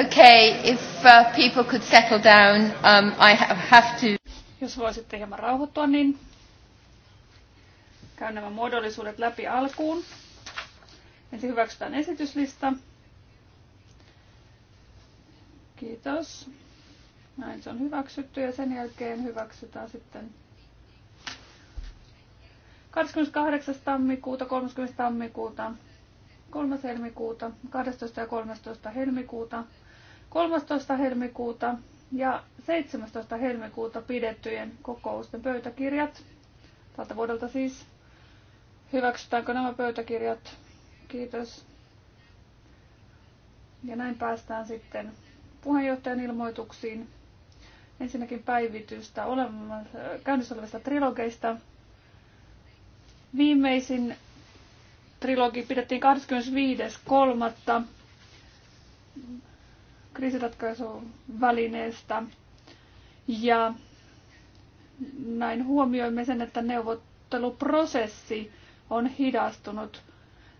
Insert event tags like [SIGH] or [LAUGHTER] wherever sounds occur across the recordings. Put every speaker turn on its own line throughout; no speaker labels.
Okay, if uh, people could settle down, um, I have to...
Jos voisitte hieman rauhoittua, niin käyn nämä muodollisuudet läpi alkuun. Ensin hyväksytään esityslista. Kiitos. Näin se on hyväksytty ja sen jälkeen hyväksytään sitten 28. tammikuuta, 30. tammikuuta, 3. helmikuuta, 12. ja 13. helmikuuta, 13. helmikuuta ja 17. helmikuuta pidettyjen kokousten pöytäkirjat. Tältä vuodelta siis. Hyväksytäänkö nämä pöytäkirjat? Kiitos. Ja näin päästään sitten puheenjohtajan ilmoituksiin. Ensinnäkin päivitystä käynnissä olevista trilogeista. Viimeisin trilogi pidettiin 25.3 kriisiratkaisuvälineestä. Ja näin huomioimme sen, että neuvotteluprosessi on hidastunut.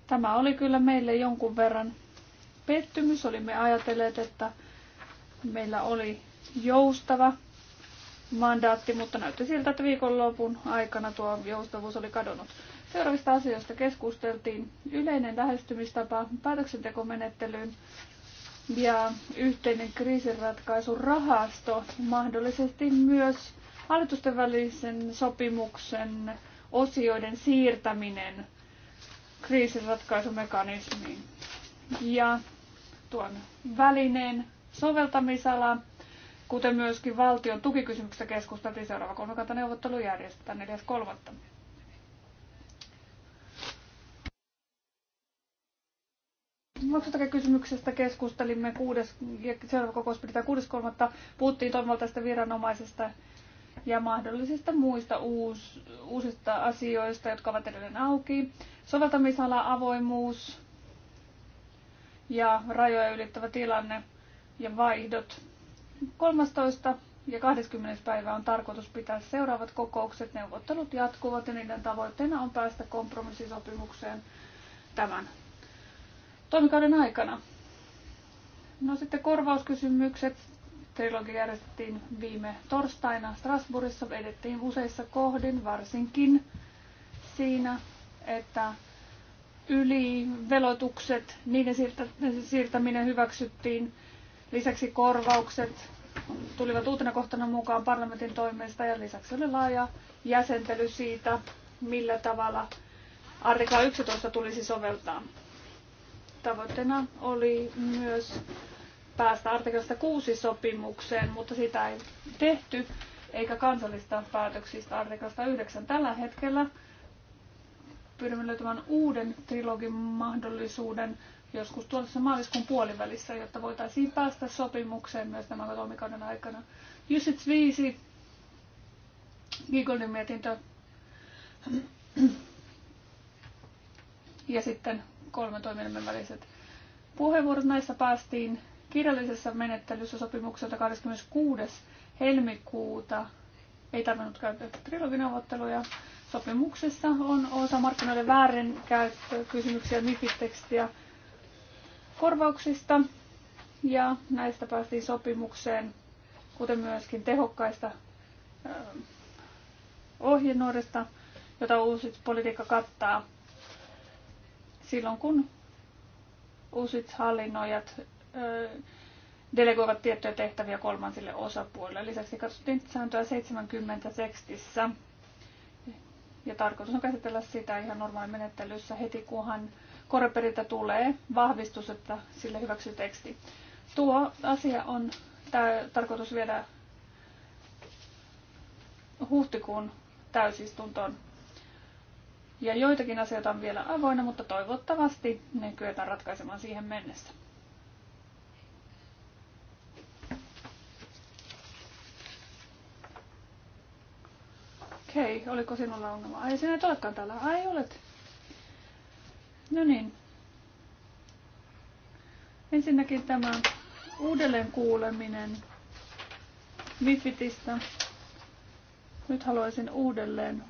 Tämä oli kyllä meille jonkun verran pettymys. Olimme ajatelleet, että meillä oli joustava mandaatti, mutta näytti siltä, että viikonlopun aikana tuo joustavuus oli kadonnut. Seuraavista asioista keskusteltiin yleinen lähestymistapa päätöksentekomenettelyyn, ja yhteinen kriisinratkaisurahasto mahdollisesti myös hallitusten välisen sopimuksen osioiden siirtäminen kriisinratkaisumekanismiin. Ja tuon välineen soveltamisala, kuten myöskin valtion tukikysymyksestä keskusteltiin seuraava kolmikantaneuvottelu järjestetään 4.3. Maksutakekysymyksestä keskustelimme kuudes, ja seuraava kokous pidetään 6.3. Puhuttiin toimivaltaista viranomaisesta ja mahdollisista muista uus, uusista asioista, jotka ovat edelleen auki. Soveltamisala, avoimuus ja rajoja ylittävä tilanne ja vaihdot. 13. ja 20. päivä on tarkoitus pitää seuraavat kokoukset. Neuvottelut jatkuvat ja niiden tavoitteena on päästä kompromissisopimukseen tämän toimikauden aikana. No sitten korvauskysymykset. Trilogi järjestettiin viime torstaina Strasbourgissa. Edettiin useissa kohdin, varsinkin siinä, että ylivelotukset, niiden siirtäminen hyväksyttiin. Lisäksi korvaukset tulivat uutena kohtana mukaan parlamentin toimesta ja lisäksi oli laaja jäsentely siitä, millä tavalla artikla 11 tulisi soveltaa. Tavoitteena oli myös päästä artiklasta 6 sopimukseen, mutta sitä ei tehty, eikä kansallista päätöksistä artiklasta 9 tällä hetkellä. Pyrimme löytämään uuden trilogin mahdollisuuden joskus tuossa maaliskuun puolivälissä, jotta voitaisiin päästä sopimukseen myös tämän toimikauden aikana. Jussits 5, Gigoldin mietintö. Ja sitten kolmen toimielimen väliset puheenvuorot. Näissä päästiin kirjallisessa menettelyssä sopimukselta 26. helmikuuta. Ei tarvinnut käydä trilogineuvotteluja. Sopimuksessa on osa markkinoiden väärinkäyttökysymyksiä, MIFI-tekstiä korvauksista ja näistä päästiin sopimukseen, kuten myöskin tehokkaista ohjenuorista, jota uusi politiikka kattaa silloin kun uusit hallinnoijat delegoivat tiettyjä tehtäviä kolmansille osapuolille. Lisäksi katsottiin sääntöä 70 tekstissä. Ja tarkoitus on käsitellä sitä ihan normaalimenettelyssä heti, kunhan koreperiltä tulee vahvistus, että sille hyväksy teksti. Tuo asia on tää, tarkoitus viedä huhtikuun täysistuntoon ja joitakin asioita on vielä avoinna, mutta toivottavasti ne kyetään ratkaisemaan siihen mennessä. Okei, okay, oliko sinulla ongelma? Ai sinä et olekaan täällä. Ai olet. No niin. Ensinnäkin tämä uudelleen kuuleminen Mifitistä. Nyt haluaisin uudelleen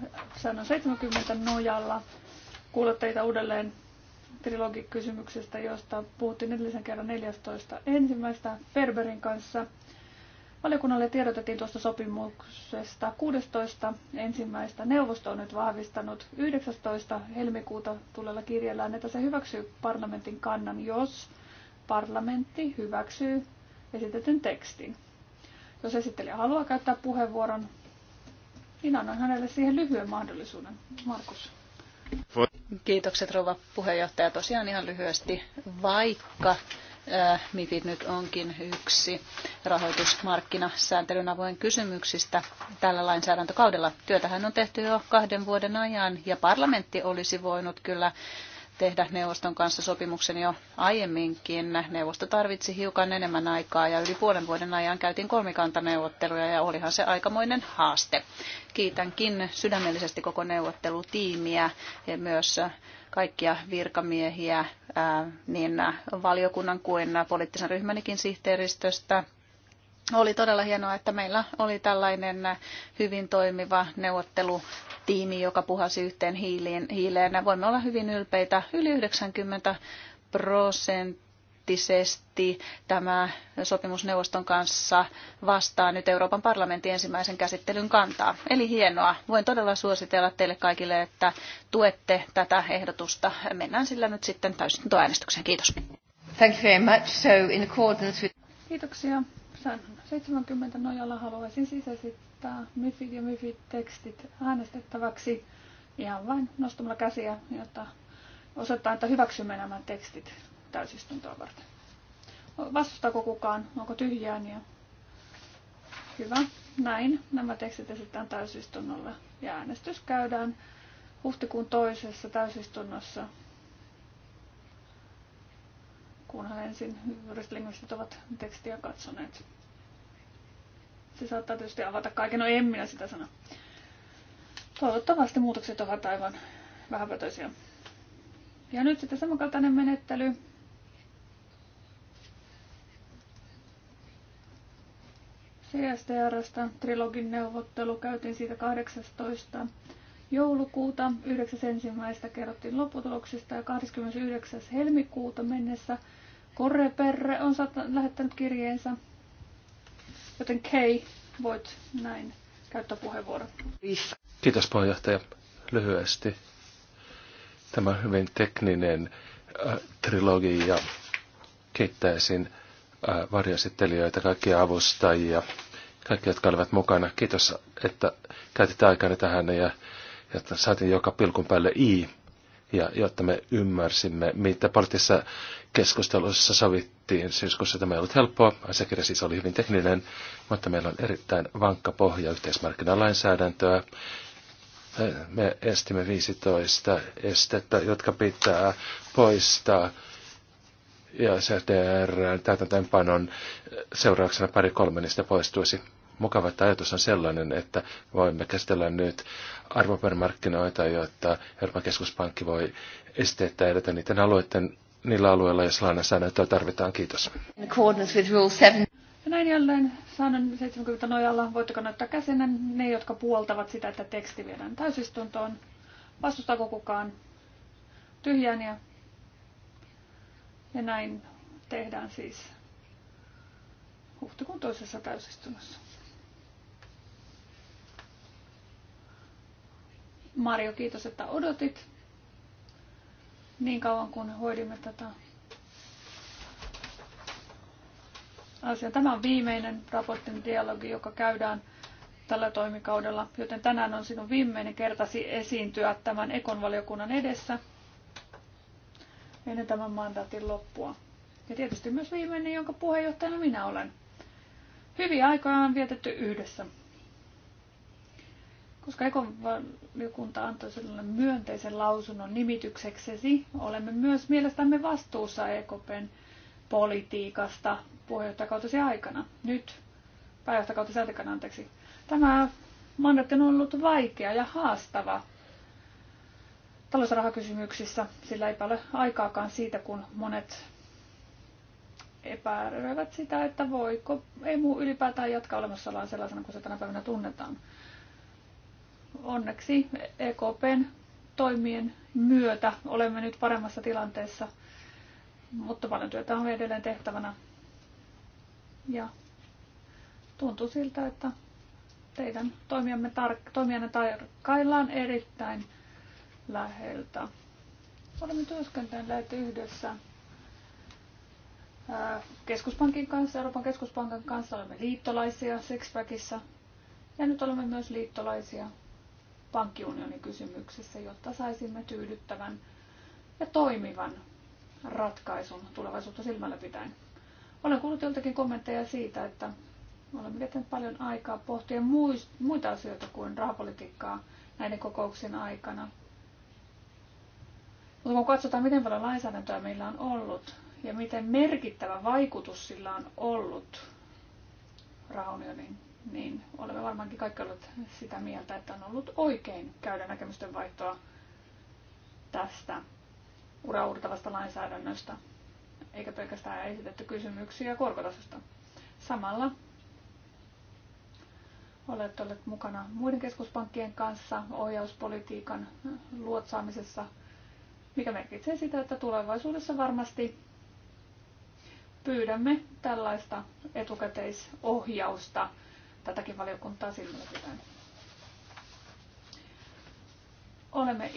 säännön 70 nojalla kuulla teitä uudelleen trilogikysymyksestä, josta puhuttiin edellisen kerran 14. ensimmäistä Ferberin kanssa. Valiokunnalle tiedotettiin tuosta sopimuksesta 16. ensimmäistä. Neuvosto on nyt vahvistanut 19. helmikuuta tulella kirjellään, että se hyväksyy parlamentin kannan, jos parlamentti hyväksyy esitetyn tekstin. Jos esittelijä haluaa käyttää puheenvuoron, minä annan hänelle siihen lyhyen mahdollisuuden. Markus.
Kiitokset rouva puheenjohtaja. Tosiaan ihan lyhyesti, vaikka äh, MIFID nyt onkin yksi rahoitusmarkkinasääntelyn avoin kysymyksistä tällä lainsäädäntökaudella. Työtähän on tehty jo kahden vuoden ajan ja parlamentti olisi voinut kyllä tehdä neuvoston kanssa sopimuksen jo aiemminkin. Neuvosto tarvitsi hiukan enemmän aikaa ja yli puolen vuoden ajan käytiin kolmikantaneuvotteluja ja olihan se aikamoinen haaste. Kiitänkin sydämellisesti koko neuvottelutiimiä ja myös kaikkia virkamiehiä niin valiokunnan kuin poliittisen ryhmänikin sihteeristöstä. Oli todella hienoa, että meillä oli tällainen hyvin toimiva neuvottelu tiimi, joka puhasi yhteen hiiliin, hiileen. Voimme olla hyvin ylpeitä. Yli 90 prosenttisesti tämä sopimusneuvoston kanssa vastaa nyt Euroopan parlamentin ensimmäisen käsittelyn kantaa. Eli hienoa. Voin todella suositella teille kaikille, että tuette tätä ehdotusta. Mennään sillä nyt sitten täysistuntoäänestykseen. Kiitos.
Thank you very much. So in accordance with...
Kiitoksia. 70 nojalla haluaisin laittaa MIFID ja mifi tekstit äänestettäväksi ihan vain nostamalla käsiä, jotta osoittaa, että hyväksymme nämä tekstit täysistuntoa varten. Vastustaako kukaan? Onko tyhjää? Niin hyvä. Näin. Nämä tekstit esitetään täysistunnolla ja äänestys käydään huhtikuun toisessa täysistunnossa, kunhan ensin juristlingvistit ovat tekstiä katsoneet. Se saattaa tietysti avata kaiken. No en minä sitä sano. Toivottavasti muutokset ovat aivan vähäpätöisiä. Ja nyt sitten samankaltainen menettely. CSTRstä trilogin neuvottelu käytiin siitä 18. joulukuuta, 9.1. kerrottiin lopputuloksista ja 29. helmikuuta mennessä Korreperre on lähettänyt kirjeensä Joten Kei, voit näin käyttää puheenvuoro.
Kiitos
puheenjohtaja. Lyhyesti. Tämä hyvin tekninen äh, trilogia. Kiittäisin äh, varjoesittelijöitä, kaikkia avustajia, kaikki, jotka olivat mukana. Kiitos, että käytit aikana tähän ja että saatiin joka pilkun päälle i ja jotta me ymmärsimme, mitä poliittisessa keskustelussa sovittiin syyskuussa. Tämä ei ollut helppoa, asiakirja siis oli hyvin tekninen, mutta meillä on erittäin vankka pohja yhteismarkkinalainsäädäntöä. Me estimme 15 estettä, jotka pitää poistaa ja CDR täytäntöönpanon seurauksena pari kolme niistä poistuisi. Mukava, että ajatus on sellainen, että voimme käsitellä nyt arvopaperimarkkinoita, joita Euroopan keskuspankki voi esteettää edetä niiden alueiden niillä alueilla, jos lainsäädäntöä tarvitaan. Kiitos.
Ja näin jälleen säännön 70 nojalla voitteko näyttää käsinä ne, jotka puoltavat sitä, että teksti viedään täysistuntoon. Vastustako kukaan? Tyhjän ja, ja näin tehdään siis huhtikuun toisessa täysistunnossa. Mario, kiitos, että odotit niin kauan kun hoidimme tätä asiaa. Tämä on viimeinen raportin dialogi, joka käydään tällä toimikaudella, joten tänään on sinun viimeinen kertasi esiintyä tämän valiokunnan edessä ennen tämän mandaatin loppua. Ja tietysti myös viimeinen, jonka puheenjohtajana minä olen. Hyviä aikoja on vietetty yhdessä. Koska ekovaliokunta antoi sellainen myönteisen lausunnon nimitykseksesi, olemme myös mielestämme vastuussa EKPn politiikasta puheenjohtajakautesi aikana. Nyt pääjohtajakautesi aikana, anteeksi. Tämä mandaatti on ollut vaikea ja haastava talousrahakysymyksissä, sillä ei ole aikaakaan siitä, kun monet epäröivät sitä, että voiko emu ylipäätään jatkaa olemassaolaan sellaisena kuin se tänä päivänä tunnetaan onneksi EKPn toimien myötä olemme nyt paremmassa tilanteessa, mutta paljon työtä on edelleen tehtävänä. Ja tuntuu siltä, että teidän toimijanne, tar- toimijanne tarkkaillaan erittäin läheltä. Olemme työskentelleet yhdessä keskuspankin kanssa, Euroopan keskuspankin kanssa olemme liittolaisia Sixpackissa ja nyt olemme myös liittolaisia pankkiunionin kysymyksessä, jotta saisimme tyydyttävän ja toimivan ratkaisun tulevaisuutta silmällä pitäen. Olen kuullut joltakin kommentteja siitä, että olemme viettäneet paljon aikaa pohtia muita asioita kuin rahapolitiikkaa näiden kokouksien aikana. Mutta kun katsotaan, miten paljon lainsäädäntöä meillä on ollut ja miten merkittävä vaikutus sillä on ollut rahaunionin niin olemme varmaankin kaikki olleet sitä mieltä, että on ollut oikein käydä näkemysten vaihtoa tästä uraurtavasta lainsäädännöstä, eikä pelkästään esitetty kysymyksiä korkotasosta. Samalla olette olleet mukana muiden keskuspankkien kanssa ohjauspolitiikan luotsaamisessa, mikä merkitsee sitä, että tulevaisuudessa varmasti pyydämme tällaista etukäteisohjausta tätäkin valiokuntaa silmällä pitäen. Olemme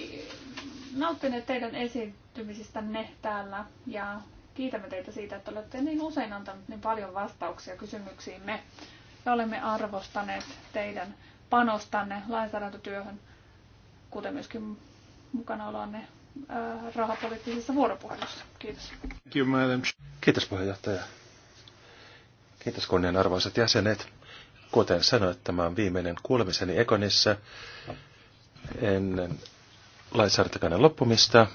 nauttineet teidän esiintymisistänne täällä ja kiitämme teitä siitä, että olette niin usein antaneet niin paljon vastauksia kysymyksiimme ja olemme arvostaneet teidän panostanne lainsäädäntötyöhön, kuten myöskin mukana mukanaoloanne äh, rahapoliittisessa vuoropuhelussa. Kiitos.
Kiitos puheenjohtaja. Kiitos kunnianarvoisat jäsenet. Kuten sanoin, tämä on viimeinen kuulemiseni Ekonissa ennen lainsäädäntökauden loppumista.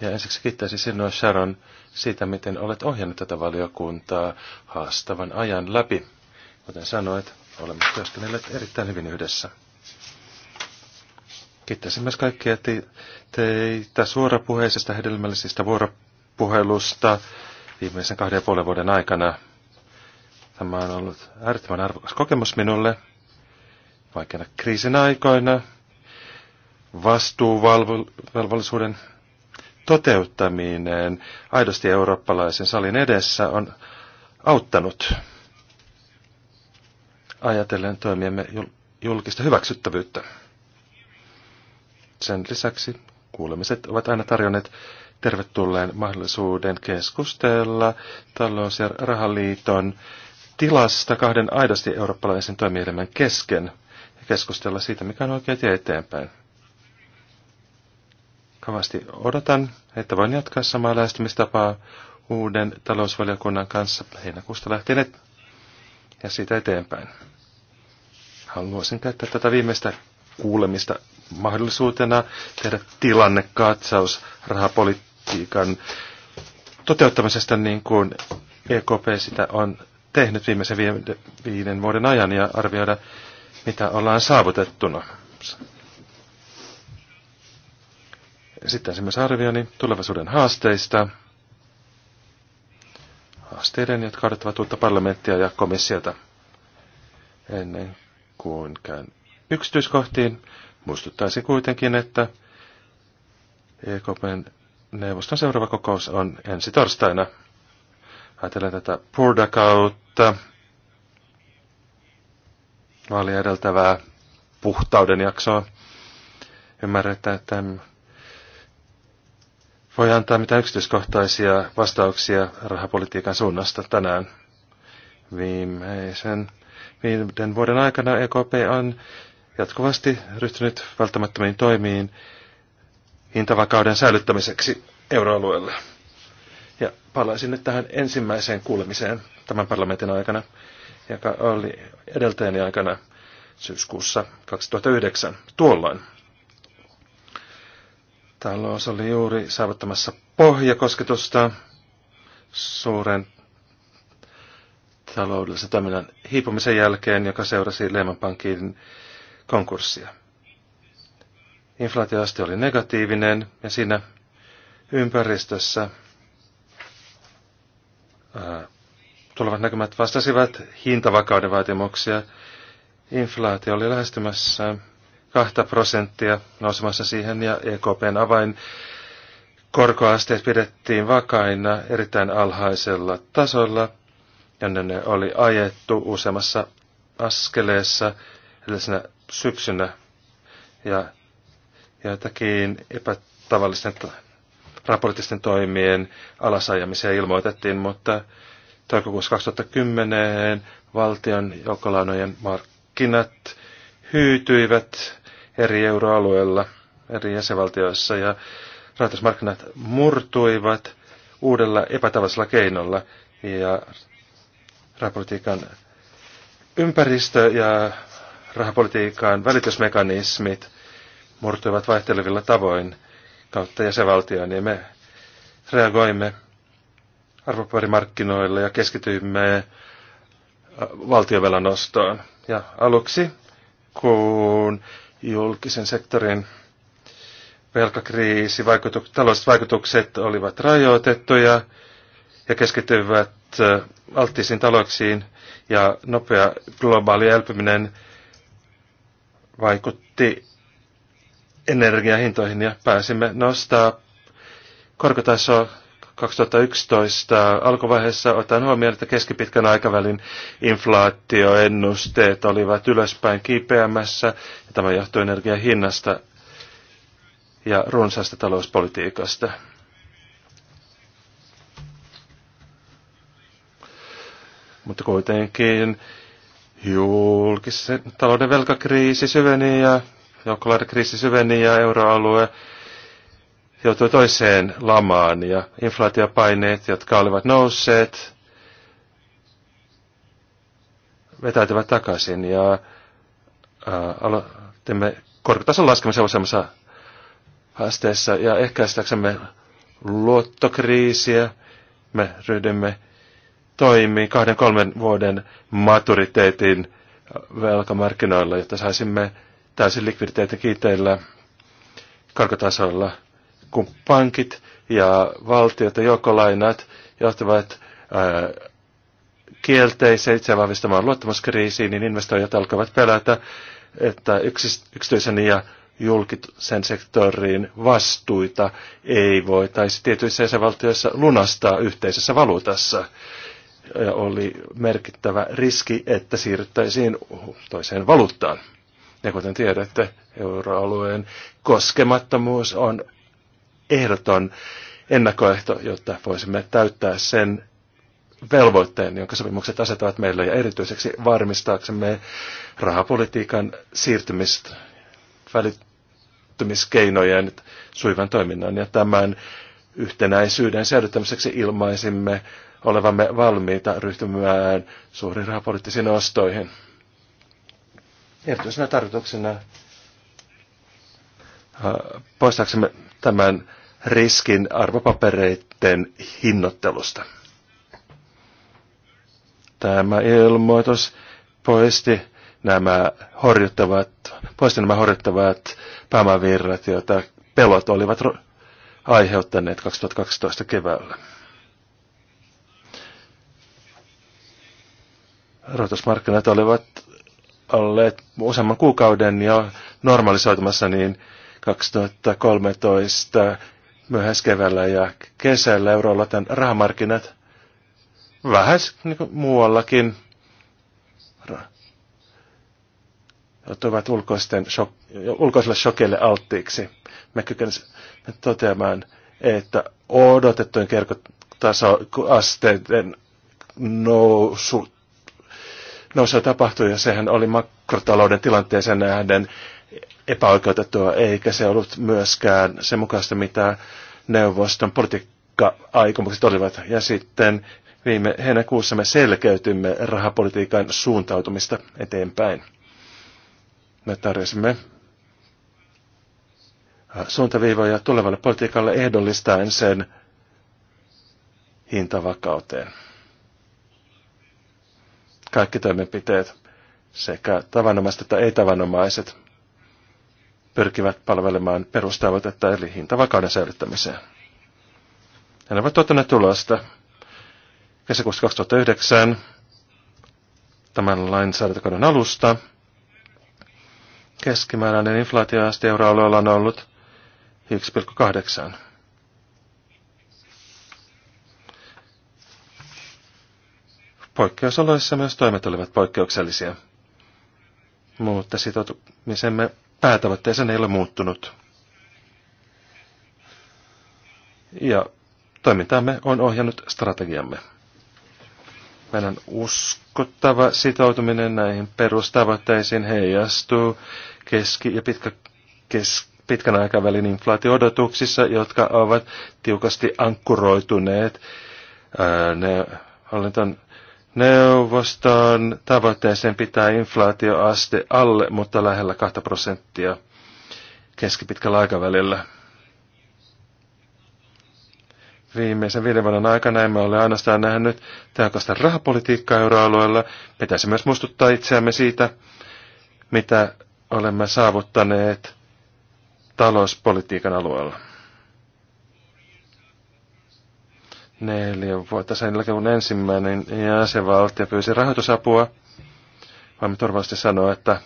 Ja ensiksi kiittäisin sinua Sharon siitä, miten olet ohjannut tätä valiokuntaa haastavan ajan läpi. Kuten sanoit, olemme työskennelleet erittäin hyvin yhdessä. Kiittäisin myös kaikkia teitä suorapuheisesta hedelmällisistä vuoropuhelusta viimeisen kahden ja puolen vuoden aikana. Tämä on ollut äärettömän arvokas kokemus minulle vaikeana kriisin aikoina vastuuvelvollisuuden toteuttaminen aidosti eurooppalaisen salin edessä on auttanut ajatellen toimiemme julkista hyväksyttävyyttä. Sen lisäksi kuulemiset ovat aina tarjonneet tervetulleen mahdollisuuden keskustella talous- ja rahaliiton tilasta kahden aidosti eurooppalaisen toimielimen kesken ja keskustella siitä, mikä on oikea tie eteenpäin. Kavasti odotan, että voin jatkaa samaa lähestymistapaa uuden talousvaliokunnan kanssa heinäkuusta lähtien ja siitä eteenpäin. Haluaisin käyttää tätä viimeistä kuulemista mahdollisuutena tehdä tilannekatsaus rahapolitiikan toteuttamisesta niin kuin EKP sitä on tehnyt viimeisen viiden vuoden ajan ja arvioida, mitä ollaan saavutettuna. Sitten se myös arvioni tulevaisuuden haasteista, haasteiden, jotka odottavat uutta parlamenttia ja komissiota. Ennen kuin käyn yksityiskohtiin, muistuttaisin kuitenkin, että EKPn neuvoston seuraava kokous on ensi torstaina. Ajatellaan tätä Purdakautta, vaalia edeltävää puhtauden jaksoa. Ymmärretään, että voi antaa mitä yksityiskohtaisia vastauksia rahapolitiikan suunnasta tänään. Viimeisen viiden vuoden aikana EKP on jatkuvasti ryhtynyt välttämättömiin toimiin hintavakauden säilyttämiseksi euroalueella. Ja palaisin nyt tähän ensimmäiseen kuulemiseen tämän parlamentin aikana, joka oli edeltäjäni aikana syyskuussa 2009. Tuolloin talous oli juuri saavuttamassa pohjakosketusta suuren taloudellisen toiminnan hiipumisen jälkeen, joka seurasi Lehman Pankin konkurssia. Inflaatioaste oli negatiivinen ja siinä ympäristössä Äh, tulevat näkymät vastasivat hintavakauden vaatimuksia. Inflaatio oli lähestymässä kahta prosenttia nousemassa siihen ja EKPn avain korkoasteet pidettiin vakaina erittäin alhaisella tasolla, jonne ne oli ajettu useammassa askeleessa edellisenä syksynä ja jotakin epätavallisten raportisten toimien alasajamiseen ilmoitettiin, mutta toukokuussa 2010 valtion joukkolainojen markkinat hyytyivät eri euroalueilla, eri jäsenvaltioissa ja rahoitusmarkkinat murtuivat uudella epätavallisella keinolla ja rahapolitiikan ympäristö ja rahapolitiikan välitysmekanismit murtuivat vaihtelevilla tavoin – kautta jäsenvaltioon, niin me reagoimme arvopaperimarkkinoille ja keskityimme äh, valtiovelan ostoon. Ja aluksi, kun julkisen sektorin velkakriisi, vaikutuk- taloudelliset vaikutukset olivat rajoitettuja ja keskityivät äh, alttiisiin talouksiin ja nopea globaali elpyminen vaikutti energiahintoihin ja pääsimme nostaa korkotasoa 2011 alkuvaiheessa otan huomioon, että keskipitkän aikavälin inflaatioennusteet olivat ylöspäin kiipeämässä ja tämä johtui energian hinnasta ja runsaasta talouspolitiikasta. Mutta kuitenkin julkisen talouden velkakriisi syveni ja kriisi syveni ja euroalue joutui toiseen lamaan ja inflaatiopaineet, jotka olivat nousseet, vetäytyvät takaisin ja äh, aloitimme korkotason laskemisen useammassa haasteessa ja ehkäistäksemme luottokriisiä me ryhdymme toimiin kahden kolmen vuoden maturiteetin velkamarkkinoilla, jotta saisimme täysin kiiteillä korkotasolla, kun pankit ja valtiot ja joukkolainat johtavat ää, äh, kielteiseen itseään vahvistamaan luottamuskriisiin, niin investoijat alkavat pelätä, että yksityisen ja julkisen sektorin vastuita ei voitaisi tietyissä jäsenvaltioissa lunastaa yhteisessä valuutassa. Ja oli merkittävä riski, että siirryttäisiin toiseen valuuttaan. Ja kuten tiedätte, euroalueen koskemattomuus on ehdoton ennakkoehto, jotta voisimme täyttää sen velvoitteen, jonka sopimukset asettavat meille ja erityiseksi varmistaaksemme rahapolitiikan siirtymistä välittymiskeinojen suivan toiminnan ja tämän yhtenäisyyden säilyttämiseksi ilmaisimme olevamme valmiita ryhtymään suuriin rahapoliittisiin ostoihin erityisenä tarkoituksena äh, poistaaksemme tämän riskin arvopapereiden hinnoittelusta. Tämä ilmoitus poisti nämä horjuttavat, poisti nämä horjuttavat pääomavirrat, joita pelot olivat aiheuttaneet 2012 keväällä. Rahoitusmarkkinat olivat olleet useamman kuukauden jo normalisoitumassa, niin 2013 myöhäiskevällä ja kesällä tämän rahamarkkinat vähän niin kuin muuallakin joutuivat shok, ulkoisille shokeille alttiiksi. Me kykenisimme toteamaan, että odotettujen kerkotasoasteiden nousu nousua tapahtui ja sehän oli makrotalouden tilanteeseen nähden epäoikeutettua, eikä se ollut myöskään sen mukaista, mitä neuvoston politiikka-aikomukset olivat. Ja sitten viime heinäkuussa me selkeytymme rahapolitiikan suuntautumista eteenpäin. Me tarjosimme äh, suuntaviivoja tulevalle politiikalle ehdollistaen sen hintavakauteen kaikki toimenpiteet, sekä tavanomaiset että ei-tavanomaiset, pyrkivät palvelemaan perustavoitetta eli hintavakauden säilyttämiseen. Ja ne ovat tuottaneet tulosta. Kesäkuussa 2009 tämän lainsäädäntökauden alusta keskimääräinen inflaatioaste euroalueella on ollut 1,8. Poikkeusoloissa myös toimet olivat poikkeuksellisia. Mutta sitoutumisemme päätavoitteeseen ei ole muuttunut. Ja toimintaamme on ohjannut strategiamme. Meidän uskottava sitoutuminen näihin perustavoitteisiin heijastuu keski- ja pitkä, kes, pitkän aikavälin inflaatio-odotuksissa, jotka ovat tiukasti ankkuroituneet. Ne hallinton Neuvoston tavoitteeseen pitää inflaatioaste alle, mutta lähellä 2 prosenttia keskipitkällä aikavälillä. Viimeisen viiden vuoden aikana emme ole ainoastaan nähnyt tehokasta rahapolitiikkaa euroalueella. Pitäisi myös muistuttaa itseämme siitä, mitä olemme saavuttaneet talouspolitiikan alueella. neljä vuotta sen jälkeen, kun ensimmäinen jäsenvaltio pyysi rahoitusapua. Voimme turvallisesti sanoa, että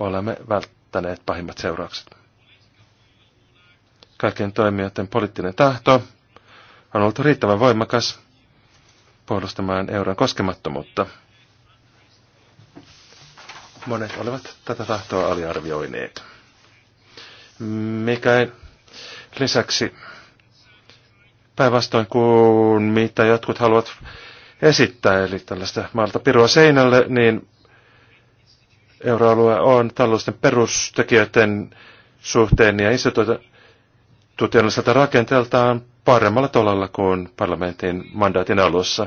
olemme välttäneet pahimmat seuraukset. Kaikkien toimijoiden poliittinen tahto on ollut riittävän voimakas puolustamaan euron koskemattomuutta. Monet olivat tätä tahtoa aliarvioineet. Mikä lisäksi päinvastoin kuin mitä jotkut haluavat esittää, eli tällaista maalta pirua seinälle, niin euroalue on taloudellisten perustekijöiden suhteen ja institutionaaliselta rakenteeltaan paremmalla tolalla kuin parlamentin mandaatin alussa.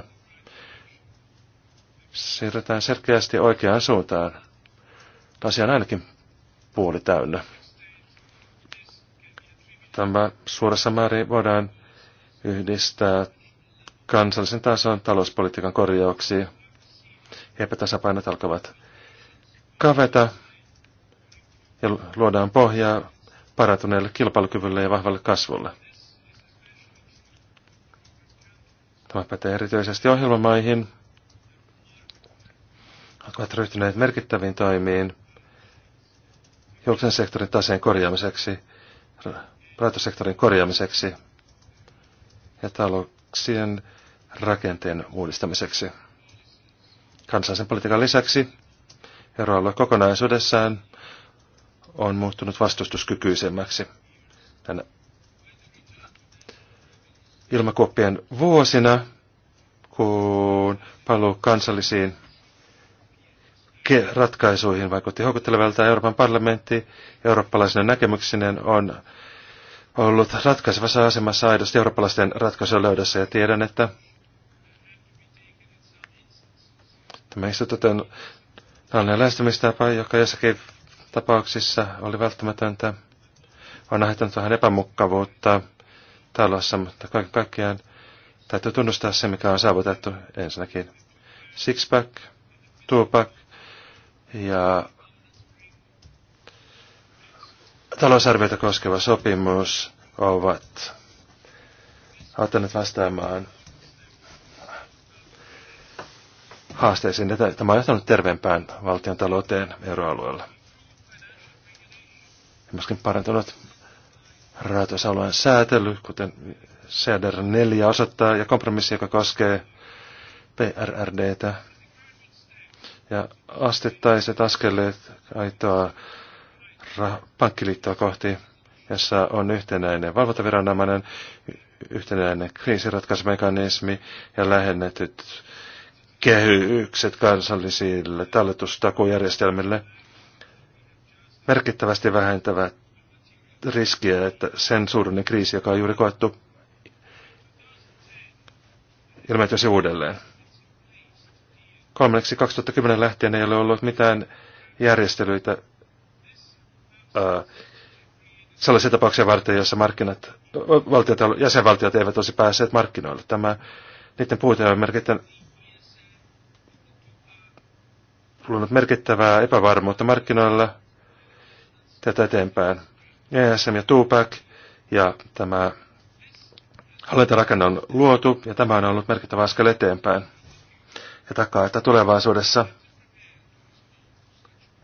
Siirretään selkeästi oikeaan suuntaan. Asia on ainakin puoli täynnä. Tämä suuressa määrin voidaan yhdistää kansallisen tason talouspolitiikan korjauksia. Epätasapainot alkavat kaveta ja luodaan pohjaa parantuneelle kilpailukyvylle ja vahvalle kasvulle. Tämä pätee erityisesti ohjelmamaihin, jotka ovat ryhtyneet merkittäviin toimiin julkisen sektorin taseen korjaamiseksi, rahoitussektorin korjaamiseksi – ja talouksien rakenteen uudistamiseksi. Kansallisen politiikan lisäksi euroalue kokonaisuudessaan on muuttunut vastustuskykyisemmäksi. Tänä ilmakuoppien vuosina, kun paluu kansallisiin ratkaisuihin vaikutti houkuttelevalta Euroopan parlamentti eurooppalaisena näkemyksineen on ollut ratkaisevassa asemassa aidosti eurooppalaisten ratkaisujen löydössä ja tiedän, että tämä instituution tällainen lähestymistapa, joka jossakin tapauksissa oli välttämätöntä, on aiheuttanut vähän epämukkavuutta talossa, mutta kaiken kaikkiaan täytyy tunnustaa se, mikä on saavutettu ensinnäkin. Sixpack, Tupac ja talousarviota koskeva sopimus ovat auttaneet vastaamaan haasteisiin. Tämä on johtanut terveempään valtion talouteen euroalueella. Ja myöskin parantunut rahoitusalueen säätely, kuten CDR4 osoittaa, ja kompromissi, joka koskee PRRDtä. Ja astettaiset askeleet aitoa pankkiliittoa kohti, jossa on yhtenäinen valvontaviranomainen, yhtenäinen kriisiratkaisumekanismi ja lähennetyt kehykset kansallisille talletustakujärjestelmille merkittävästi vähentävät riskiä, että sen suurinen kriisi, joka on juuri koettu, ilmeisesti uudelleen. Kolmanneksi 2010 lähtien ei ole ollut mitään järjestelyitä Äh, sellaisia tapauksia varten, joissa markkinat, valtiot, jäsenvaltiot eivät olisi päässeet markkinoille. Tämä, niiden puute on merkittävä, luonut merkittävää epävarmuutta markkinoilla tätä eteenpäin. ESM ja Tupac ja tämä hallintarakenne on luotu ja tämä on ollut merkittävä askel eteenpäin. Ja takaa, että tulevaisuudessa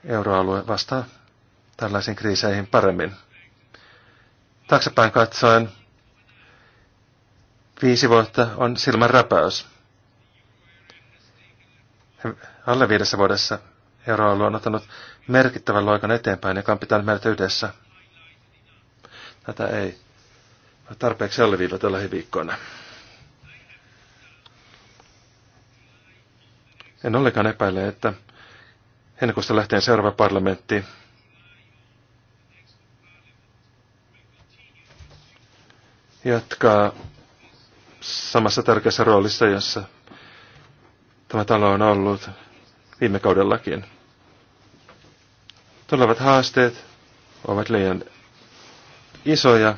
euroalue vastaa tällaisiin kriiseihin paremmin. Taaksepäin katsoen viisi vuotta on silmän räpäys. Alle viidessä vuodessa euroalue on ottanut merkittävän loikan eteenpäin, joka on pitänyt meidät yhdessä. Tätä ei tarpeeksi alleviivata lähiviikkoina. En ollenkaan epäile, että kuin lähtien seuraava parlamentti jatkaa samassa tärkeässä roolissa, jossa tämä talo on ollut viime kaudellakin. Tulevat haasteet ovat liian isoja,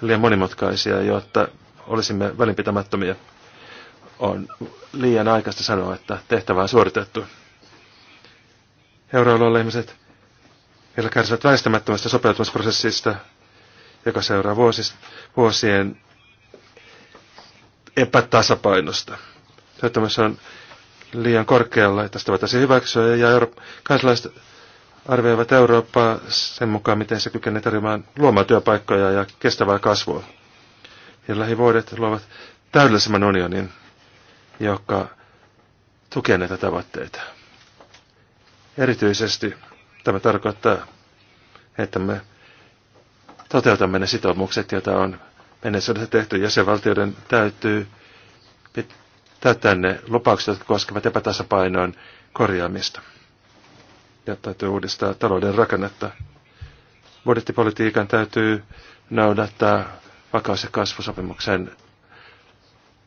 liian monimutkaisia, jotta olisimme välinpitämättömiä. On liian aikaista sanoa, että tehtävä on suoritettu. Euroalueen ihmiset vielä kärsivät väistämättömästä sopeutumisprosessista, joka seuraa vuosis, vuosien epätasapainosta. Työttömyys on liian korkealla, että sitä voitaisiin hyväksyä, ja Euroop- kansalaiset arvioivat Eurooppaa sen mukaan, miten se kykenee tarjoamaan luomaan työpaikkoja ja kestävää kasvua. Ja lähivuodet luovat täydellisemmän unionin, joka tukee näitä tavoitteita. Erityisesti tämä tarkoittaa, että me toteutamme ne sitoumukset, joita on mennessä tehty. Jäsenvaltioiden täytyy täyttää ne lupaukset, jotka koskevat epätasapainoon korjaamista. Ja täytyy uudistaa talouden rakennetta. Budjettipolitiikan täytyy noudattaa vakaus- ja kasvusopimuksen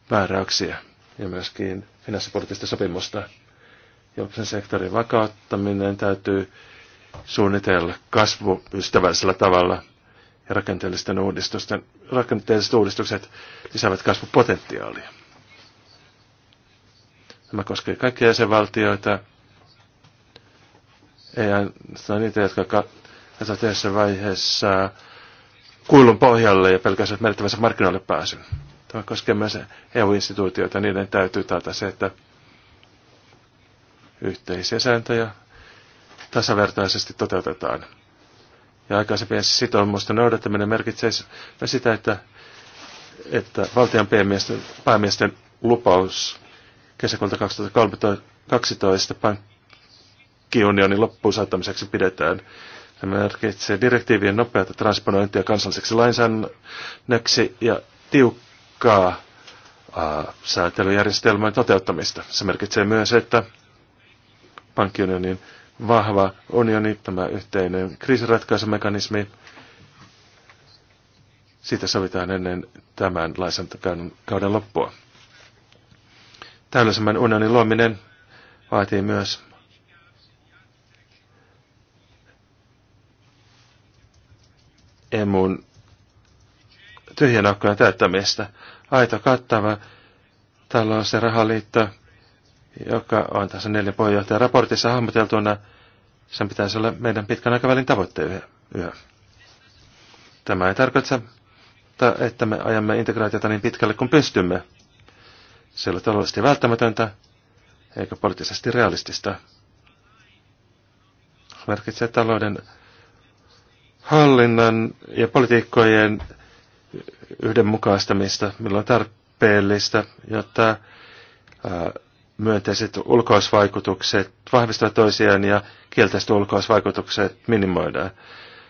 määräyksiä ja myöskin finanssipoliittista sopimusta. Julkisen sektorin vakauttaminen täytyy suunnitella kasvuystävällisellä tavalla – ja rakenteellisten uudistusten, rakenteelliset uudistukset lisäävät kasvupotentiaalia. Tämä koskee kaikkia jäsenvaltioita, ei ainoastaan niitä, jotka tässä tässä vaiheessa kuilun pohjalle ja pelkästään merkittävänsä markkinoille pääsyn. Tämä koskee myös EU-instituutioita. Niiden täytyy taata se, että yhteisiä sääntöjä tasavertaisesti toteutetaan ja aikaisempien sitoumusten noudattaminen merkitsee sitä, että, että valtion päämiesten, päämiesten lupaus kesäkuulta 2012 pankkiunionin loppuun saattamiseksi pidetään. Se merkitsee direktiivien nopeata transponointia kansalliseksi lainsäädännöksi ja tiukkaa ää, säätelyjärjestelmän toteuttamista. Se merkitsee myös, että pankkiunionin vahva unioni, tämä yhteinen kriisiratkaisumekanismi. Siitä sovitaan ennen tämän kauden loppua. Tällaisen unionin luominen vaatii myös emun tyhjän aukkojen täyttämistä. Aito kattava talous- ja rahaliitto – joka on tässä neljän puheenjohtajan raportissa hahmoteltuna. Sen pitäisi olla meidän pitkän aikavälin tavoitteemme yhä. Tämä ei tarkoita, että me ajamme integraatiota niin pitkälle kuin pystymme. Se ei ole taloudellisesti välttämätöntä, eikä poliittisesti realistista. Merkitsee talouden hallinnan ja politiikkojen yhdenmukaistamista, milloin tarpeellista, jotta myönteiset ulkoisvaikutukset vahvistavat toisiaan ja kielteiset ulkoisvaikutukset minimoidaan.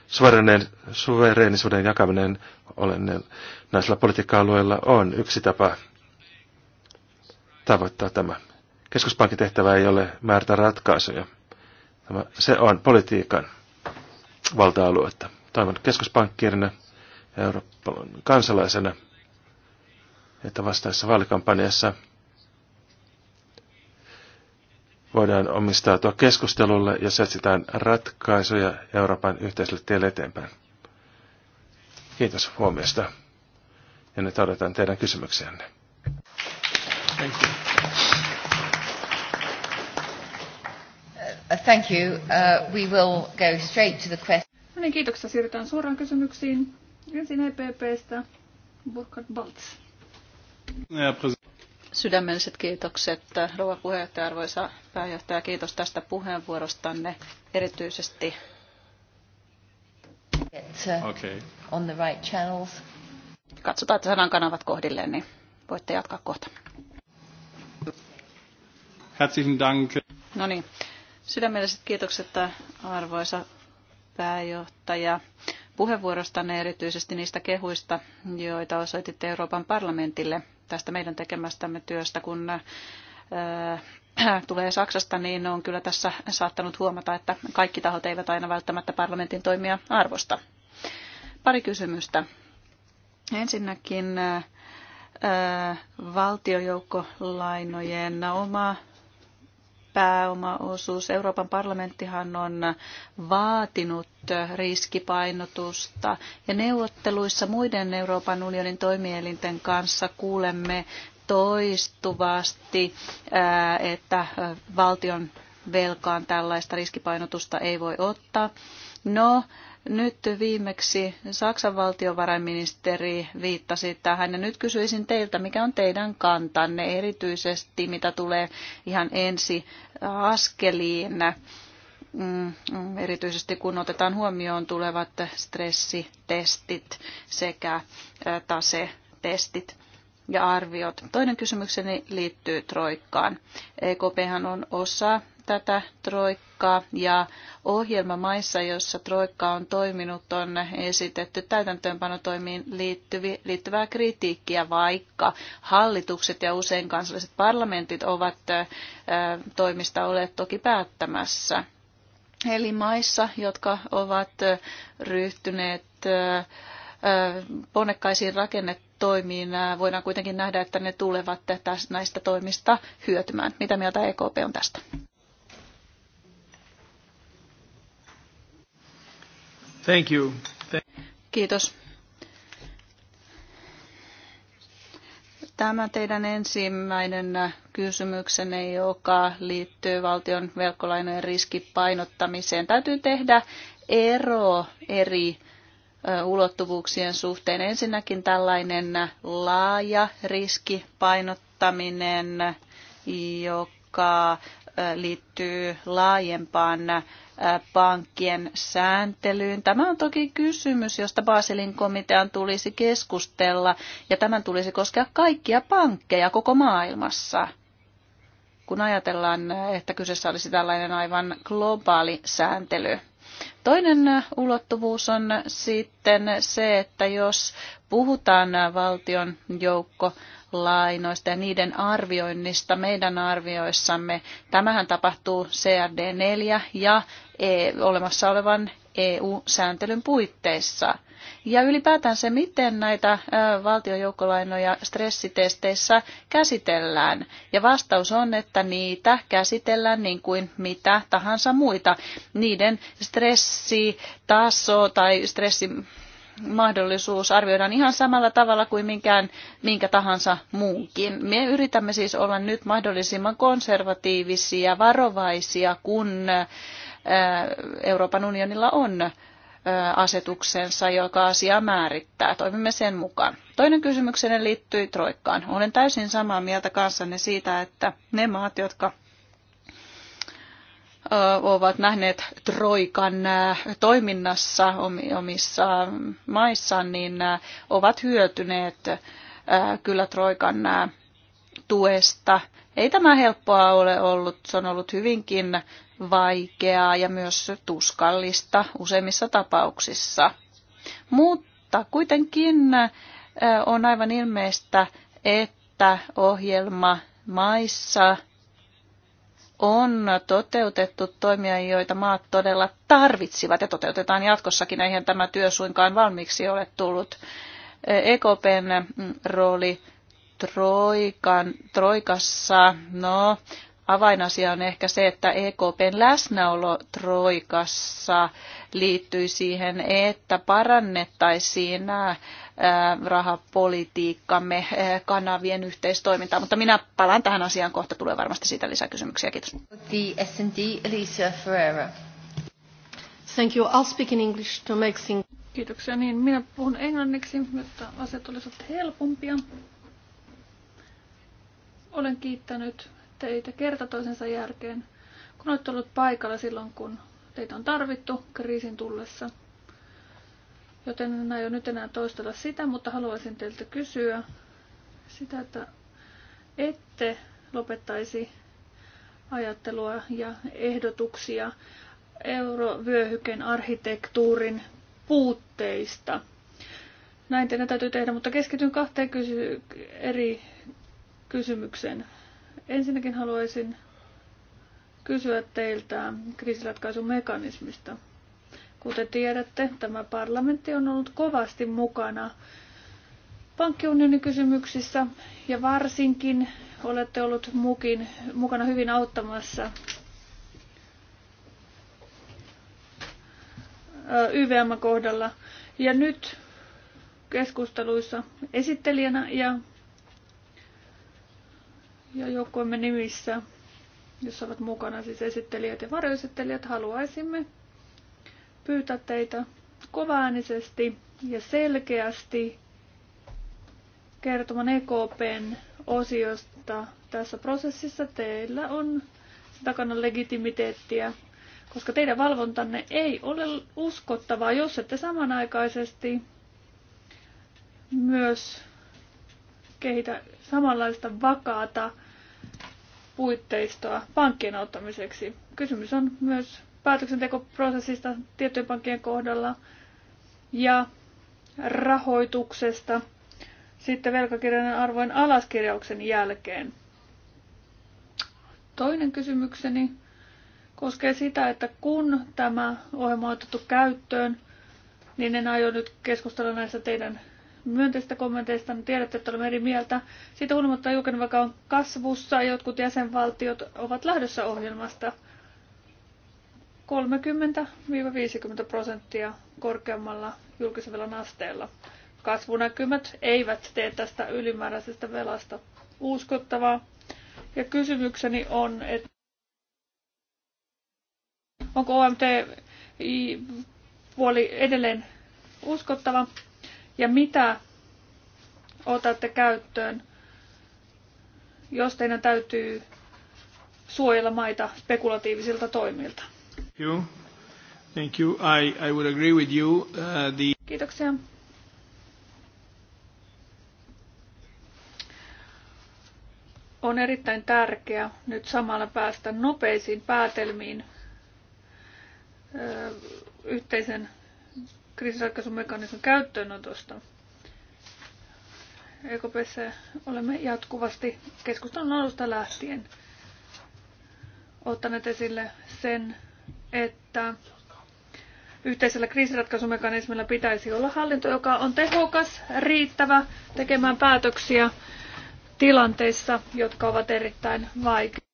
Suvereneen, suvereenisuuden jakaminen olennaisilla politiikka-alueilla on yksi tapa tavoittaa tämä. Keskuspankin tehtävä ei ole määrätä ratkaisuja. Tämä, se on politiikan valta-aluetta. Toivon keskuspankkirina ja Euroopan kansalaisena, että vastaessa vaalikampanjassa – voidaan omistautua keskustelulle, ja etsitään ratkaisuja Euroopan yhteiselle tielle eteenpäin. Kiitos huomiosta. Ja nyt odotan teidän kysymyksiänne.
Thank you. Uh, thank you. Uh, we will go straight to the question.
No niin, kiitoksia. Siirrytään suoraan kysymyksiin. Ensin EPPstä Burkhard Baltz.
Sydämelliset kiitokset, rouva puheenjohtaja, arvoisa pääjohtaja, kiitos tästä puheenvuorostanne erityisesti. Uh, okay. On the right channels. Katsotaan, että sanan kanavat kohdilleen, niin voitte jatkaa kohta.
Herzlichen
Dank.
No niin, sydämelliset kiitokset arvoisa pääjohtaja puheenvuorostanne erityisesti niistä kehuista, joita osoititte Euroopan parlamentille – tästä meidän tekemästämme työstä, kun äh, äh, tulee Saksasta, niin on kyllä tässä saattanut huomata, että kaikki tahot eivät aina välttämättä parlamentin toimia arvosta. Pari kysymystä. Ensinnäkin äh, valtiojoukkolainojen oma pääomaosuus. Euroopan parlamenttihan on vaatinut riskipainotusta ja neuvotteluissa muiden Euroopan unionin toimielinten kanssa kuulemme toistuvasti, että valtion velkaan tällaista riskipainotusta ei voi ottaa. No, nyt viimeksi Saksan valtiovarainministeri viittasi tähän ja nyt kysyisin teiltä, mikä on teidän kantanne erityisesti, mitä tulee ihan ensi askeliin, mm, erityisesti kun otetaan huomioon tulevat stressitestit sekä tasetestit ja arviot. Toinen kysymykseni liittyy Troikkaan. EKPhan on osa tätä troikkaa ja ohjelma maissa, jossa troikka on toiminut, on esitetty täytäntöönpanotoimiin liittyvää kritiikkiä, vaikka hallitukset ja usein kansalliset parlamentit ovat toimista olleet toki päättämässä. Eli maissa, jotka ovat ryhtyneet ponnekkaisiin rakennetoimiin, voidaan kuitenkin nähdä, että ne tulevat näistä toimista hyötymään. Mitä mieltä EKP
on tästä? Thank you.
Kiitos. Tämä teidän ensimmäinen kysymyksenne, joka liittyy valtion velkolainojen riskipainottamiseen, täytyy tehdä ero eri ulottuvuuksien suhteen. Ensinnäkin tällainen laaja riskipainottaminen, joka liittyy laajempaan pankkien sääntelyyn. Tämä on toki kysymys, josta Baselin komitean tulisi keskustella, ja tämän tulisi koskea kaikkia pankkeja koko maailmassa. Kun ajatellaan, että kyseessä olisi tällainen aivan globaali sääntely. Toinen ulottuvuus on sitten se, että jos puhutaan valtion joukko lainoista ja niiden arvioinnista meidän arvioissamme. Tämähän tapahtuu CRD4 ja e, olemassa olevan EU-sääntelyn puitteissa. Ja ylipäätään se, miten näitä valtiojoukkolainoja stressitesteissä käsitellään. Ja vastaus on, että niitä käsitellään niin kuin mitä tahansa muita. Niiden stressitaso tai stressi mahdollisuus arvioidaan ihan samalla tavalla kuin minkään, minkä tahansa muunkin. Me yritämme siis olla nyt mahdollisimman konservatiivisia, varovaisia, kun äh, Euroopan unionilla on äh, asetuksensa, joka asiaa määrittää. Toimimme sen mukaan. Toinen kysymyksenne liittyy Troikkaan. Olen täysin samaa mieltä kanssanne siitä, että ne maat, jotka ovat nähneet Troikan toiminnassa omissa maissaan, niin ovat hyötyneet kyllä Troikan tuesta. Ei tämä helppoa ole ollut, se on ollut hyvinkin vaikeaa ja myös tuskallista useimmissa tapauksissa. Mutta kuitenkin on aivan ilmeistä, että ohjelma maissa – on toteutettu toimia, joita maat todella tarvitsivat ja toteutetaan jatkossakin. Eihän tämä työ suinkaan valmiiksi ole tullut. EKPn rooli Troikan, Troikassa, no avainasia on ehkä se, että EKPn läsnäolo Troikassa liittyy siihen, että parannettaisiin rahapolitiikkamme kanavien yhteistoimintaa. Mutta minä palaan tähän asiaan kohta, tulee varmasti siitä kysymyksiä. Kiitos.
The S&D, Elisa Ferreira. Thank you. I'll speak in English to make things... Kiitoksia. Niin, minä puhun englanniksi, jotta asiat olisivat helpompia. Olen kiittänyt teitä kerta toisensa jälkeen, kun olette ollut paikalla silloin, kun teitä on tarvittu kriisin tullessa. Joten en aio nyt enää toistella sitä, mutta haluaisin teiltä kysyä sitä, että ette lopettaisi ajattelua ja ehdotuksia eurovyöhyken arkkitehtuurin puutteista. Näin teidän täytyy tehdä, mutta keskityn kahteen kysy- eri kysymykseen. Ensinnäkin haluaisin kysyä teiltä kriisiratkaisun mekanismista. Kuten tiedätte, tämä parlamentti on ollut kovasti mukana pankkiunionin kysymyksissä ja varsinkin olette ollut mukin, mukana hyvin auttamassa YVM-kohdalla. Ja nyt keskusteluissa esittelijänä ja ja joukkoimme nimissä, jossa ovat mukana siis esittelijät ja varjoesittelijät, haluaisimme pyytää teitä kovaäänisesti ja selkeästi kertomaan EKPn osiosta tässä prosessissa. Teillä on takana legitimiteettiä, koska teidän valvontanne ei ole uskottavaa, jos ette samanaikaisesti myös kehitä samanlaista vakaata puitteistoa pankkien auttamiseksi. Kysymys on myös päätöksentekoprosessista tiettyjen pankkien kohdalla ja rahoituksesta sitten velkakirjan arvojen alaskirjauksen jälkeen. Toinen kysymykseni koskee sitä, että kun tämä ohjelma on otettu käyttöön, niin en aio nyt keskustella näistä teidän myönteistä kommenteista, niin tiedätte, että olemme eri mieltä. Siitä huolimatta julkinen vaikka on kasvussa, jotkut jäsenvaltiot ovat lähdössä ohjelmasta 30-50 prosenttia korkeammalla julkisen velan asteella. Kasvunäkymät eivät tee tästä ylimääräisestä velasta uskottavaa. Ja kysymykseni on, että onko OMT puoli edelleen uskottava ja mitä otatte käyttöön, jos teidän täytyy suojella maita spekulatiivisilta toimilta?
Thank you. I, I would agree with you. Uh, the...
Kiitoksia. on erittäin tärkeää nyt samalla päästä nopeisiin päätelmiin yhteisen kriisiratkaisumekanismin käyttöönotosta. EKPC olemme jatkuvasti keskustelun alusta lähtien ottaneet esille sen, että yhteisellä kriisiratkaisumekanismilla pitäisi olla hallinto, joka on tehokas, riittävä tekemään päätöksiä tilanteissa, jotka ovat erittäin vaikeita.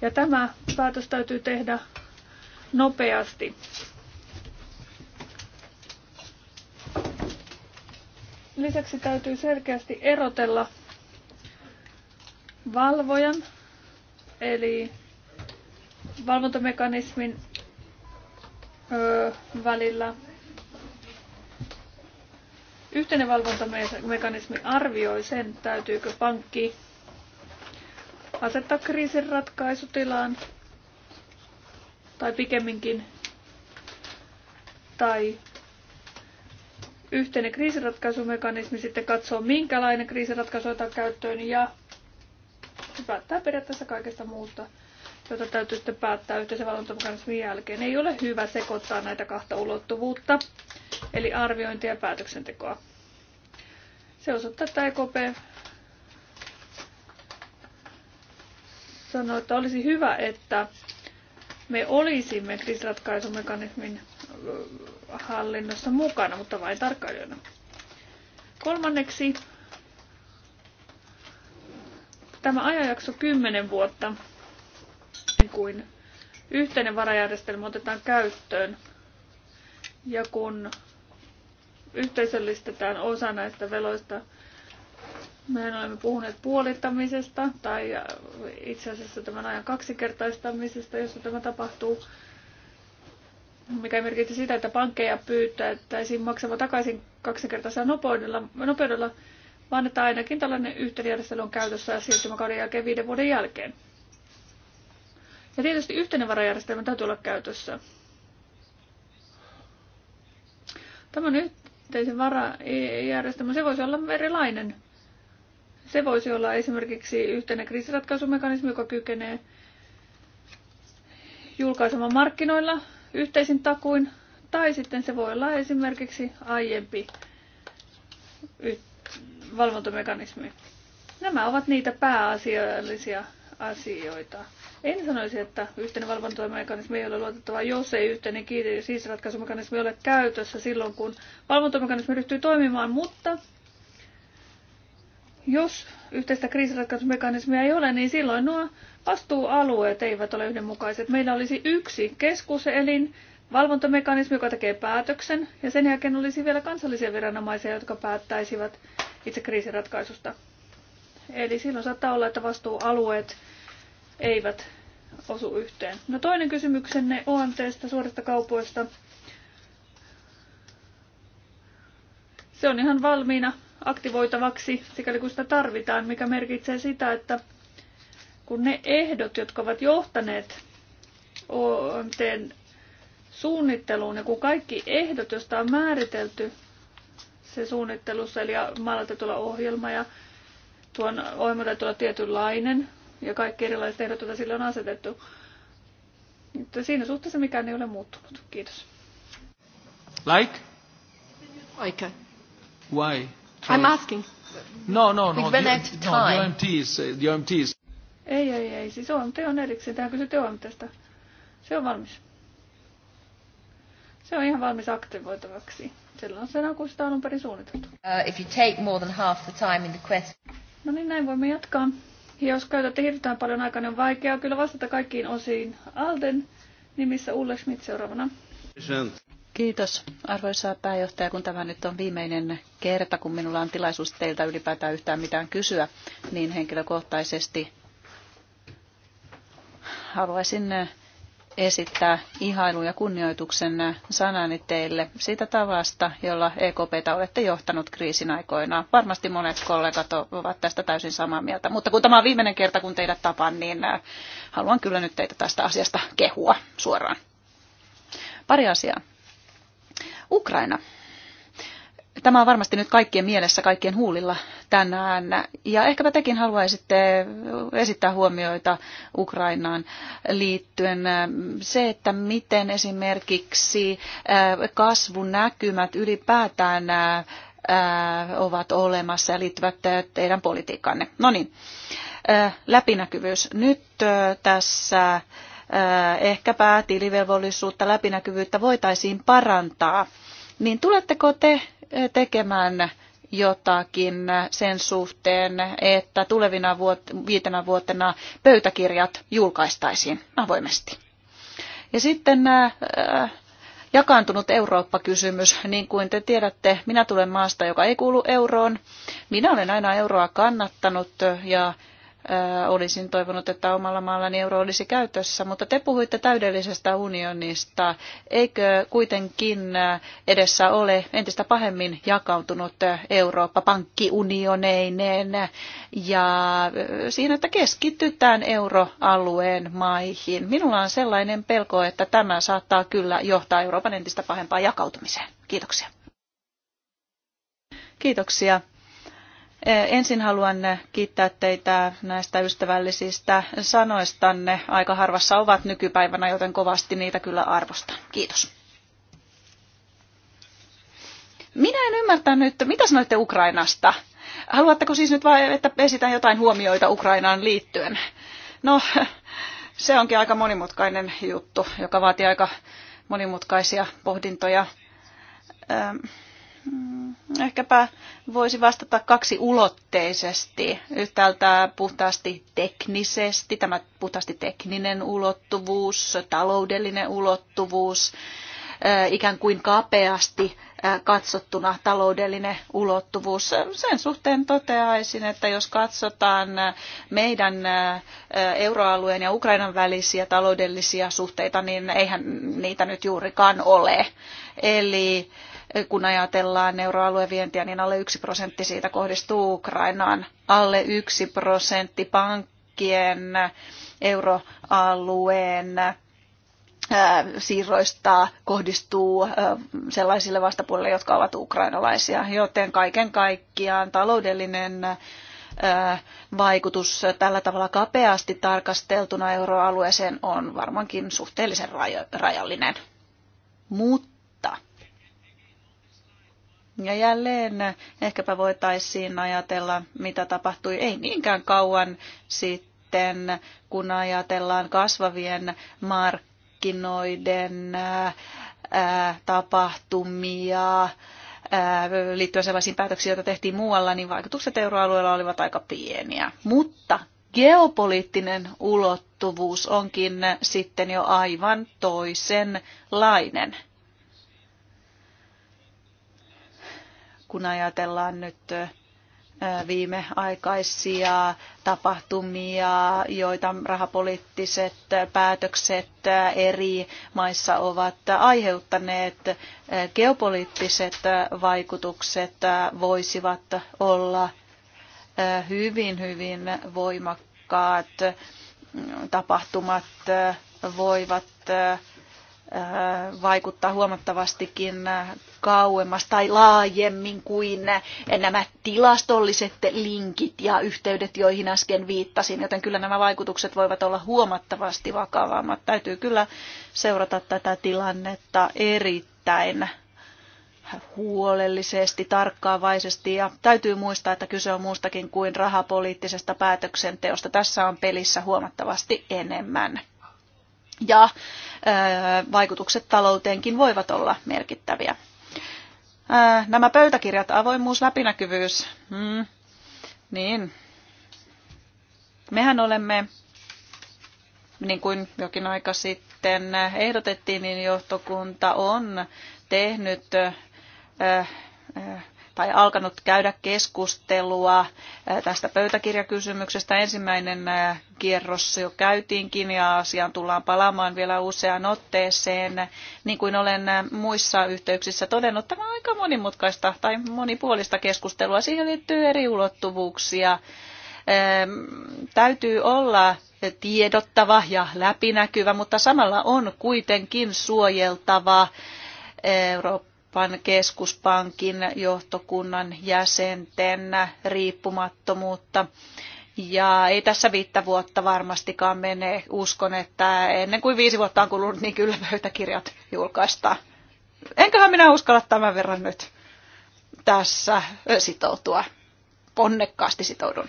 Ja tämä päätös täytyy tehdä nopeasti. Lisäksi täytyy selkeästi erotella valvojan, eli valvontamekanismin öö, välillä. Yhteinen valvontamekanismi arvioi sen, täytyykö pankki asettaa kriisin ratkaisutilaan tai pikemminkin tai yhteinen kriisiratkaisumekanismi sitten katsoo, minkälainen kriisiratkaisu otetaan käyttöön ja se päättää periaatteessa kaikesta muusta, jota täytyy sitten päättää yhteisen valvontamekanismin jälkeen. Ei ole hyvä sekoittaa näitä kahta ulottuvuutta, eli arviointia ja päätöksentekoa. Se osoittaa, että EKP sanoi, että olisi hyvä, että me olisimme kriisiratkaisumekanismin hallinnossa mukana, mutta vain tarkkailijana. Kolmanneksi tämä ajanjakso 10 vuotta, niin kuin yhteinen varajärjestelmä otetaan käyttöön ja kun yhteisöllistetään osa näistä veloista, mehän olemme puhuneet puolittamisesta tai itse asiassa tämän ajan kaksinkertaistamisesta, jossa tämä tapahtuu, mikä merkitsi sitä, että pankkeja pyytäisiin maksamaan takaisin kaksinkertaisella nopeudella, nopeudella, vaan että ainakin tällainen yhtenjärjestely on käytössä siirtymäkauden jälkeen viiden vuoden jälkeen. Ja tietysti yhteinen varajärjestelmä täytyy olla käytössä. Tämän yhteisen varajärjestelmä, se voisi olla erilainen. Se voisi olla esimerkiksi yhteinen kriisiratkaisumekanismi, joka kykenee julkaisemaan markkinoilla yhteisin takuin, tai sitten se voi olla esimerkiksi aiempi valvontamekanismi. Nämä ovat niitä pääasiallisia asioita. En sanoisi, että yhteinen valvontamekanismi ei ole luotettava, jos ei yhteinen kiinteys siis ratkaisumekanismi ole käytössä silloin, kun valvontamekanismi ryhtyy toimimaan, mutta jos yhteistä kriisiratkaisumekanismia ei ole, niin silloin nuo vastuualueet eivät ole yhdenmukaiset. Meillä olisi yksi keskuselin valvontamekanismi, joka tekee päätöksen, ja sen jälkeen olisi vielä kansallisia viranomaisia, jotka päättäisivät itse kriisiratkaisusta. Eli silloin saattaa olla, että vastuualueet eivät osu yhteen. No toinen kysymyksenne OMTstä, suorista kaupoista. Se on ihan valmiina aktivoitavaksi, sikäli kun sitä tarvitaan, mikä merkitsee sitä, että kun ne ehdot, jotka ovat johtaneet OMTn suunnitteluun, ja kun kaikki ehdot, joista on määritelty se suunnittelussa, eli maalatetulla ohjelma ja tuon ohjelma täytyy olla tietynlainen, ja kaikki erilaiset ehdot, joita sille on asetettu, mutta siinä suhteessa mikään ei ole muuttunut. Kiitos. Like? Aika.
Why? I'm asking. No, no, no. We've been the, no, the OMT uh, the OMT is.
Ei, ei, ei. Siis OMT on erikseen. Tehän kysyt OMTsta. Se on valmis. Se on ihan valmis aktivoitavaksi. Silloin sen kun sitä on perin suunniteltu.
Uh, if you take more than half the time in the quest...
No niin, näin voimme jatkaa. Ja Jos käytätte hirveän paljon aikaa, niin on vaikeaa kyllä vastata kaikkiin osiin. Alden nimissä Ulle Schmidt seuraavana.
Kiitos arvoisa pääjohtaja, kun tämä nyt on viimeinen kerta, kun minulla on tilaisuus teiltä ylipäätään yhtään mitään kysyä, niin henkilökohtaisesti haluaisin esittää ihailun ja kunnioituksen sanani teille siitä tavasta, jolla EKPtä olette johtanut kriisin aikoina. Varmasti monet kollegat ovat tästä täysin samaa mieltä, mutta kun tämä on viimeinen kerta, kun teidät tapan, niin äh, haluan kyllä nyt teitä tästä asiasta kehua suoraan. Pari asiaa. Ukraina. Tämä on varmasti nyt kaikkien mielessä, kaikkien huulilla tänään. Ja ehkäpä tekin haluaisitte esittää huomioita Ukrainaan liittyen. Se, että miten esimerkiksi äh, kasvunäkymät ylipäätään äh, äh, ovat olemassa ja liittyvät teidän politiikkaanne. No niin, läpinäkyvyys. Nyt tässä ehkäpä tilivelvollisuutta, läpinäkyvyyttä voitaisiin parantaa, niin tuletteko te tekemään jotakin sen suhteen, että tulevina vuot- viitenä vuotena pöytäkirjat julkaistaisiin avoimesti? Ja sitten äh, jakaantunut Eurooppa-kysymys. Niin kuin te tiedätte, minä tulen maasta, joka ei kuulu euroon. Minä olen aina euroa kannattanut ja olisin toivonut, että omalla maallani euro olisi käytössä, mutta te puhuitte täydellisestä unionista. Eikö kuitenkin edessä ole entistä pahemmin jakautunut Eurooppa pankkiunioneineen ja siinä, että keskitytään euroalueen maihin? Minulla on sellainen pelko, että tämä saattaa kyllä johtaa Euroopan entistä pahempaan jakautumiseen. Kiitoksia. Kiitoksia. Eh, ensin haluan eh, kiittää teitä näistä ystävällisistä sanoistanne. Aika harvassa ovat nykypäivänä, joten kovasti niitä kyllä arvostan. Kiitos. Minä en ymmärtänyt, mitä sanoitte Ukrainasta? Haluatteko siis nyt vain, että esitän jotain huomioita Ukrainaan liittyen? No, se onkin aika monimutkainen juttu, joka vaatii aika monimutkaisia pohdintoja. Ähm Mm, ehkäpä voisi vastata kaksi ulotteisesti. Yhtäältä puhtaasti teknisesti, tämä puhtaasti tekninen ulottuvuus, taloudellinen ulottuvuus, eh, ikään kuin kapeasti eh, katsottuna taloudellinen ulottuvuus. Sen suhteen toteaisin, että jos katsotaan eh, meidän euroalueen ja Ukrainan välisiä taloudellisia suhteita, niin eihän niitä nyt juurikaan ole. Eli kun ajatellaan euroaluevientiä, niin alle yksi prosentti siitä kohdistuu Ukrainaan. Alle yksi prosentti pankkien euroalueen siirroista kohdistuu sellaisille vastapuolille, jotka ovat ukrainalaisia, joten kaiken kaikkiaan taloudellinen vaikutus tällä tavalla kapeasti tarkasteltuna euroalueeseen on varmaankin suhteellisen rajallinen. Mutta ja jälleen ehkäpä voitaisiin ajatella, mitä tapahtui ei niinkään kauan sitten, kun ajatellaan kasvavien markkinoiden ää, tapahtumia liittyen sellaisiin päätöksiin, joita tehtiin muualla, niin vaikutukset euroalueella olivat aika pieniä. Mutta geopoliittinen ulottuvuus onkin sitten jo aivan toisenlainen. kun ajatellaan nyt viimeaikaisia tapahtumia, joita rahapoliittiset päätökset eri maissa ovat aiheuttaneet. Geopoliittiset vaikutukset voisivat olla hyvin, hyvin voimakkaat. Tapahtumat voivat vaikuttaa huomattavastikin kauemmas tai laajemmin kuin nämä tilastolliset linkit ja yhteydet, joihin äsken viittasin, joten kyllä nämä vaikutukset voivat olla huomattavasti vakavammat. Täytyy kyllä seurata tätä tilannetta erittäin huolellisesti, tarkkaavaisesti ja täytyy muistaa, että kyse on muustakin kuin rahapoliittisesta päätöksenteosta. Tässä on pelissä huomattavasti enemmän ja vaikutukset talouteenkin voivat olla merkittäviä. Nämä pöytäkirjat, avoimuus, läpinäkyvyys, Hmm. niin mehän olemme, niin kuin jokin aika sitten ehdotettiin, niin johtokunta on tehnyt tai alkanut käydä keskustelua tästä pöytäkirjakysymyksestä. Ensimmäinen kierros jo käytiinkin ja asiaan tullaan palaamaan vielä useaan otteeseen. Niin kuin olen muissa yhteyksissä todennut, tämä on aika monimutkaista tai monipuolista keskustelua. Siihen liittyy eri ulottuvuuksia. Täytyy olla tiedottava ja läpinäkyvä, mutta samalla on kuitenkin suojeltava Eurooppa. Euroopan keskuspankin johtokunnan jäsenten riippumattomuutta. Ja ei tässä viittä vuotta varmastikaan mene. Uskon, että ennen kuin viisi vuotta on kulunut, niin kyllä pöytäkirjat julkaistaan. Enköhän minä uskalla tämän verran nyt tässä sitoutua. Ponnekkaasti sitoudun.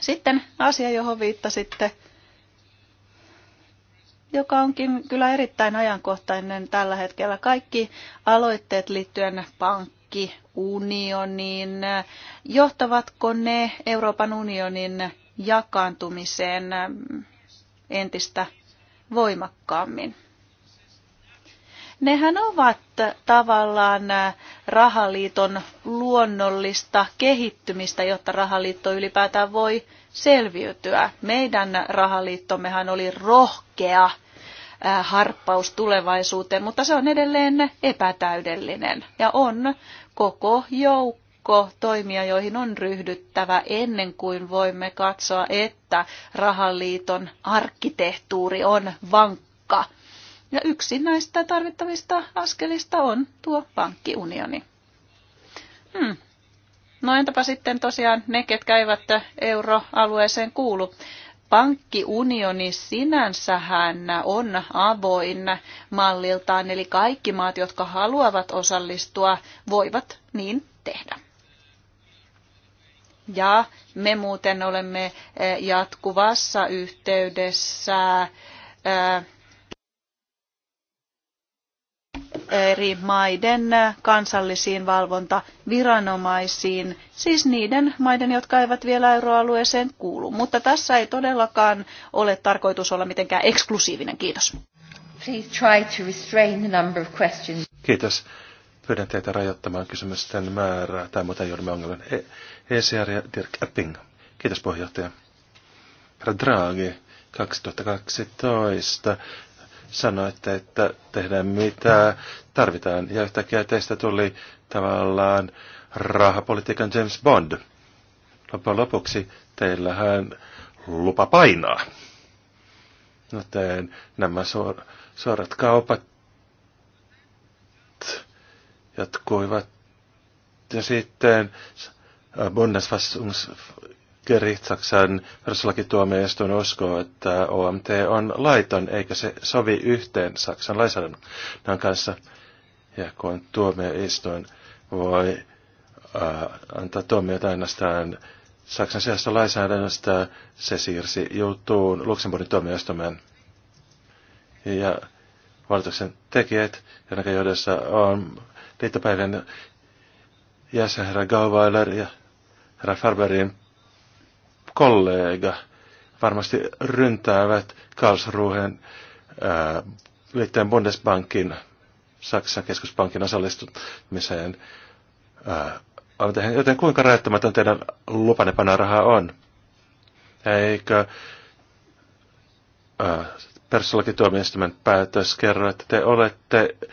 Sitten asia, johon viittasitte. sitten joka onkin kyllä erittäin ajankohtainen tällä hetkellä. Kaikki aloitteet liittyen pankkiunioniin, johtavatko ne Euroopan unionin jakaantumiseen entistä voimakkaammin? Nehän ovat tavallaan rahaliiton luonnollista kehittymistä, jotta rahaliitto ylipäätään voi selviytyä. Meidän rahaliittommehan oli rohkea harppaus tulevaisuuteen, mutta se on edelleen epätäydellinen ja on koko joukko toimia, joihin on ryhdyttävä ennen kuin voimme katsoa, että rahaliiton arkkitehtuuri on vankka. Ja yksi näistä tarvittavista askelista on tuo pankkiunioni. Hmm. No entäpä sitten tosiaan ne, ketkä eivät euroalueeseen kuulu? pankkiunioni sinänsähän on avoin malliltaan, eli kaikki maat, jotka haluavat osallistua, voivat niin tehdä. Ja me muuten olemme eh, jatkuvassa yhteydessä eh, eri maiden kansallisiin valvontaviranomaisiin, siis niiden maiden, jotka eivät vielä euroalueeseen kuulu. Mutta tässä ei todellakaan ole tarkoitus olla mitenkään eksklusiivinen. Kiitos.
try to the of
Kiitos. Pyydän teitä rajoittamaan kysymysten määrää tai muuten joudumme ongelman. ECR e ja Dirk Epping. Kiitos puheenjohtaja. Herra Draghi, 2012 sanoitte, että tehdään mitä tarvitaan. Ja yhtäkkiä teistä tuli tavallaan rahapolitiikan James Bond. Loppujen lopuksi teillähän lupa painaa. Joten nämä suor- suorat kaupat jatkuivat. Ja sitten Bundesfassung Geri Saksan perustuslakituomioistuin uskoo, että OMT on laiton eikä se sovi yhteen Saksan lainsäädännön kanssa. Ja kun tuomioistuin voi äh, antaa tuomiota ainoastaan Saksan sijasta lainsäädännöstä, se siirsi juttuun Luxemburgin tuomioistuimeen. Ja valituksen tekijät, jonka johdossa on liittopäivien jäsen herra Gauweiler ja herra Farberin kollega varmasti ryntäävät Karlsruhen liittyen Bundesbankin, Saksan keskuspankin osallistumiseen. Äh, joten kuinka rajoittamaton teidän lupanne panna rahaa on? Eikö perustuslakituomioistuimen päätös kerro, että te olette äh,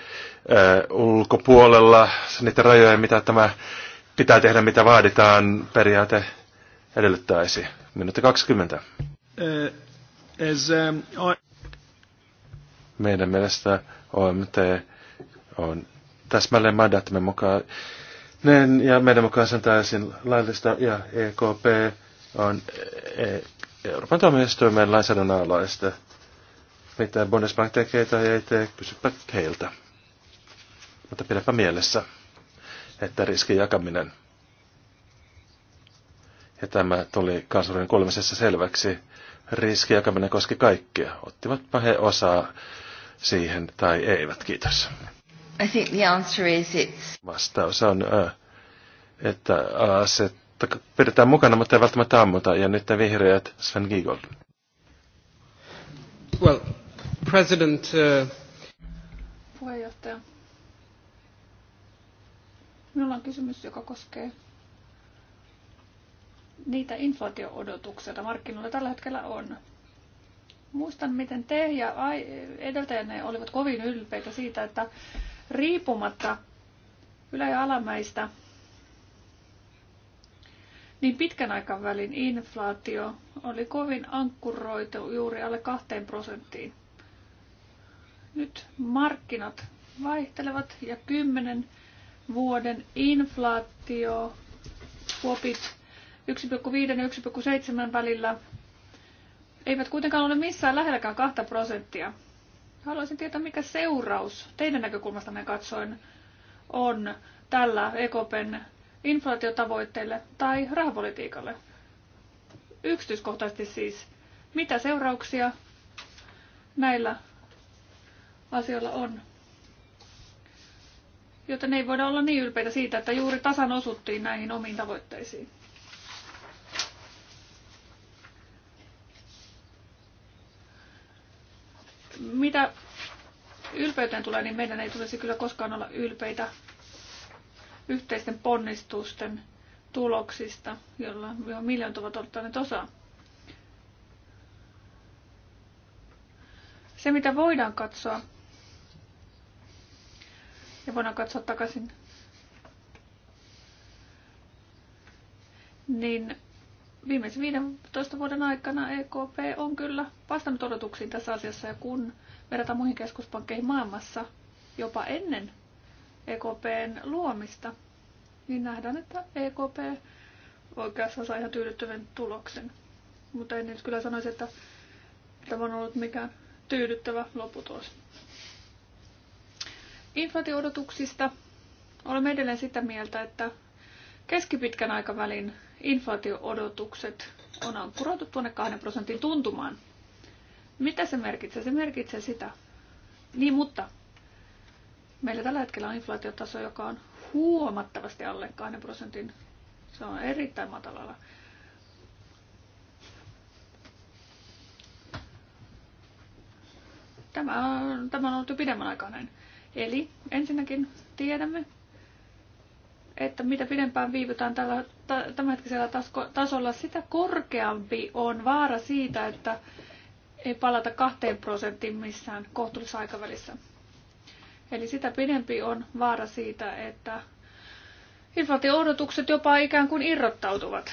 ulkopuolella niitä rajoja, mitä tämä pitää tehdä, mitä vaaditaan periaate edellyttäisi. Minuutti 20. Meidän mielestä OMT on täsmälleen mandaattimme mukaan Nen ja meidän mukaan sen täysin laillista ja EKP on e- Euroopan tuomioistuimen lainsäädännön alaista. Mitä Bundesbank tekee tai ei tee, kysypä heiltä. Mutta pidäpä mielessä, että riskin jakaminen ja tämä tuli kansallinen kuulemisessa selväksi. Riski jakaminen koski kaikkia. Ottivatpa he osaa siihen tai eivät. Kiitos.
I think the answer is it's...
Vastaus on, äh, että äh, se pidetään mukana, mutta ei välttämättä ammuta. Ja nyt vihreät Sven Giegold.
Well, president...
Uh...
Puheenjohtaja. Minulla on kysymys, joka koskee niitä inflaatio-odotuksia, joita markkinoilla tällä hetkellä on. Muistan, miten te ja edeltäjänne olivat kovin ylpeitä siitä, että riippumatta ylä- ja alamäistä, niin pitkän aikavälin inflaatio oli kovin ankkuroitu juuri alle kahteen prosenttiin. Nyt markkinat vaihtelevat ja kymmenen vuoden inflaatio kuopit 1,5 ja 1,7 välillä eivät kuitenkaan ole missään lähelläkään 2 prosenttia. Haluaisin tietää, mikä seuraus teidän näkökulmastanne katsoen on tällä EKPn inflaatiotavoitteelle tai rahapolitiikalle. Yksityiskohtaisesti siis, mitä seurauksia näillä asioilla on. Joten ei voida olla niin ylpeitä siitä, että juuri tasan osuttiin näihin omiin tavoitteisiin. Mitä ylpeyteen tulee, niin meidän ei tulisi kyllä koskaan olla ylpeitä yhteisten ponnistusten tuloksista, joilla jo miljoonat ovat ottaneet osaa. Se, mitä voidaan katsoa, ja voidaan katsoa takaisin, niin viimeisen 15 vuoden aikana EKP on kyllä vastannut odotuksiin tässä asiassa ja kun verrataan muihin keskuspankkeihin maailmassa jopa ennen EKPn luomista, niin nähdään, että EKP oikeassa saa ihan tyydyttävän tuloksen. Mutta en nyt kyllä sanoisi, että tämä on ollut mikään tyydyttävä lopputulos. Inflaatio-odotuksista olemme edelleen sitä mieltä, että keskipitkän aikavälin inflaatio-odotukset on ankkuroitu tuonne 2 prosentin tuntumaan. Mitä se merkitsee? Se merkitsee sitä. Niin, mutta meillä tällä hetkellä on inflaatiotaso, joka on huomattavasti alle 2 prosentin. Se on erittäin matalalla. Tämä on, tämä on ollut jo pidemmän aikaa näin. Eli ensinnäkin tiedämme, että mitä pidempään viivytään tällä tämänhetkisellä tasolla, sitä korkeampi on vaara siitä, että ei palata kahteen prosenttiin missään kohtuullisessa aikavälissä. Eli sitä pidempi on vaara siitä, että inflaatio-odotukset jopa ikään kuin irrottautuvat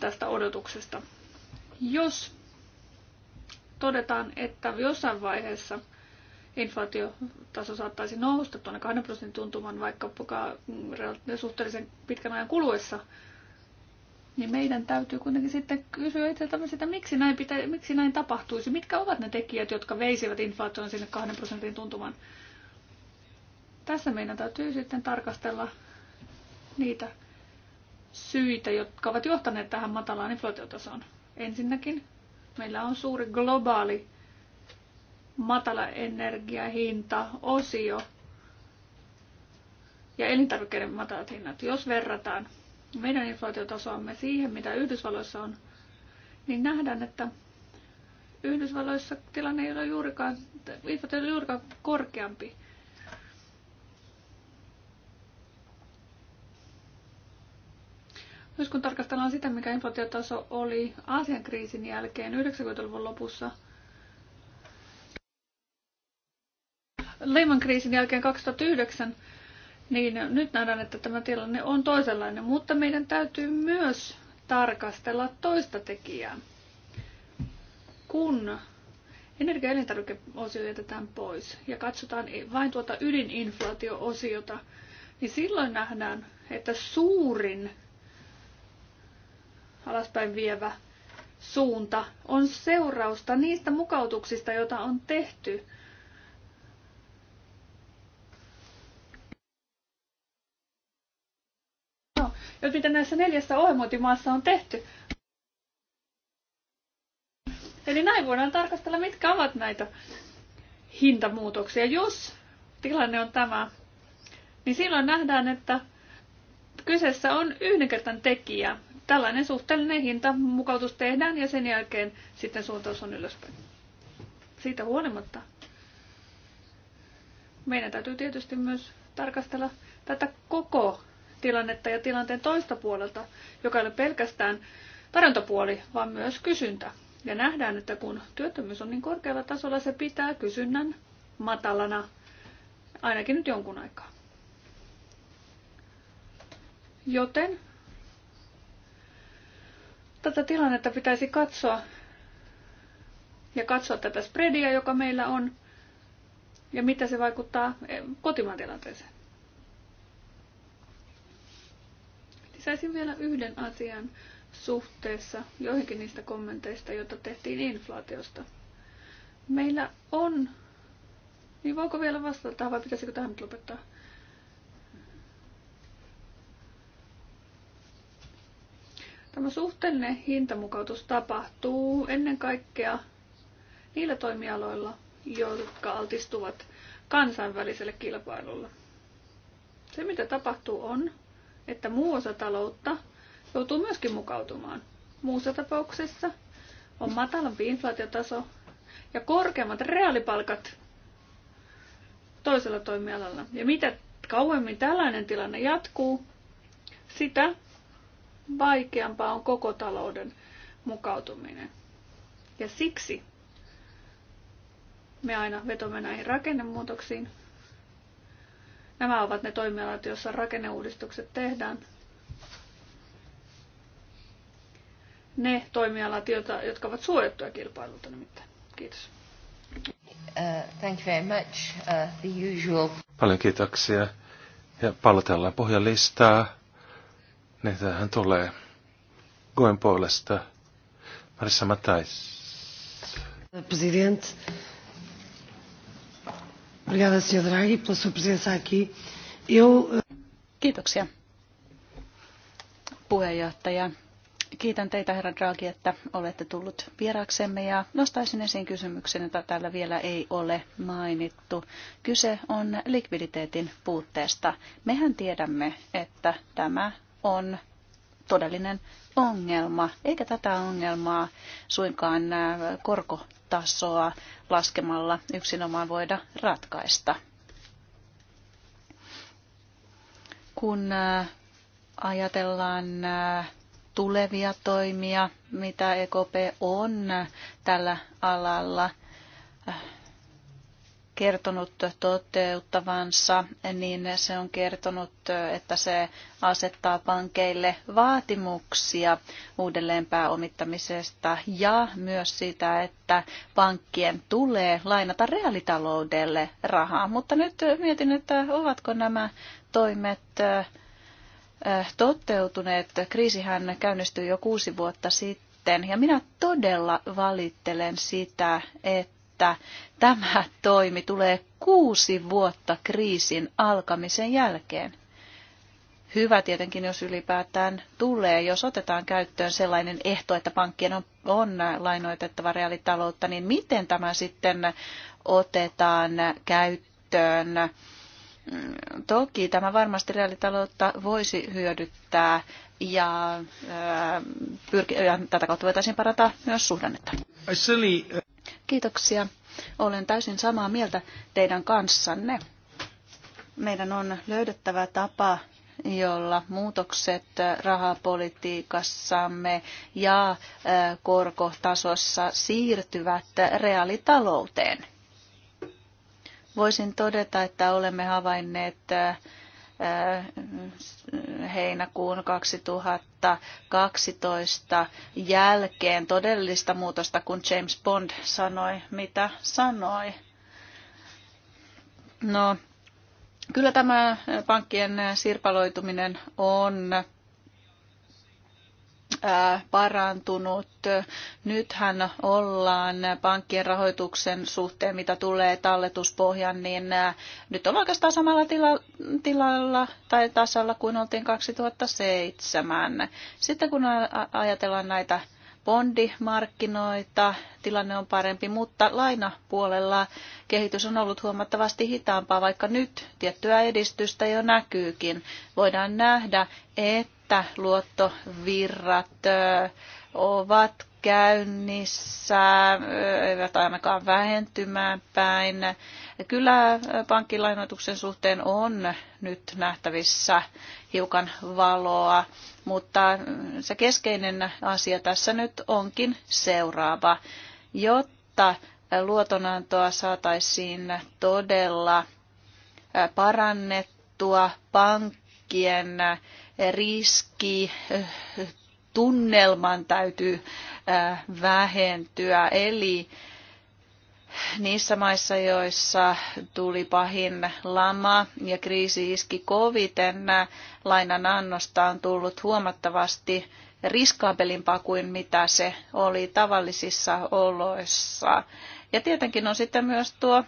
tästä odotuksesta. Jos todetaan, että jossain vaiheessa – inflaatiotaso saattaisi nousta tuonne 2 prosentin tuntuman vaikka mm, suhteellisen pitkän ajan kuluessa, niin meidän täytyy kuitenkin sitten kysyä itseltämme sitä, miksi näin, pitä, miksi näin tapahtuisi. Mitkä ovat ne tekijät, jotka veisivät inflaation sinne 2 prosentin tuntuman? Tässä meidän täytyy sitten tarkastella niitä syitä, jotka ovat johtaneet tähän matalaan inflaatiotasoon. Ensinnäkin meillä on suuri globaali matala energiahinta, osio ja elintarvikkeiden matalat hinnat. Jos verrataan meidän inflaatiotasoamme siihen, mitä Yhdysvalloissa on, niin nähdään, että Yhdysvalloissa tilanne ei ole juurikaan, inflaatio ei ole juurikaan korkeampi. Myös kun tarkastellaan sitä, mikä inflaatiotaso oli Aasian kriisin jälkeen 90-luvun lopussa – Lehman kriisin jälkeen 2009, niin nyt nähdään, että tämä tilanne on toisenlainen, mutta meidän täytyy myös tarkastella toista tekijää. Kun energia- ja elintarvikeosio jätetään pois ja katsotaan vain tuota ydininflaatio-osiota, niin silloin nähdään, että suurin alaspäin vievä suunta on seurausta niistä mukautuksista, joita on tehty mitä näissä neljässä ohjelmointimaassa on tehty. Eli näin voidaan tarkastella, mitkä ovat näitä hintamuutoksia. Jos tilanne on tämä, niin silloin nähdään, että kyseessä on yhdenkertainen tekijä. Tällainen suhteellinen hinta mukautus tehdään ja sen jälkeen sitten suuntaus on ylöspäin. Siitä huolimatta meidän täytyy tietysti myös tarkastella tätä koko tilannetta ja tilanteen toista puolelta, joka ei ole pelkästään tarjontapuoli, vaan myös kysyntä. Ja nähdään, että kun työttömyys on niin korkealla tasolla, se pitää kysynnän matalana ainakin nyt jonkun aikaa. Joten tätä tilannetta pitäisi katsoa ja katsoa tätä spreadia, joka meillä on, ja mitä se vaikuttaa eh, kotimaan tilanteeseen. Lisäisin vielä yhden asian suhteessa joihinkin niistä kommenteista, joita tehtiin inflaatiosta. Meillä on... Niin voiko vielä vastata tähän vai pitäisikö tähän nyt lopettaa? Tämä suhteellinen hintamukautus tapahtuu ennen kaikkea niillä toimialoilla, jotka altistuvat kansainväliselle kilpailulle. Se, mitä tapahtuu, on, että muu osa taloutta joutuu myöskin mukautumaan. Muussa tapauksessa on matalampi inflaatiotaso ja korkeammat reaalipalkat toisella toimialalla. Ja mitä kauemmin tällainen tilanne jatkuu, sitä vaikeampaa on koko talouden mukautuminen. Ja siksi me aina vetomme näihin rakennemuutoksiin. Nämä ovat ne toimialat, joissa rakenneuudistukset tehdään. Ne toimialat, joita, jotka ovat suojattuja kilpailulta nimittäin. Kiitos.
Uh,
thank you very much. Uh, the usual.
Paljon kiitoksia. Ja pallotellaan pohjalistaa. Ne tähän tulee. Goen puolesta. Marissa Matais.
President, arvoisa eh,
Puhemies, Kiitän teitä, herra Draghi, että olette tullut vieraksemme ja nostaisin esiin kysymyksen, jota täällä vielä ei ole mainittu. Kyse on likviditeetin puutteesta. Mehän tiedämme, että tämä on todellinen ongelma, eikä tätä ongelmaa suinkaan korkotasoa laskemalla yksinomaan voida ratkaista. Kun ajatellaan tulevia toimia, mitä EKP on tällä alalla kertonut toteuttavansa, niin se on kertonut, että se asettaa pankeille vaatimuksia uudelleen pääomittamisesta ja myös sitä, että pankkien tulee lainata reaalitaloudelle rahaa. Mutta nyt mietin, että ovatko nämä toimet eh, toteutuneet. Kriisihän käynnistyi jo kuusi vuotta sitten ja minä todella valittelen sitä, että että tämä toimi tulee kuusi vuotta kriisin alkamisen jälkeen. Hyvä tietenkin, jos ylipäätään tulee, jos otetaan käyttöön sellainen ehto, että pankkien on, on lainoitettava reaalitaloutta, niin miten tämä sitten otetaan käyttöön? Toki tämä varmasti reaalitaloutta voisi hyödyttää ja, pyrki, ja tätä kautta voitaisiin parata myös suhdannetta. Kiitoksia. Olen täysin samaa mieltä teidän kanssanne. Meidän on löydettävä tapa, jolla muutokset rahapolitiikassamme ja korkotasossa siirtyvät reaalitalouteen. Voisin todeta, että olemme havainneet heinäkuun 2012 jälkeen todellista muutosta, kun James Bond sanoi, mitä sanoi. No, kyllä tämä pankkien sirpaloituminen on parantunut. Nythän ollaan pankkien rahoituksen suhteen, mitä tulee talletuspohjan, niin nyt ollaan oikeastaan samalla tila, tilalla tai tasalla kuin oltiin 2007. Sitten kun ajatellaan näitä bondimarkkinoita, tilanne on parempi, mutta lainapuolella kehitys on ollut huomattavasti hitaampaa, vaikka nyt tiettyä edistystä jo näkyykin. Voidaan nähdä, että että luottovirrat ovat käynnissä, eivät ainakaan vähentymään päin. Kyllä pankkilainoituksen suhteen on nyt nähtävissä hiukan valoa, mutta se keskeinen asia tässä nyt onkin seuraava. Jotta luotonantoa saataisiin todella parannettua pankkien riski tunnelman täytyy vähentyä. Eli niissä maissa, joissa tuli pahin lama ja kriisi iski koviten, lainan annosta on tullut huomattavasti riskaabelimpaa kuin mitä se oli tavallisissa oloissa. Ja tietenkin on sitten myös tuo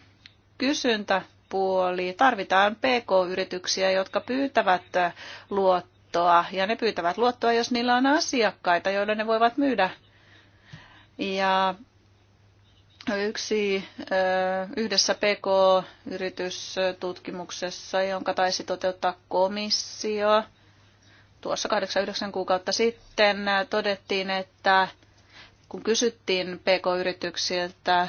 kysyntäpuoli. Tarvitaan PK-yrityksiä, jotka pyytävät luottoa luottoa ja ne pyytävät luottoa, jos niillä on asiakkaita, joille ne voivat myydä. Ja yksi yhdessä PK-yritystutkimuksessa, jonka taisi toteuttaa komissio, tuossa 8-9 kuukautta sitten todettiin, että kun kysyttiin PK-yrityksiltä,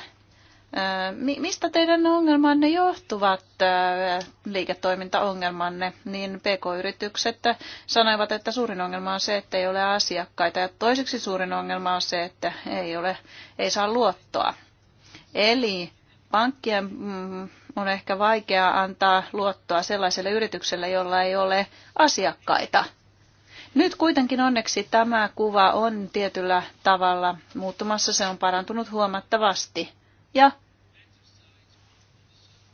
Mistä teidän ongelmanne johtuvat, liiketoimintaongelmanne? Niin PK-yritykset sanoivat, että suurin ongelma on se, että ei ole asiakkaita ja toiseksi suurin ongelma on se, että ei, ole, ei saa luottoa. Eli pankkien mm, on ehkä vaikea antaa luottoa sellaiselle yritykselle, jolla ei ole asiakkaita. Nyt kuitenkin onneksi tämä kuva on tietyllä tavalla muuttumassa, se on parantunut huomattavasti. Ja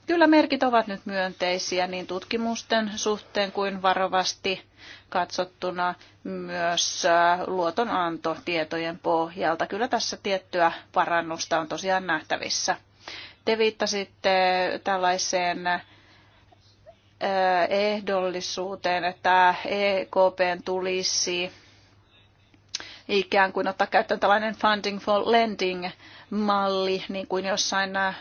kyllä merkit ovat nyt myönteisiä niin tutkimusten suhteen kuin varovasti katsottuna myös äh, luotonantotietojen pohjalta. Kyllä tässä tiettyä parannusta on tosiaan nähtävissä. Te viittasitte tällaiseen äh, ehdollisuuteen, että EKPn tulisi ikään kuin ottaa käyttöön tällainen funding for lending malli, niin kuin jossain äh,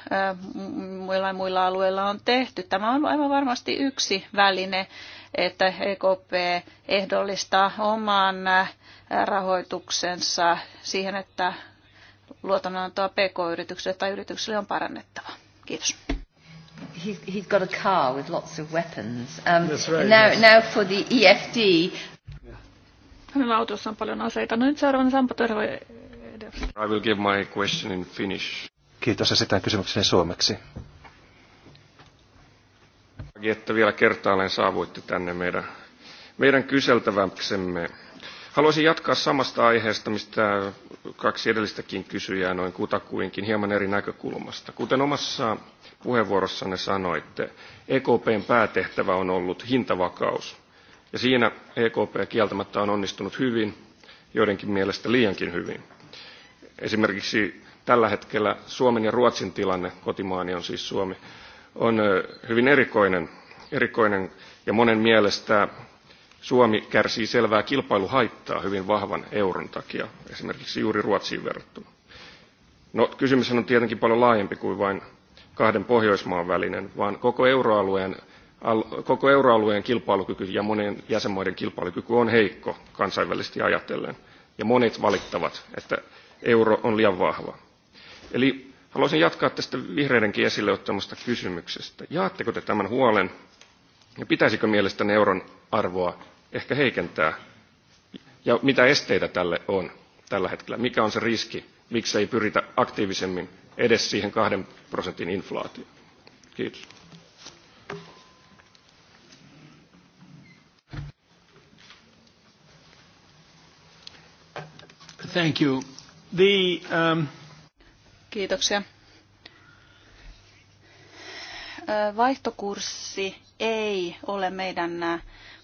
muilla muilla alueilla on tehty. Tämä on aivan varmasti yksi väline, että EKP ehdollistaa oman äh, rahoituksensa siihen, että luotonantoa pk yritykselle tai yritykselle
on parannettava. Kiitos.
He's, he's got a car with lots of weapons. Um, right, now, yes. now for the EFD.
Hänellä autossa on paljon aseita. No nyt seuraavana Sampo Terve
I will give my question in Finnish. Kiitos esitän
kysymykseni suomeksi.
Että vielä kertaalleen saavuitte tänne meidän, meidän kyseltäväksemme. Haluaisin jatkaa samasta aiheesta, mistä kaksi edellistäkin kysyjää noin kutakuinkin hieman eri näkökulmasta. Kuten omassa puheenvuorossanne sanoitte, EKPn päätehtävä on ollut hintavakaus. Ja siinä EKP kieltämättä on onnistunut hyvin, joidenkin mielestä liiankin hyvin esimerkiksi tällä hetkellä Suomen ja Ruotsin tilanne, kotimaani on siis Suomi, on hyvin erikoinen, erikoinen ja monen mielestä Suomi kärsii selvää kilpailuhaittaa hyvin vahvan euron takia, esimerkiksi juuri Ruotsiin verrattuna. No, kysymys on tietenkin paljon laajempi kuin vain kahden Pohjoismaan välinen, vaan koko euroalueen, koko euroalueen kilpailukyky ja monien jäsenmaiden kilpailukyky on heikko kansainvälisesti ajatellen. Ja monet valittavat, että euro on liian vahva. Eli haluaisin jatkaa tästä vihreidenkin esille ottamasta kysymyksestä. Jaatteko te tämän huolen ja pitäisikö mielestäni euron arvoa ehkä heikentää? Ja mitä esteitä tälle on tällä hetkellä? Mikä on se riski? Miksi ei pyritä aktiivisemmin edes siihen kahden prosentin inflaatioon? Kiitos.
Thank you. The, um...
Kiitoksia. Vaihtokurssi ei ole meidän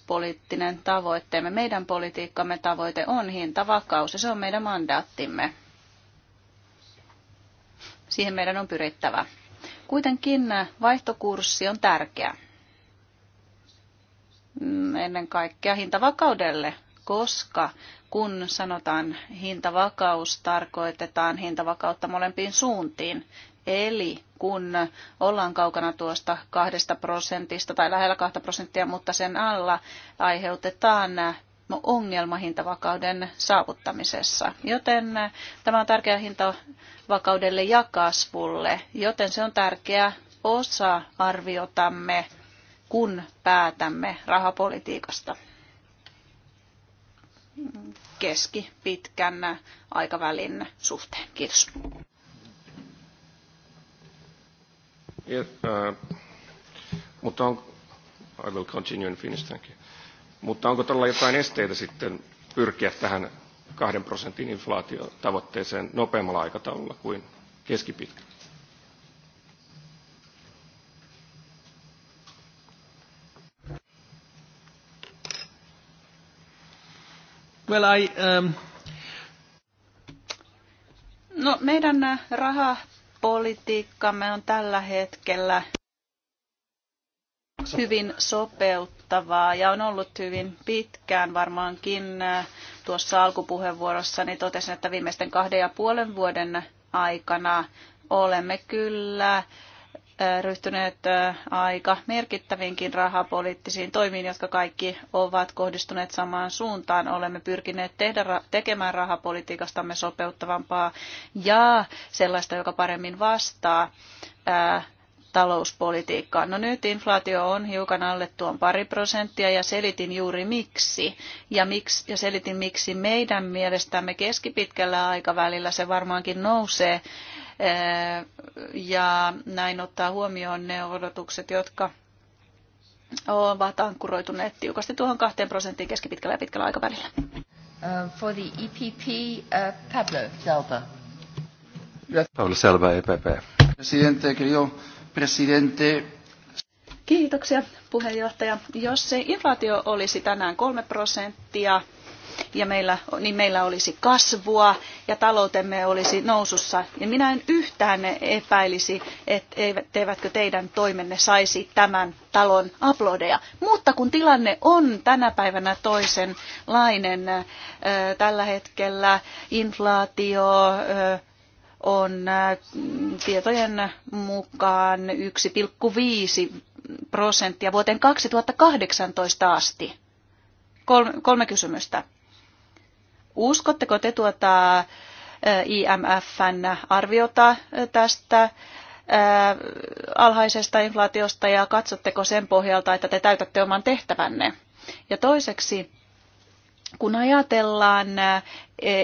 poliittinen tavoitteemme. Meidän politiikkamme tavoite on hintavakaus ja se on meidän mandaattimme. Siihen meidän on pyrittävä. Kuitenkin vaihtokurssi on tärkeä mm, ennen kaikkea hintavakaudelle koska kun sanotaan hintavakaus, tarkoitetaan hintavakautta molempiin suuntiin. Eli kun ollaan kaukana tuosta kahdesta prosentista tai lähellä kahta prosenttia, mutta sen alla aiheutetaan ongelma hintavakauden saavuttamisessa. Joten tämä on tärkeä hintavakaudelle ja kasvulle, joten se on tärkeä osa arviotamme, kun päätämme rahapolitiikasta keskipitkän aikavälin suhteen. Kiitos.
Uh, mutta on, I will continue in Finnish, thank you. Mutta onko tällä jotain esteitä sitten pyrkiä tähän kahden prosentin inflaatiotavoitteeseen nopeammalla aikataululla kuin keskipitkällä?
Well, I, um...
No, meidän äh, rahapolitiikkamme on tällä hetkellä hyvin sopeuttavaa ja on ollut hyvin pitkään varmaankin äh, tuossa alkupuheenvuorossa, niin totesin, että viimeisten kahden ja puolen vuoden aikana olemme kyllä ryhtyneet aika merkittävinkin rahapoliittisiin toimiin, jotka kaikki ovat kohdistuneet samaan suuntaan. Olemme pyrkineet tehdä, tekemään rahapolitiikastamme sopeuttavampaa ja sellaista, joka paremmin vastaa talouspolitiikkaan. No nyt inflaatio on hiukan alle tuon pari prosenttia ja selitin juuri miksi. Ja, miksi, ja selitin miksi meidän mielestämme keskipitkällä aikavälillä se varmaankin nousee ja näin ottaa huomioon ne odotukset, jotka ovat ankkuroituneet tiukasti tuohon kahteen prosenttiin keskipitkällä ja pitkällä aikavälillä.
Uh, for the EPP,
uh, Pablo Selva.
Pablo Selva, EPP. Presidente, querido presidente,
Kiitoksia puheenjohtaja.
Jos se inflaatio olisi tänään 3 prosenttia, ja meillä, niin meillä olisi kasvua ja taloutemme olisi nousussa. Ja minä en yhtään epäilisi, etteivätkö teidän toimenne saisi tämän talon aplodeja. Mutta kun tilanne on tänä päivänä toisenlainen, tällä hetkellä inflaatio, on tietojen mukaan 1,5 prosenttia vuoteen 2018 asti. Kolme, kolme kysymystä. Uskotteko te tuota IMFn arviota tästä alhaisesta inflaatiosta ja katsotteko sen pohjalta, että te täytätte oman tehtävänne? Ja toiseksi, kun ajatellaan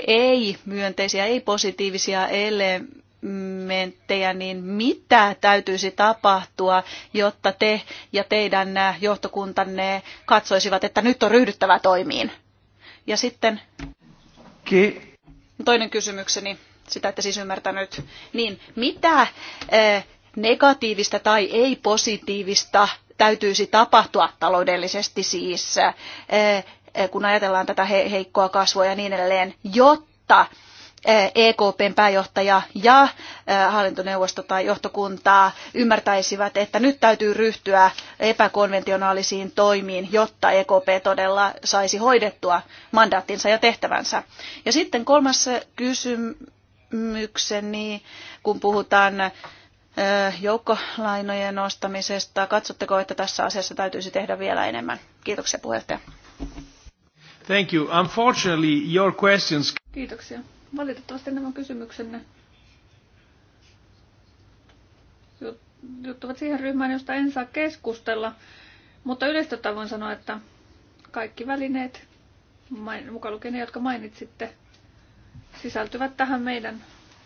ei-myönteisiä, ei-positiivisia elementtejä, niin mitä täytyisi tapahtua, jotta te ja teidän johtokuntanne katsoisivat, että nyt on ryhdyttävä toimiin? Ja sitten Toinen kysymykseni, sitä ette siis ymmärtänyt, niin mitä negatiivista tai ei-positiivista täytyisi tapahtua taloudellisesti siis, kun ajatellaan tätä heikkoa kasvua ja niin edelleen, jotta EKPn pääjohtaja ja hallintoneuvosto tai johtokuntaa ymmärtäisivät, että nyt täytyy ryhtyä epäkonventionaalisiin toimiin, jotta EKP todella saisi hoidettua mandaattinsa ja tehtävänsä. Ja sitten kolmas kysymykseni, kun puhutaan joukkolainojen nostamisesta. Katsotteko, että tässä asiassa täytyisi tehdä vielä enemmän?
Kiitoksia puheenjohtaja.
Thank you. Unfortunately, your questions...
Kiitoksia Valitettavasti nämä kysymyksenne juttuvat siihen ryhmään, josta en saa keskustella. Mutta yleistä voin sanoa, että kaikki välineet, mukaan lukien ne, jotka mainitsitte, sisältyvät tähän meidän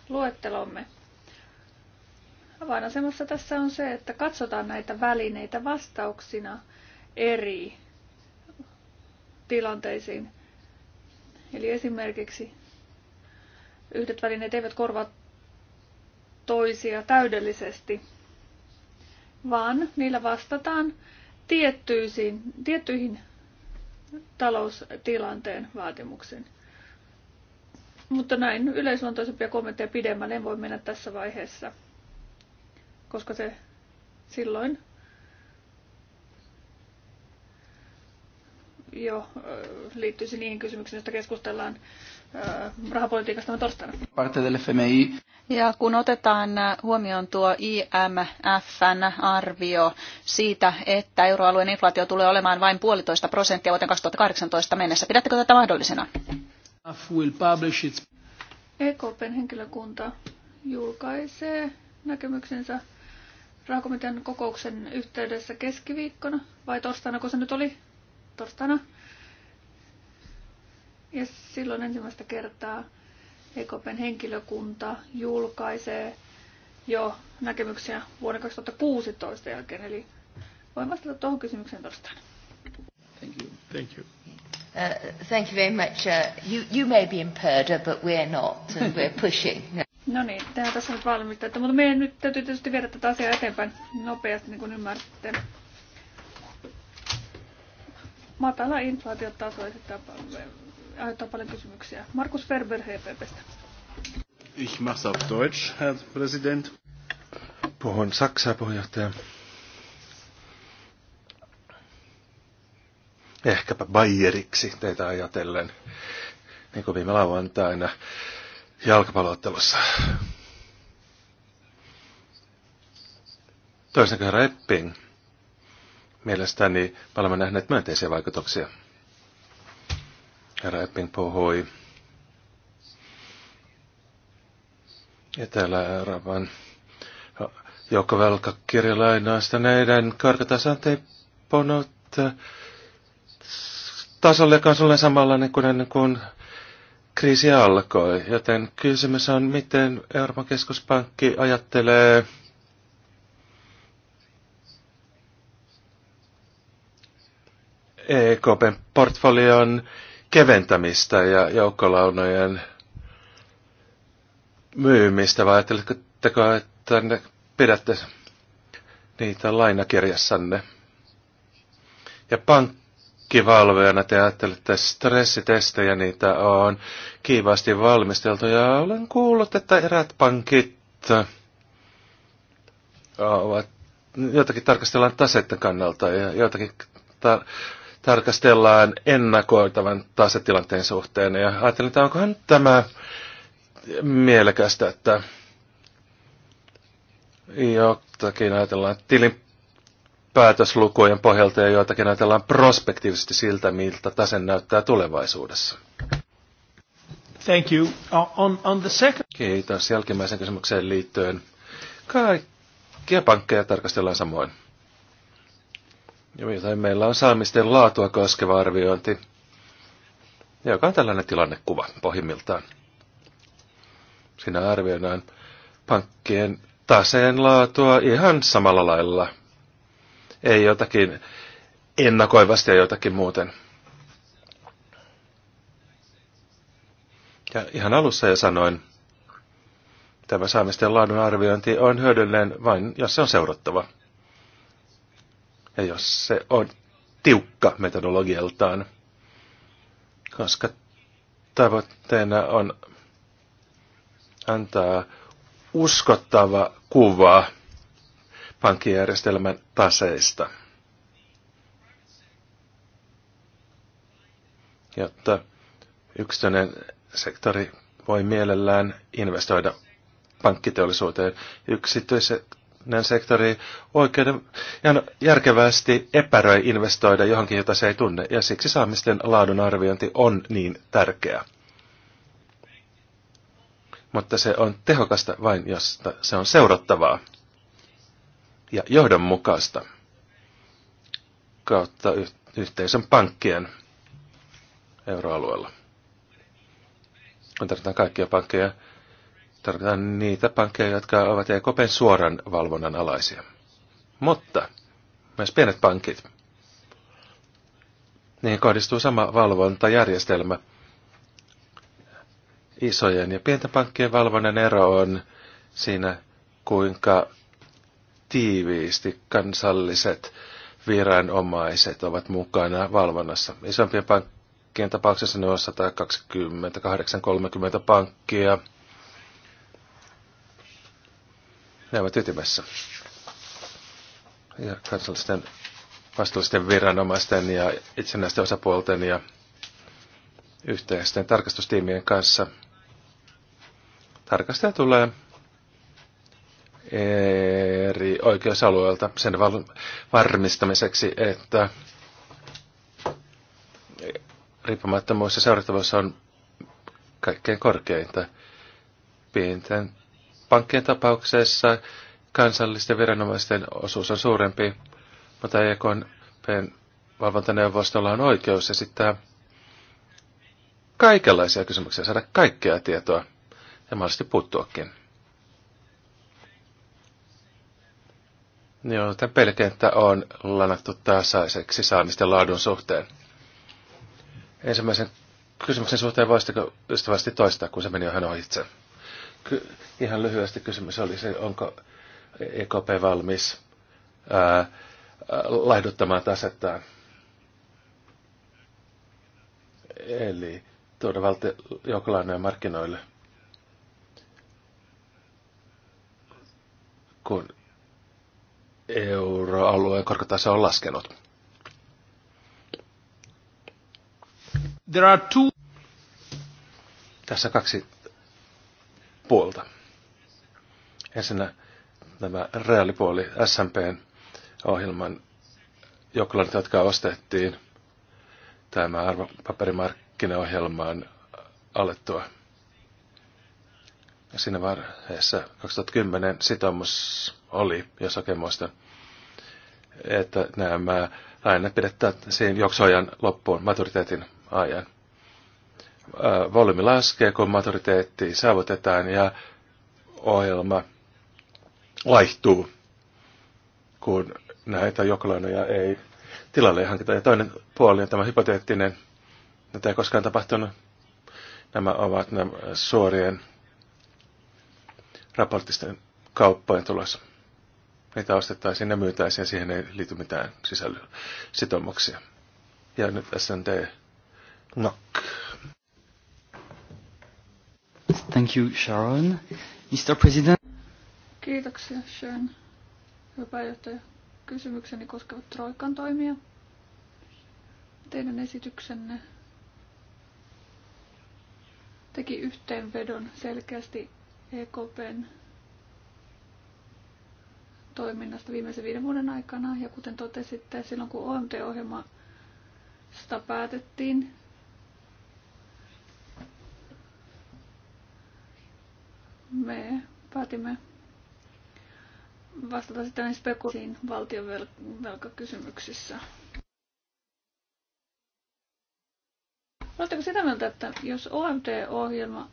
luettelomme. Avainasemassa tässä on se, että katsotaan näitä välineitä vastauksina eri tilanteisiin. Eli esimerkiksi Yhdet välineet eivät korvaa toisia täydellisesti, vaan niillä vastataan tiettyisiin, tiettyihin taloustilanteen vaatimuksiin. Mutta näin yleisluontoisempia kommentteja pidemmälle en voi mennä tässä vaiheessa, koska se silloin jo liittyisi niihin kysymyksiin, joista keskustellaan Äh, rahapolitiikasta torstaina.
Parte del FMI. Ja kun otetaan huomioon tuo IMFn arvio siitä, että euroalueen inflaatio tulee olemaan vain puolitoista prosenttia vuoteen 2018 mennessä, pidättekö tätä mahdollisena?
EKPn henkilökunta julkaisee näkemyksensä rahakomitean kokouksen yhteydessä keskiviikkona vai torstaina, kun se nyt oli? Torstaina ja silloin ensimmäistä kertaa EKPn henkilökunta julkaisee jo näkemyksiä vuoden 2016 jälkeen. Eli voin vastata tuohon kysymykseen torstaina. Thank you. Thank you.
Uh, thank you very much. Uh, you, you may be impaired, but we're not, and we're [LAUGHS] pushing. No,
no niin, tehdään tässä nyt valmista. Että, mutta meidän nyt täytyy tietysti viedä tätä asiaa eteenpäin nopeasti, niin kuin ymmärrätte. Matala inflaatiotaso esittää aiheuttaa äh, paljon kysymyksiä. Markus Ferber HPPstä.
Ich mach's auf Deutsch, Herr Präsident.
Puhun Saksaa, puheenjohtaja. Ehkäpä Bayeriksi teitä ajatellen, niin kuin viime lauantaina jalkapalloottelussa. Toisin kuin herra Epping, mielestäni me olemme nähneet myönteisiä vaikutuksia – herra Eppin puhui Etelä-Euroopan sitä näiden korkotasanteen ponot tasolle, ja kansalle samalla niin kuin ennen kuin kriisi alkoi. Joten kysymys on, miten Euroopan keskuspankki ajattelee EKPn portfolion keventämistä ja joukkolaunojen myymistä, vai ajatteletteko, että ne pidätte niitä lainakirjassanne? Ja pankkivalvojana te ajattelette stressitestejä, niitä on kiivaasti valmisteltu, ja olen kuullut, että erät pankit äh, ovat, jotakin tarkastellaan taseiden kannalta ja jotakin tar- tarkastellaan ennakoitavan tasetilanteen suhteen. Ja ajattelin, että onkohan tämä mielekästä, että jotakin ajatellaan tilin päätöslukujen pohjalta ja joitakin ajatellaan prospektiivisesti siltä, miltä tase näyttää tulevaisuudessa. Thank you. Uh, on, on the second... Kiitos. Jälkimmäisen kysymykseen liittyen. Kaikkia pankkeja tarkastellaan samoin joten meillä on saamisten laatua koskeva arviointi, joka on tällainen tilannekuva pohjimmiltaan. Siinä arvioidaan pankkien taseen laatua ihan samalla lailla. Ei jotakin ennakoivasti ja jotakin muuten. Ja ihan alussa jo sanoin, tämä saamisten laadun arviointi on hyödyllinen vain, jos se on seurattava. Ja jos se on tiukka metodologialtaan, koska tavoitteena on antaa uskottava kuva pankkijärjestelmän taseista, jotta yksityinen sektori voi mielellään investoida pankkiteollisuuteen. Yksityiset julkinen sektori oikeuden ihan järkevästi epäröi investoida johonkin, jota se ei tunne, ja siksi saamisten laadun arviointi on niin tärkeää. Mutta se on tehokasta vain, jos se on seurattavaa ja johdonmukaista kautta yhteisön pankkien euroalueella. Kun tarvitaan kaikkia pankkeja, Tarkoitan niitä pankkeja, jotka ovat EKPn suoran valvonnan alaisia. Mutta myös pienet pankit. Niihin kohdistuu sama valvontajärjestelmä. Isojen ja pienten pankkien valvonnan ero on siinä, kuinka tiiviisti kansalliset viranomaiset ovat mukana valvonnassa. Isompien pankkien tapauksessa ne on 128-30 pankkia. Ne ovat ytimessä. Ja kansallisten vastuullisten viranomaisten ja itsenäisten osapuolten ja yhteisten tarkastustiimien kanssa. Tarkastaja tulee eri oikeusalueelta sen varmistamiseksi, että riippumattomuus ja seurattavuus on kaikkein korkeinta pienten pankkien tapauksessa kansallisten viranomaisten osuus on suurempi, mutta EKPn valvontaneuvostolla on oikeus esittää kaikenlaisia kysymyksiä, saada kaikkea tietoa ja mahdollisesti puuttuakin. on, että pelikenttä on lanattu tasaiseksi saamisten laadun suhteen. Ensimmäisen kysymyksen suhteen voisitko ystävästi toistaa, kun se meni ihan ohitse? ky- ihan lyhyesti kysymys oli se, onko EKP valmis ää, ää, laihduttamaan tasettaan. Eli tuoda valtio markkinoille. Kun euroalueen korkotaso on laskenut. There are two. Tässä kaksi puolta. Ensinnä tämä reaalipuoli SMPn ohjelman joukkolanit, jotka ostettiin tämä arvopaperimarkkinaohjelman alettua. Ja siinä vaiheessa 2010 sitoumus oli, jos oikein muistan, että nämä lainat pidettäisiin joksoajan loppuun, maturiteetin ajan – Äh, volyymi laskee, kun maturiteetti saavutetaan ja ohjelma laihtuu, kun näitä jokolainoja ei tilalle hankita. Ja toinen puoli on tämä hypoteettinen, että ei koskaan tapahtunut. Nämä ovat nämä suorien raporttisten kauppojen tulos. Niitä ostettaisiin ja myytäisiin, siihen ei liity mitään sisällön sitoumuksia. Ja nyt SND. Knock. Thank you, Sharon. Mr. President.
Kiitoksia, Sharon. Hyvä johtaja. Kysymykseni koskevat Troikan toimia. Teidän esityksenne teki yhteenvedon selkeästi EKPn toiminnasta viimeisen viiden vuoden aikana. Ja kuten totesitte, silloin kun OMT-ohjelma sitä päätettiin, me päätimme vastata sitten niin spekuloihin valtion velkakysymyksissä. Oletteko sitä mieltä, että jos OMT-ohjelma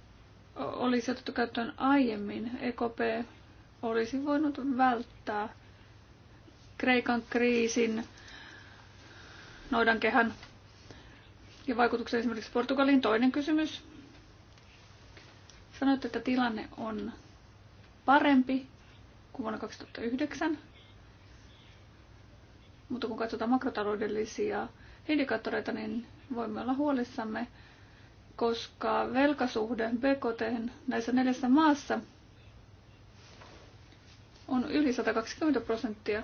olisi otettu käyttöön aiemmin, EKP olisi voinut välttää Kreikan kriisin noidankehän ja vaikutuksen esimerkiksi Portugaliin? Toinen kysymys. Sanoit, että tilanne on parempi kuin vuonna 2009, mutta kun katsotaan makrotaloudellisia indikaattoreita, niin voimme olla huolissamme, koska velkasuhde BKT näissä neljässä maassa on yli 120 prosenttia.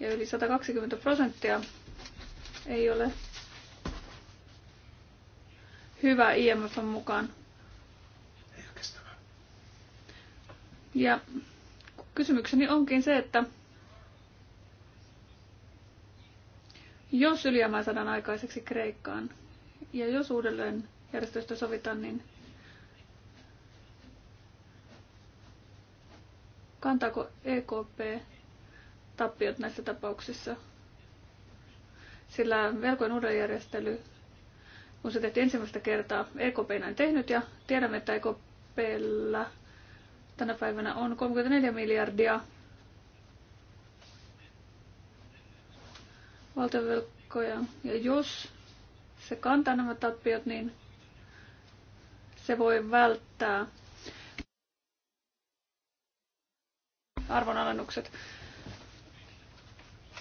Ja yli 120 prosenttia ei ole hyvä IMF mukaan. Ja kysymykseni onkin se, että jos ylijäämää saadaan aikaiseksi Kreikkaan ja jos uudelleen järjestöstä sovitaan, niin kantaako EKP tappiot näissä tapauksissa? Sillä velkojen uudelleenjärjestely, kun se tehtiin ensimmäistä kertaa, EKP ei näin tehnyt ja tiedämme, että EKPllä tänä päivänä on 34 miljardia. valtionvelkkoja. Ja jos se kantaa nämä tappiot, niin se voi välttää arvonalennukset.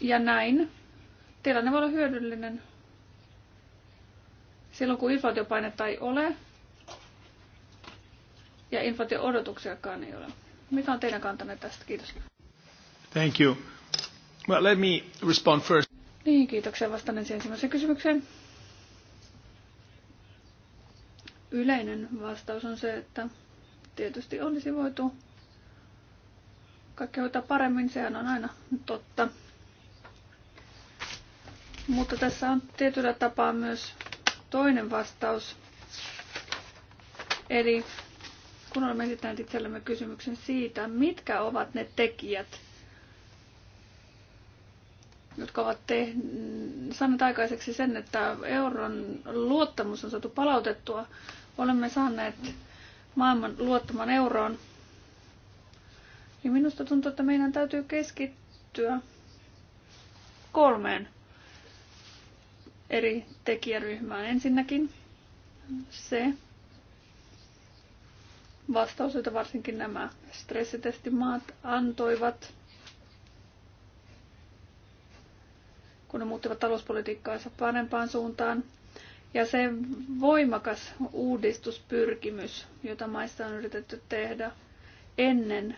Ja näin. Tilanne voi olla hyödyllinen silloin, kun inflaatiopainetta ei ole, ja inflaatio-odotuksiakaan ei ole. Mikä on teidän kantanne tästä? Kiitos.
Thank you. Well, let me respond first.
Niin, kiitoksia. Vastaan ensin ensimmäiseen kysymykseen. Yleinen vastaus on se, että tietysti olisi voitu kaikki hoitaa paremmin, sehän on aina totta. Mutta tässä on tietyllä tapaa myös toinen vastaus. Eli kun olemme esittäneet itsellemme kysymyksen siitä, mitkä ovat ne tekijät, jotka ovat tehneet, saaneet aikaiseksi sen, että euron luottamus on saatu palautettua. Olemme saaneet maailman luottamaan euroon. Ja minusta tuntuu, että meidän täytyy keskittyä kolmeen eri tekijäryhmään. Ensinnäkin se, vastaus, jota varsinkin nämä stressitestimaat antoivat, kun ne muuttivat talouspolitiikkaansa parempaan suuntaan. Ja se voimakas uudistuspyrkimys, jota maissa on yritetty tehdä ennen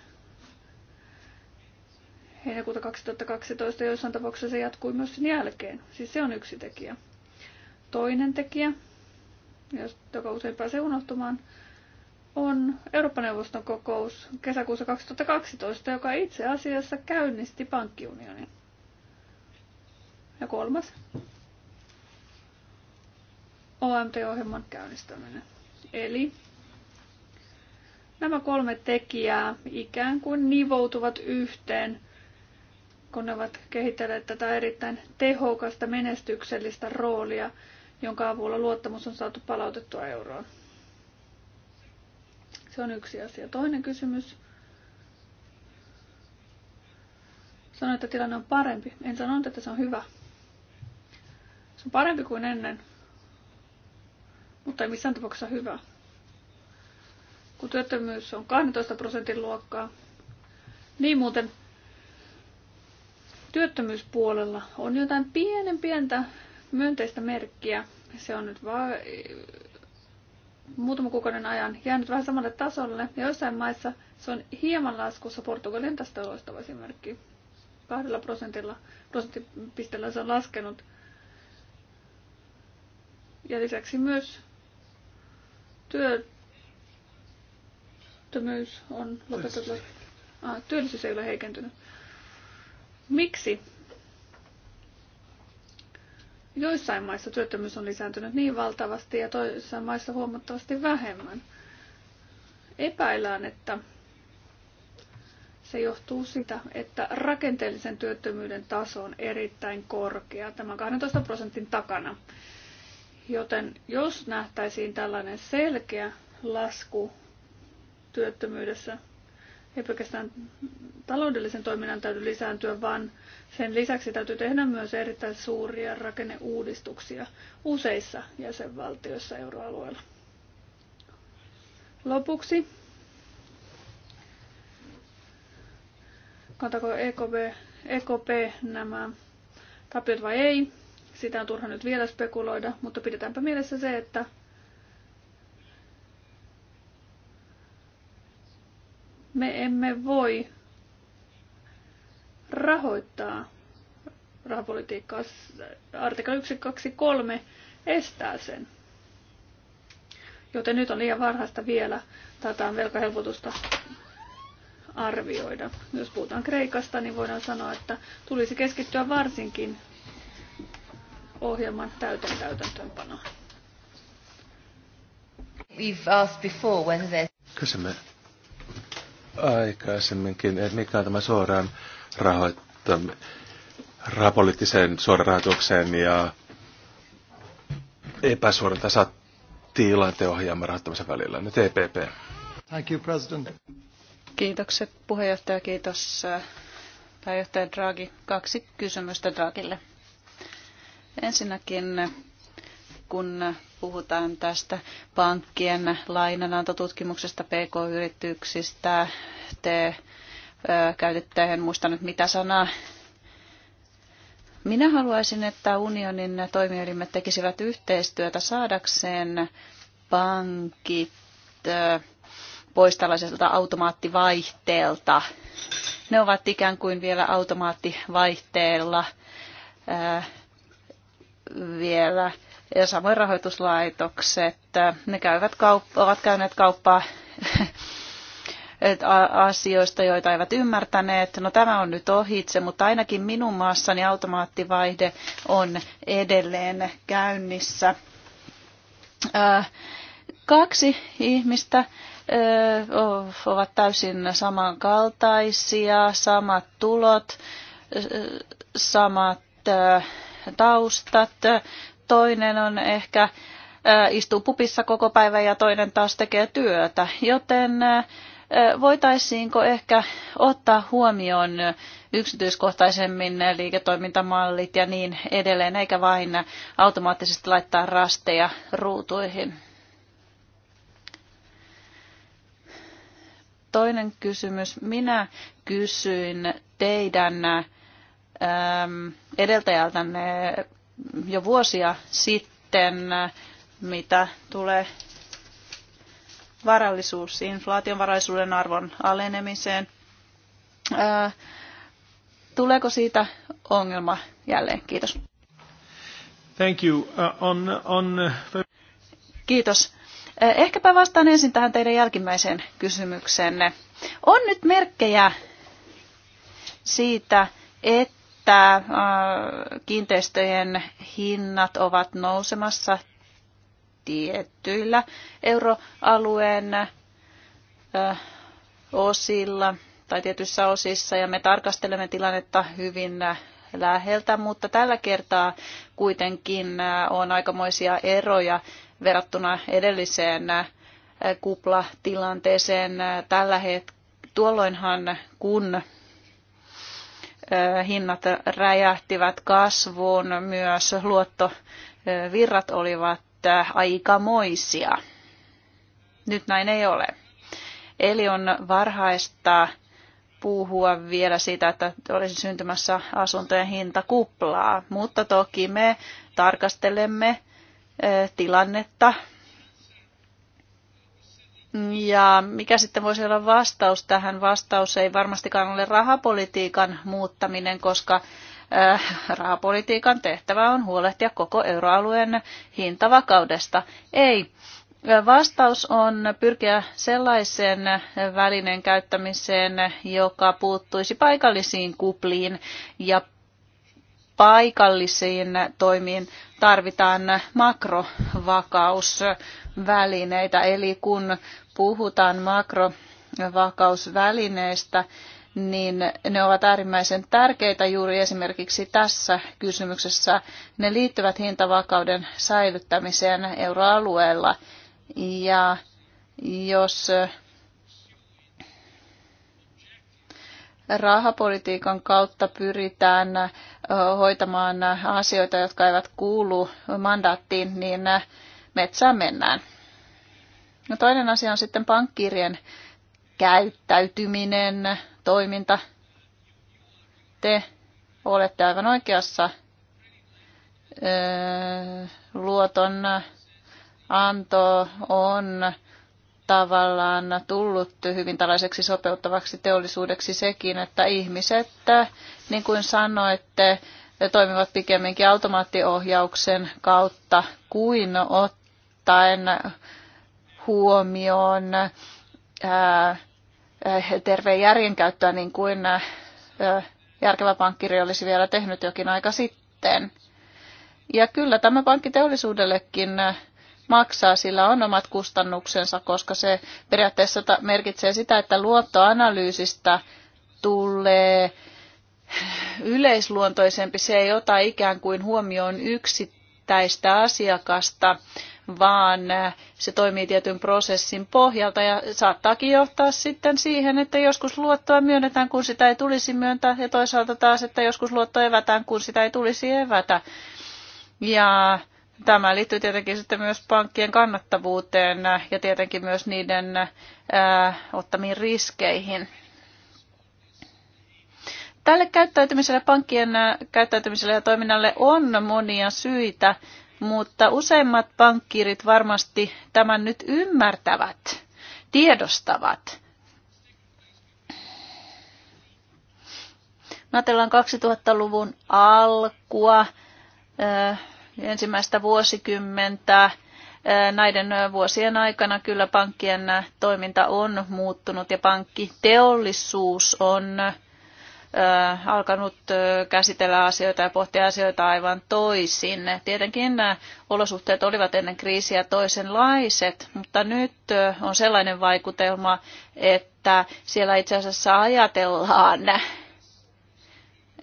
heinäkuuta 2012, joissain tapauksessa se jatkui myös sen jälkeen. Siis se on yksi tekijä. Toinen tekijä, joka usein pääsee unohtumaan, on Eurooppa-neuvoston kokous kesäkuussa 2012, joka itse asiassa käynnisti pankkiunionin. Ja kolmas, OMT-ohjelman käynnistäminen. Eli nämä kolme tekijää ikään kuin nivoutuvat yhteen, kun ne ovat kehitelleet tätä erittäin tehokasta menestyksellistä roolia, jonka avulla luottamus on saatu palautettua euroon. Se on yksi asia. Toinen kysymys. Sanoit, että tilanne on parempi. En sanonut, että se on hyvä. Se on parempi kuin ennen, mutta ei missään tapauksessa hyvä. Kun työttömyys on 12 prosentin luokkaa, niin muuten työttömyyspuolella on jotain pienen pientä myönteistä merkkiä. Se on nyt vaan muutaman kuukauden ajan jäänyt vähän samalle tasolle. Joissain maissa se on hieman laskussa. Portugalin tästä on loistava esimerkki. Kahdella prosentilla, prosenttipisteellä se on laskenut. Ja lisäksi myös työttömyys on lopetettu. Ah, työllisyys ei ole heikentynyt. Miksi? Joissain maissa työttömyys on lisääntynyt niin valtavasti ja toisissa maissa huomattavasti vähemmän. Epäillään, että se johtuu sitä, että rakenteellisen työttömyyden taso on erittäin korkea, tämän 12 prosentin takana. Joten jos nähtäisiin tällainen selkeä lasku työttömyydessä ei pelkästään taloudellisen toiminnan täytyy lisääntyä, vaan sen lisäksi täytyy tehdä myös erittäin suuria rakenneuudistuksia useissa jäsenvaltioissa euroalueella. Lopuksi, kantako EKP, e EKP nämä tapiot vai ei, sitä on turha nyt vielä spekuloida, mutta pidetäänpä mielessä se, että politiikkaa. Artikla 123 estää sen. Joten nyt on liian varhaista vielä tätä velkahelpotusta arvioida. Jos puhutaan Kreikasta, niin voidaan sanoa, että tulisi keskittyä varsinkin ohjelman täyteen täytäntöönpanoon.
We've asked before whether there's...
Kysymme aikaisemminkin, että mikä on tämä suoraan rahoittaminen rahapoliittiseen suorarahoitukseen ja epäsuoran tasa tilanteen ohjaamme rahoittamisen välillä. Nyt EPP. Thank you,
President.
Kiitokset puheenjohtaja, kiitos äh, pääjohtaja Draghi. Kaksi kysymystä Draghille. Ensinnäkin, kun puhutaan tästä pankkien lainanantotutkimuksesta PK-yrityksistä, te äh, käytitte, en muista nyt mitä sanaa, minä haluaisin, että unionin toimielimet tekisivät yhteistyötä saadakseen pankit pois tällaiselta automaattivaihteelta. Ne ovat ikään kuin vielä automaattivaihteella vielä. Ja samoin rahoituslaitokset, ne käyvät kaup- ovat käyneet kauppaa asioista, joita eivät ymmärtäneet. No tämä on nyt ohitse, mutta ainakin minun maassani automaattivaihde on edelleen käynnissä. Kaksi ihmistä ovat täysin samankaltaisia, samat tulot, samat taustat. Toinen on ehkä istuu pupissa koko päivän ja toinen taas tekee työtä, joten voitaisiinko ehkä ottaa huomioon yksityiskohtaisemmin liiketoimintamallit ja niin edelleen, eikä vain automaattisesti laittaa rasteja ruutuihin? Toinen kysymys. Minä kysyin teidän edeltäjältänne jo vuosia sitten, mitä tulee varallisuus, inflaation varallisuuden arvon alenemiseen. Ää, tuleeko siitä ongelma jälleen? Kiitos.
Thank you. Uh, on, on... Uh,
Kiitos. Ehkäpä vastaan ensin tähän teidän jälkimmäiseen kysymykseenne. On nyt merkkejä siitä, että että kiinteistöjen hinnat ovat nousemassa tiettyillä euroalueen osilla tai tietyissä osissa ja me tarkastelemme tilannetta hyvin läheltä, mutta tällä kertaa kuitenkin on aikamoisia eroja verrattuna edelliseen kuplatilanteeseen tällä hetkellä. Tuolloinhan, kun hinnat räjähtivät kasvuun, myös luottovirrat olivat aikamoisia. Nyt näin ei ole. Eli on varhaista puhua vielä siitä, että olisi syntymässä asuntojen hintakuplaa, mutta toki me tarkastelemme tilannetta. Ja mikä sitten voisi olla vastaus tähän? Vastaus ei varmastikaan ole rahapolitiikan muuttaminen, koska Äh, rahapolitiikan tehtävä on huolehtia koko euroalueen hintavakaudesta. Ei. Äh, vastaus on pyrkiä sellaiseen välineen käyttämiseen, joka puuttuisi paikallisiin kupliin ja paikallisiin toimiin tarvitaan makrovakausvälineitä. Eli kun puhutaan makrovakausvälineistä, niin ne ovat äärimmäisen tärkeitä juuri esimerkiksi tässä kysymyksessä. Ne liittyvät hintavakauden säilyttämiseen euroalueella. Ja jos rahapolitiikan kautta pyritään hoitamaan asioita, jotka eivät kuulu mandaattiin, niin metsään mennään. No toinen asia on sitten pankkirien käyttäytyminen, toiminta. Te olette aivan oikeassa luoton anto on tavallaan tullut hyvin tällaiseksi sopeuttavaksi teollisuudeksi sekin, että ihmiset, niin kuin sanoitte, toimivat pikemminkin automaattiohjauksen kautta kuin ottaen huomioon Äh, äh, terveen järjenkäyttöä niin kuin äh, järkevä pankkiri olisi vielä tehnyt jokin aika sitten. Ja kyllä tämä pankkiteollisuudellekin maksaa, sillä on omat kustannuksensa, koska se periaatteessa merkitsee sitä, että luottoanalyysistä tulee yleisluontoisempi. Se ei ota ikään kuin huomioon yksittäistä asiakasta, vaan se toimii tietyn prosessin pohjalta ja saattaakin johtaa sitten siihen, että joskus luottoa myönnetään, kun sitä ei tulisi myöntää ja toisaalta taas, että joskus luotto evätään, kun sitä ei tulisi evätä. Ja Tämä liittyy tietenkin sitten myös pankkien kannattavuuteen ja tietenkin myös niiden ää, ottamiin riskeihin. Tälle käyttäytymiselle, pankkien käyttäytymiselle ja toiminnalle on monia syitä, mutta useimmat pankkiirit varmasti tämän nyt ymmärtävät, tiedostavat. Me ajatellaan 2000-luvun alkua, ensimmäistä vuosikymmentä. Näiden vuosien aikana kyllä pankkien toiminta on muuttunut ja pankkiteollisuus on alkanut käsitellä asioita ja pohtia asioita aivan toisin. Tietenkin nämä olosuhteet olivat ennen kriisiä toisenlaiset, mutta nyt on sellainen vaikutelma, että siellä itse asiassa ajatellaan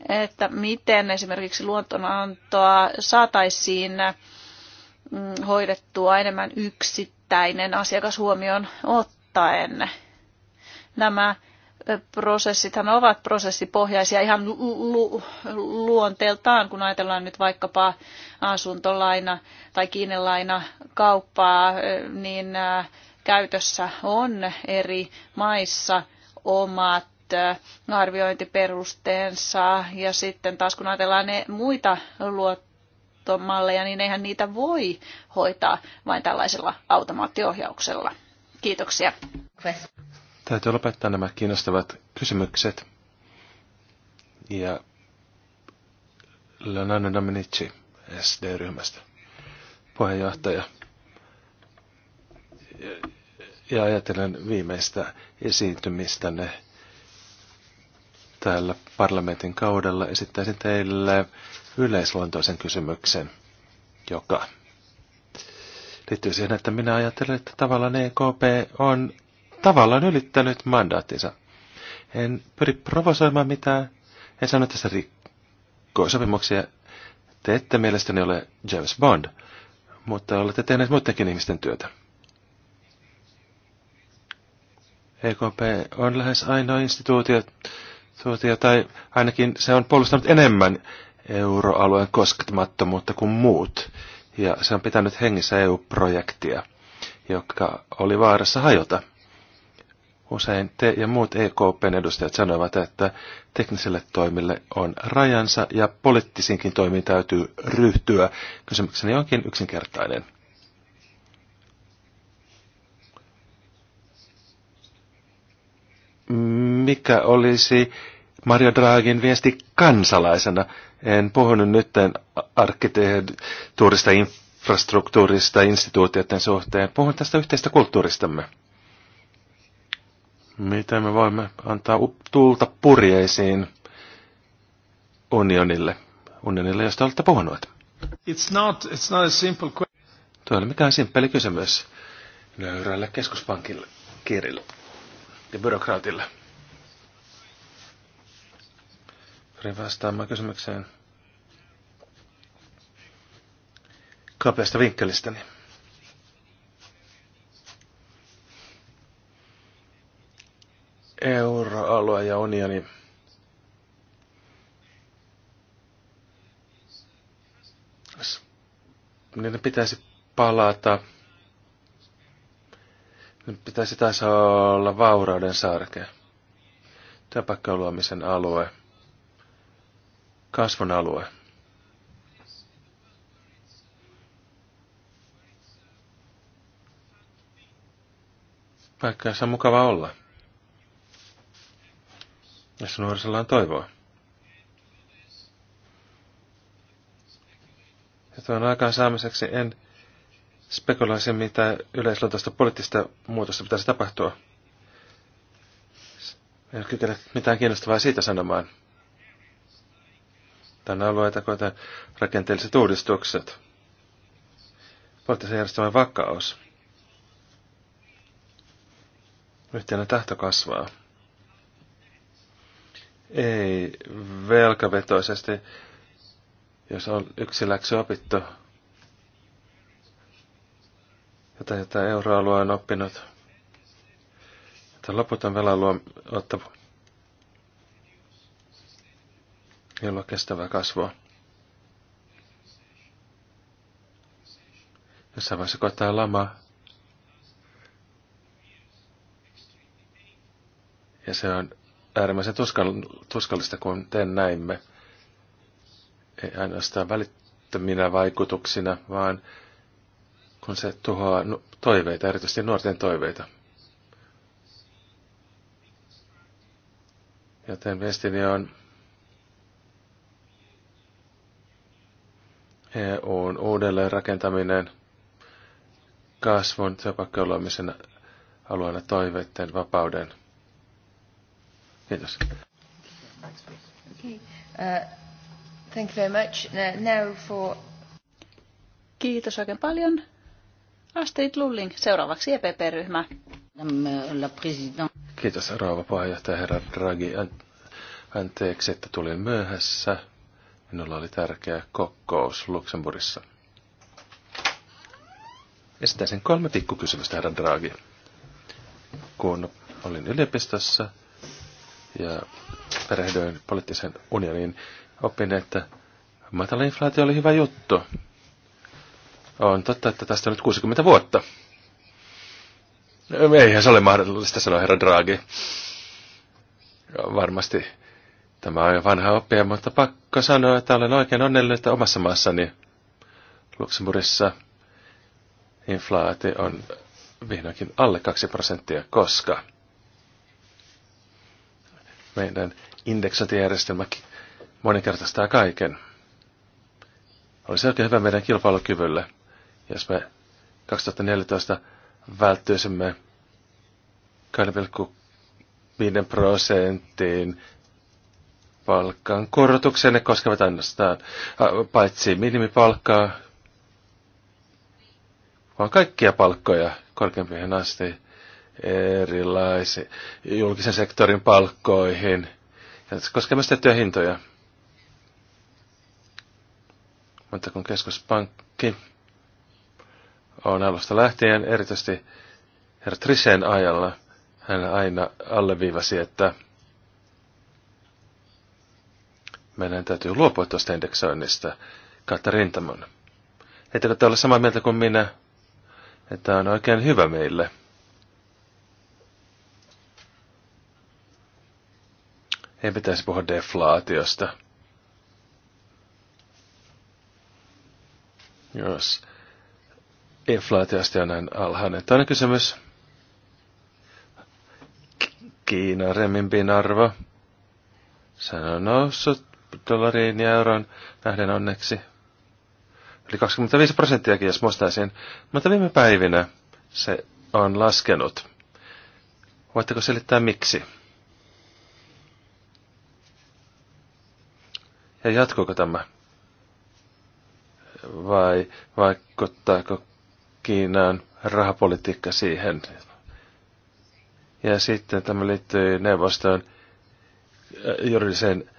että miten esimerkiksi luontonantoa saataisiin hoidettua enemmän yksittäinen asiakas huomioon ottaen. Nämä prosessithan ovat prosessipohjaisia ihan lu- luonteeltaan, kun ajatellaan nyt vaikkapa asuntolaina tai kiinelaina kauppaa, niin käytössä on eri maissa omat arviointiperusteensa ja sitten taas kun ajatellaan ne muita luottomalleja, niin eihän niitä voi hoitaa vain tällaisella automaattiohjauksella. Kiitoksia.
Täytyy lopettaa nämä kiinnostavat kysymykset. Ja Leonardo Dominici SD-ryhmästä, puheenjohtaja. Ja ajatellen viimeistä esiintymistänne täällä parlamentin kaudella esittäisin teille yleisluontoisen kysymyksen, joka liittyy siihen, että minä ajattelen, että tavallaan EKP on tavallaan ylittänyt mandaattinsa. En pyri provosoimaan mitään, en sano tässä rikkoo sopimuksia. Te ette mielestäni ole James Bond, mutta olette tehneet muidenkin ihmisten työtä. EKP on lähes ainoa instituutio, tai ainakin se on puolustanut enemmän euroalueen koskemattomuutta kuin muut, ja se on pitänyt hengissä EU-projektia, joka oli vaarassa hajota. Usein te ja muut EKPn edustajat sanovat, että tekniselle toimille on rajansa ja poliittisiinkin toimiin täytyy ryhtyä. Kysymykseni onkin yksinkertainen. Mikä olisi Mario Draghin viesti kansalaisena? En puhunut nyt arkkitehtuurista, infrastruktuurista, instituutioiden suhteen. Puhun tästä yhteistä kulttuuristamme miten me voimme antaa tulta purjeisiin unionille, unionille josta olette puhunut. It's not, it's not a simple question. Tuo ei ole mikään simppeli kysymys nöyrälle keskuspankille, kirille ja byrokraatille. Pyrin vastaamaan kysymykseen kapeasta vinkkelistäni. Niin euroalue ja unioni ne pitäisi palata. Ne pitäisi taas olla vaurauden sarke, työpaikkojen luomisen alue, kasvun alue. se on mukava olla jossa nuorisolla on toivoa. Ja tuon aikaan saamiseksi en spekuloisi, mitä yleisluontoista poliittista muutosta pitäisi tapahtua. En kykene mitään kiinnostavaa siitä sanomaan. Tänä alueita koetaan rakenteelliset uudistukset. Poliittisen järjestelmän vakaus. Yhteinen tahto kasvaa. Ei velkavetoisesti, jos on yksi läksy opittu, jota, jota euroalue on oppinut. Tämä loputon velan luo ottavu, jolla kestävää kasvua. Jossain vaiheessa koittaa lamaa, Ja se on äärimmäisen tuskallista, kun teen näimme. Ei ainoastaan välittöminä vaikutuksina, vaan kun se tuhoaa toiveita, erityisesti nuorten toiveita. Joten viestini on EUn uudelleen rakentaminen kasvun työpaikkojen luomisen alueena toiveiden, vapauden Kiitos.
Uh, thank you very much. Uh, now for...
Kiitos oikein paljon. Astrid Lulling, seuraavaksi EPP-ryhmä.
Kiitos rouva puheenjohtaja herra Draghi. Anteeksi, että tulin myöhässä. Minulla oli tärkeä kokous Luxemburgissa. Esittäisin kolme pikkukysymystä, herra Draghi. Kun olin yliopistossa, ja perehdyin poliittisen unionin, opin, että matala inflaatio oli hyvä juttu. On totta, että tästä on nyt 60 vuotta. Eihän se ole mahdollista, sanoi herra Draghi. Varmasti tämä on jo vanha oppia, mutta pakko sanoa, että olen oikein onnellinen, että omassa maassani Luxemburgissa inflaatio on vihdoinkin alle 2 prosenttia, koska meidän indeksointijärjestelmä moninkertaistaa kaiken. Olisi oikein hyvä meidän kilpailukyvylle, jos me 2014 välttyisimme 2,5 prosentin palkan korotukseen, Ne koskevat ainoastaan paitsi minimipalkkaa, vaan kaikkia palkkoja korkeampiin asti erilaisiin julkisen sektorin palkkoihin. Ja se koskee myös tiettyjä hintoja. Mutta kun keskuspankki on alusta lähtien, erityisesti herra Trisen ajalla, hän aina alleviivasi, että meidän täytyy luopua tuosta indeksoinnista kautta rintamon. Ettekö te ole samaa mieltä kuin minä, että on oikein hyvä meille – Ei pitäisi puhua deflaatiosta. Jos inflaatiosta on näin alhainen. Toinen kysymys. Kiinan remimpin arvo. Se on noussut dollariin ja euroon nähden onneksi. Yli 25 prosenttiakin, jos muistaisin. Mutta viime päivinä se on laskenut. Voitteko selittää miksi? Ja jatkuuko tämä? Vai vaikuttaako Kiinan rahapolitiikka siihen? Ja sitten tämä liittyy neuvoston äh, juridiseen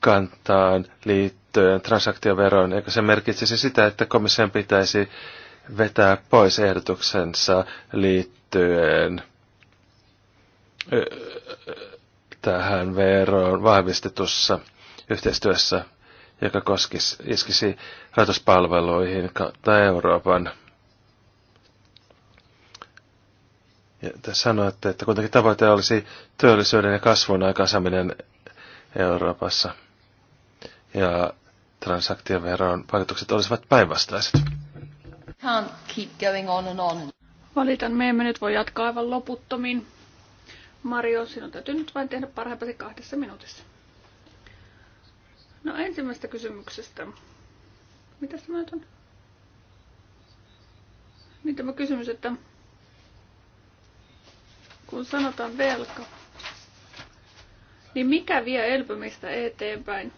kantaan liittyen transaktioveroon. Eikö se merkitsisi sitä, että komission pitäisi vetää pois ehdotuksensa liittyen äh, tähän veroon vahvistetussa yhteistyössä, joka koskisi, iskisi rahoituspalveluihin kautta Euroopan. Ja te sanoitte, että kuitenkin tavoite olisi työllisyyden ja kasvun aikaansaaminen Euroopassa. Ja transaktioveron vaikutukset olisivat päinvastaiset.
Valitan, me emme nyt voi jatkaa aivan loputtomiin. Mario, sinun täytyy nyt vain tehdä parhaimpasi kahdessa minuutissa. No ensimmäistä kysymyksestä. Mitä tämä nyt on? Niin tämä kysymys, että kun sanotaan velka, niin mikä vie elpymistä eteenpäin?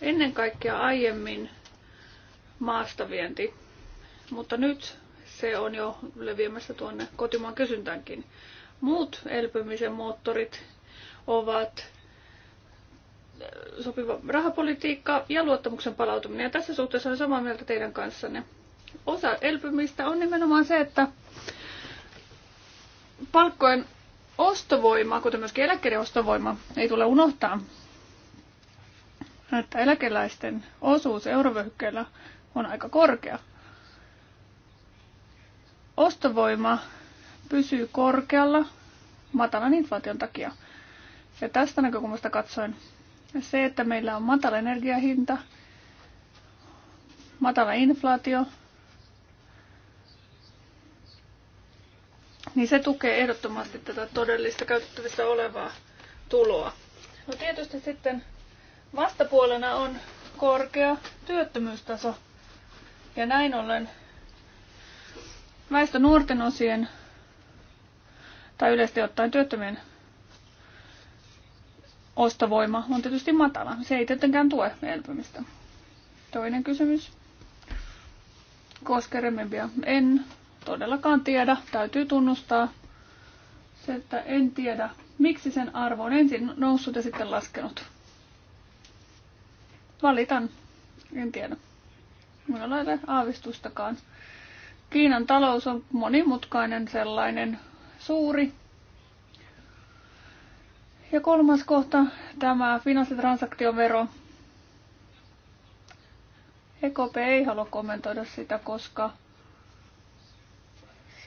Ennen kaikkea aiemmin maastavienti, mutta nyt se on jo leviämässä tuonne kotimaan kysyntäänkin. Muut elpymisen moottorit ovat sopiva rahapolitiikka ja luottamuksen palautuminen. Ja tässä suhteessa olen samaa mieltä teidän kanssanne. Osa elpymistä on nimenomaan se, että palkkojen ostovoima, kuten myöskin eläkkeiden ostovoima, ei tule unohtaa, että eläkeläisten osuus eurovyöhykkeellä on aika korkea. Ostovoima pysyy korkealla matalan inflaation takia – ja tästä näkökulmasta katsoen se, että meillä on matala energiahinta, matala inflaatio, niin se tukee ehdottomasti tätä todellista käytettävissä olevaa tuloa. No tietysti sitten vastapuolena on korkea työttömyystaso. Ja näin ollen väestö nuorten osien tai yleisesti ottaen työttömien ostovoima on tietysti matala. Se ei tietenkään tue elpymistä. Toinen kysymys. Koske Remembia. En todellakaan tiedä. Täytyy tunnustaa se, että en tiedä, miksi sen arvo on ensin noussut ja sitten laskenut. Valitan. En tiedä. Minulla ei ole aavistustakaan. Kiinan talous on monimutkainen sellainen, suuri, ja kolmas kohta, tämä finanssitransaktiovero. EKP ei halua kommentoida sitä, koska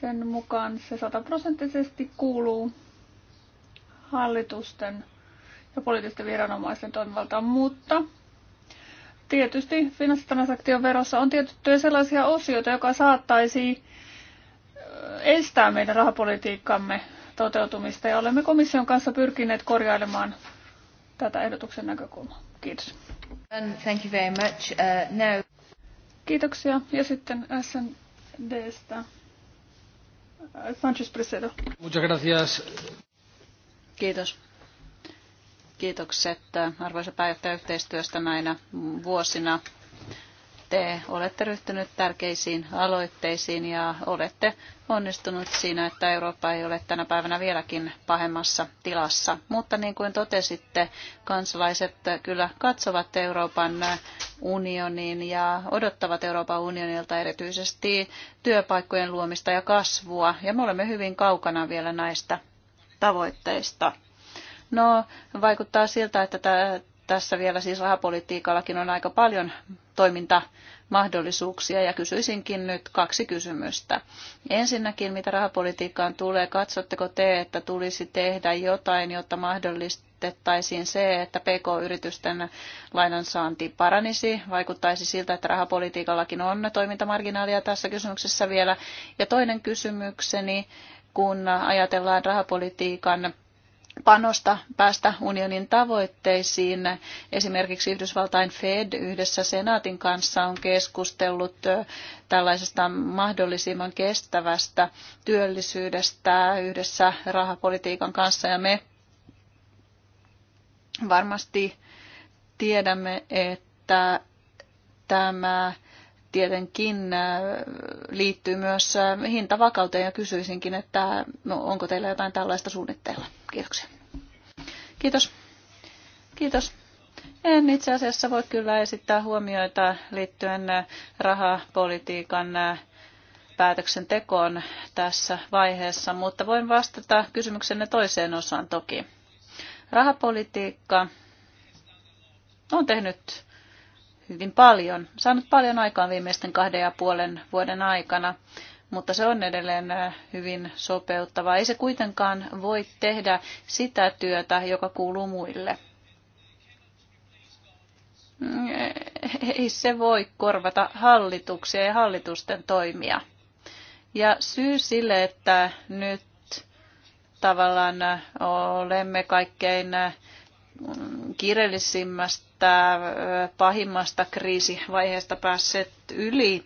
sen mukaan se sataprosenttisesti kuuluu hallitusten ja poliittisten viranomaisten toimivaltaan, mutta tietysti finanssitransaktioverossa on tiettyjä sellaisia osioita, joka saattaisi estää meidän rahapolitiikkamme toteutumista ja olemme komission kanssa pyrkineet korjailemaan tätä ehdotuksen näkökulmaa. Kiitos. Um, thank you very much. Uh, now... Kiitoksia. Ja sitten SNDstä. Sanchez Presedo.
Muchas gracias.
Kiitos. Kiitokset arvoisa pääjohtaja yhteistyöstä näinä vuosina te olette ryhtynyt tärkeisiin aloitteisiin ja olette onnistunut siinä, että Eurooppa ei ole tänä päivänä vieläkin pahemmassa tilassa. Mutta niin kuin totesitte, kansalaiset kyllä katsovat Euroopan unionin ja odottavat Euroopan unionilta erityisesti työpaikkojen luomista ja kasvua. Ja me olemme hyvin kaukana vielä näistä tavoitteista. No, vaikuttaa siltä, että tässä vielä siis rahapolitiikallakin on aika paljon toimintamahdollisuuksia ja kysyisinkin nyt kaksi kysymystä. Ensinnäkin, mitä rahapolitiikkaan tulee, katsotteko te, että tulisi tehdä jotain, jotta mahdollistettaisiin se, että PK-yritysten lainansaanti paranisi, vaikuttaisi siltä, että rahapolitiikallakin on toimintamarginaalia tässä kysymyksessä vielä. Ja toinen kysymykseni, kun ajatellaan rahapolitiikan panosta päästä unionin tavoitteisiin. Esimerkiksi Yhdysvaltain Fed yhdessä senaatin kanssa on keskustellut tällaisesta mahdollisimman kestävästä työllisyydestä yhdessä rahapolitiikan kanssa ja me varmasti tiedämme, että tämä tietenkin liittyy myös hintavakauteen ja kysyisinkin, että no, onko teillä jotain tällaista suunnitteilla? Kiitoksia. Kiitos. Kiitos. En itse asiassa voi kyllä esittää huomioita liittyen äh, rahapolitiikan äh, päätöksentekoon tässä vaiheessa, mutta voin vastata kysymyksenne toiseen osaan toki. Rahapolitiikka on tehnyt hyvin paljon, saanut paljon aikaan viimeisten kahden ja puolen vuoden aikana mutta se on edelleen hyvin sopeuttava. Ei se kuitenkaan voi tehdä sitä työtä, joka kuuluu muille. Mm, ei se voi korvata hallituksia ja hallitusten toimia. Ja syy sille, että nyt tavallaan olemme kaikkein kiireellisimmästä pahimmasta kriisivaiheesta päässeet yli,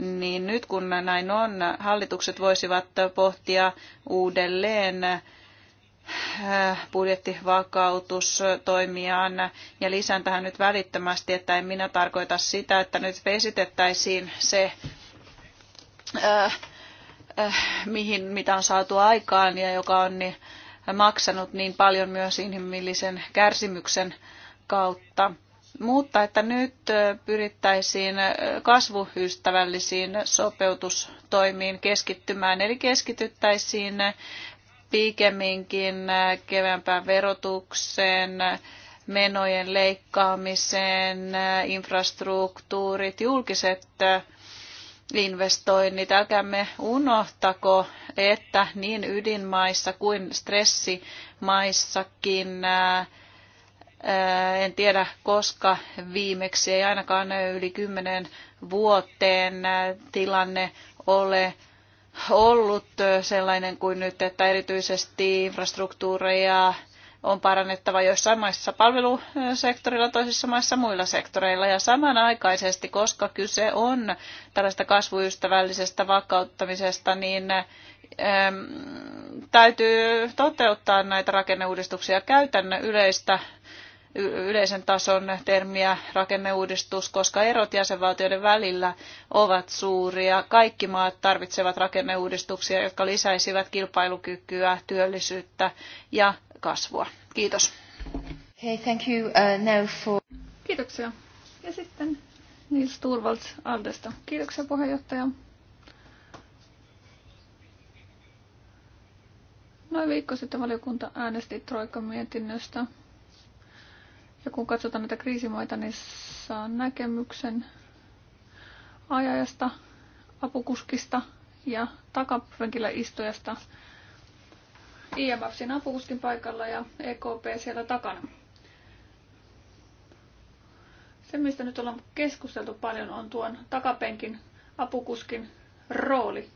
niin nyt kun näin on, hallitukset voisivat pohtia uudelleen äh, budjettivakautustoimiaan ja lisään tähän nyt välittömästi, että en minä tarkoita sitä, että nyt vesitettäisiin se, äh, äh, mihin, mitä on saatu aikaan ja joka on niin, maksanut niin paljon myös inhimillisen kärsimyksen kautta mutta että nyt pyrittäisiin kasvuystävällisiin sopeutustoimiin keskittymään, eli keskityttäisiin pikemminkin kevämpään verotukseen, menojen leikkaamiseen, infrastruktuurit, julkiset investoinnit. Älkäämme unohtako, että niin ydinmaissa kuin stressimaissakin en tiedä koska viimeksi, ei ainakaan yli kymmenen vuoteen tilanne ole ollut sellainen kuin nyt, että erityisesti infrastruktuureja on parannettava joissain maissa palvelusektorilla, toisissa maissa muilla sektoreilla. Ja samanaikaisesti, koska kyse on tällaista kasvuystävällisestä vakauttamisesta, niin täytyy toteuttaa näitä rakenneuudistuksia käytännön yleistä yleisen tason termiä rakenneuudistus, koska erot jäsenvaltioiden välillä ovat suuria. Kaikki maat tarvitsevat rakenneuudistuksia, jotka lisäisivät kilpailukykyä, työllisyyttä ja
kasvua. Kiitos. thank you, uh, now for... Kiitoksia. Ja sitten Nils Turvalds Aldesta. Kiitoksia puheenjohtaja. Noin viikko sitten valiokunta äänesti Troikan mietinnöstä ja kun katsotaan näitä kriisimaita, niin saa näkemyksen ajajasta, apukuskista ja takapenkillä istujasta. IMFsin apukuskin paikalla ja EKP siellä takana. Se, mistä nyt ollaan keskusteltu paljon, on tuon takapenkin apukuskin rooli.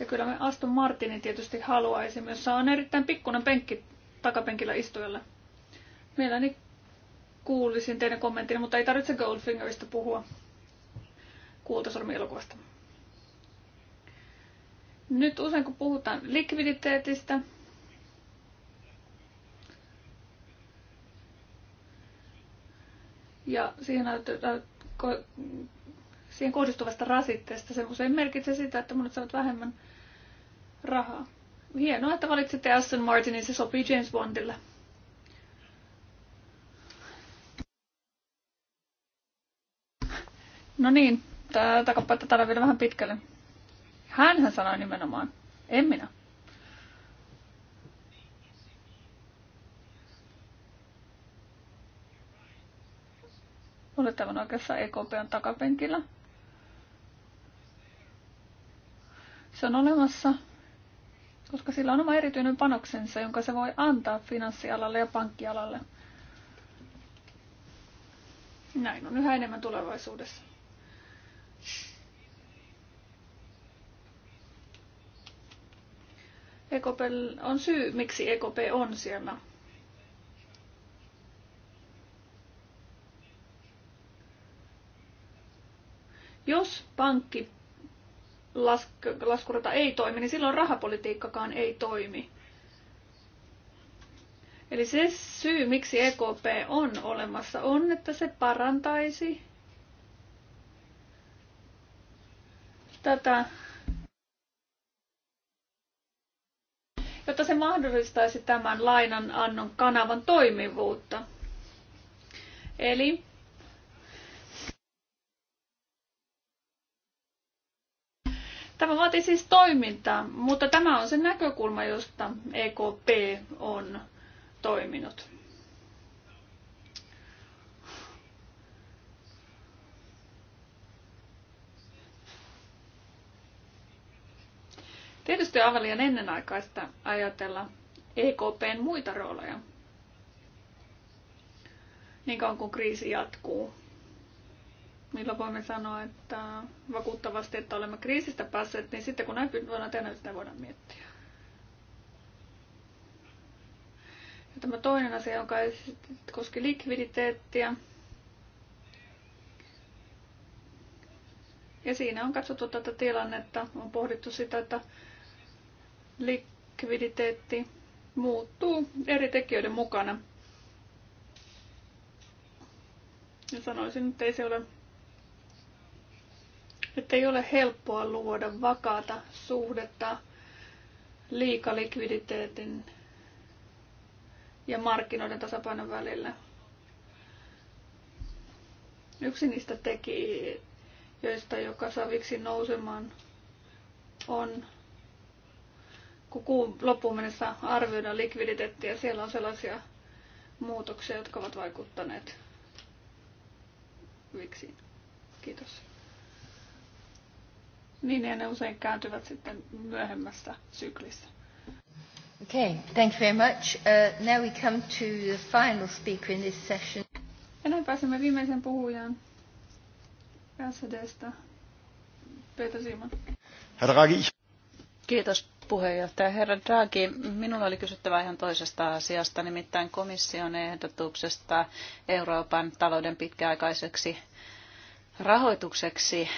Ja kyllä me Aston Martinin tietysti haluaisimme, jossa on erittäin pikkuinen penkki takapenkillä istujalle. Mielelläni kuulisin teidän kommenttini, mutta ei tarvitse Goldfingerista puhua kultasormielokuvasta. Nyt usein kun puhutaan likviditeetistä, ja siihen, siihen kohdistuvasta rasitteesta, se usein merkitsee sitä, että monet saavat vähemmän rahaa. Hienoa, että valitsitte Aston Martinin, se sopii James Bondille. No niin, tätä että täällä vielä vähän pitkälle. Hänhän sanoi nimenomaan, en minä. Olet aivan oikeassa EKP on takapenkillä. Se on olemassa, koska sillä on oma erityinen panoksensa, jonka se voi antaa finanssialalle ja pankkialalle. Näin on yhä enemmän tulevaisuudessa. EKP on syy, miksi EKP on siellä. Jos pankki laskurata ei toimi, niin silloin rahapolitiikkakaan ei toimi. Eli se syy, miksi EKP on olemassa, on, että se parantaisi tätä jotta se mahdollistaisi tämän lainanannon kanavan toimivuutta. Eli Tämä vaatii siis toimintaa, mutta tämä on se näkökulma, josta EKP on toiminut. Tietysti on aivan liian ennenaikaista ajatella EKPn muita rooleja, niin kauan kuin kriisi jatkuu. Milloin voimme sanoa, että vakuuttavasti, että olemme kriisistä päässeet, niin sitten kun näin voidaan tehdä, niin sitä voidaan miettiä. Ja tämä toinen asia, joka koski likviditeettiä. Ja siinä on katsottu tätä tilannetta, on pohdittu sitä, että likviditeetti muuttuu eri tekijöiden mukana. Ja sanoisin, että ei se ole, että ei ole helppoa luoda vakaata suhdetta liikalikviditeetin ja markkinoiden tasapainon välillä. Yksi niistä tekijöistä, joka saa viksi nousemaan, on kun kuun loppuun mennessä arvioidaan likviditeettiä, siellä on sellaisia muutoksia, jotka ovat vaikuttaneet hyviksiin. Kiitos. Niin, ja ne usein kääntyvät sitten myöhemmässä syklissä.
Okay, thank you very much. Uh, now we come to the final speaker in this session. Ja näin pääsemme viimeisen
puhujaan SEDstä, Peter Simon.
Herra
Kiitos puheenjohtaja. Herra Draghi, minulla oli kysyttävä ihan toisesta asiasta, nimittäin komission ehdotuksesta Euroopan talouden pitkäaikaiseksi rahoitukseksi,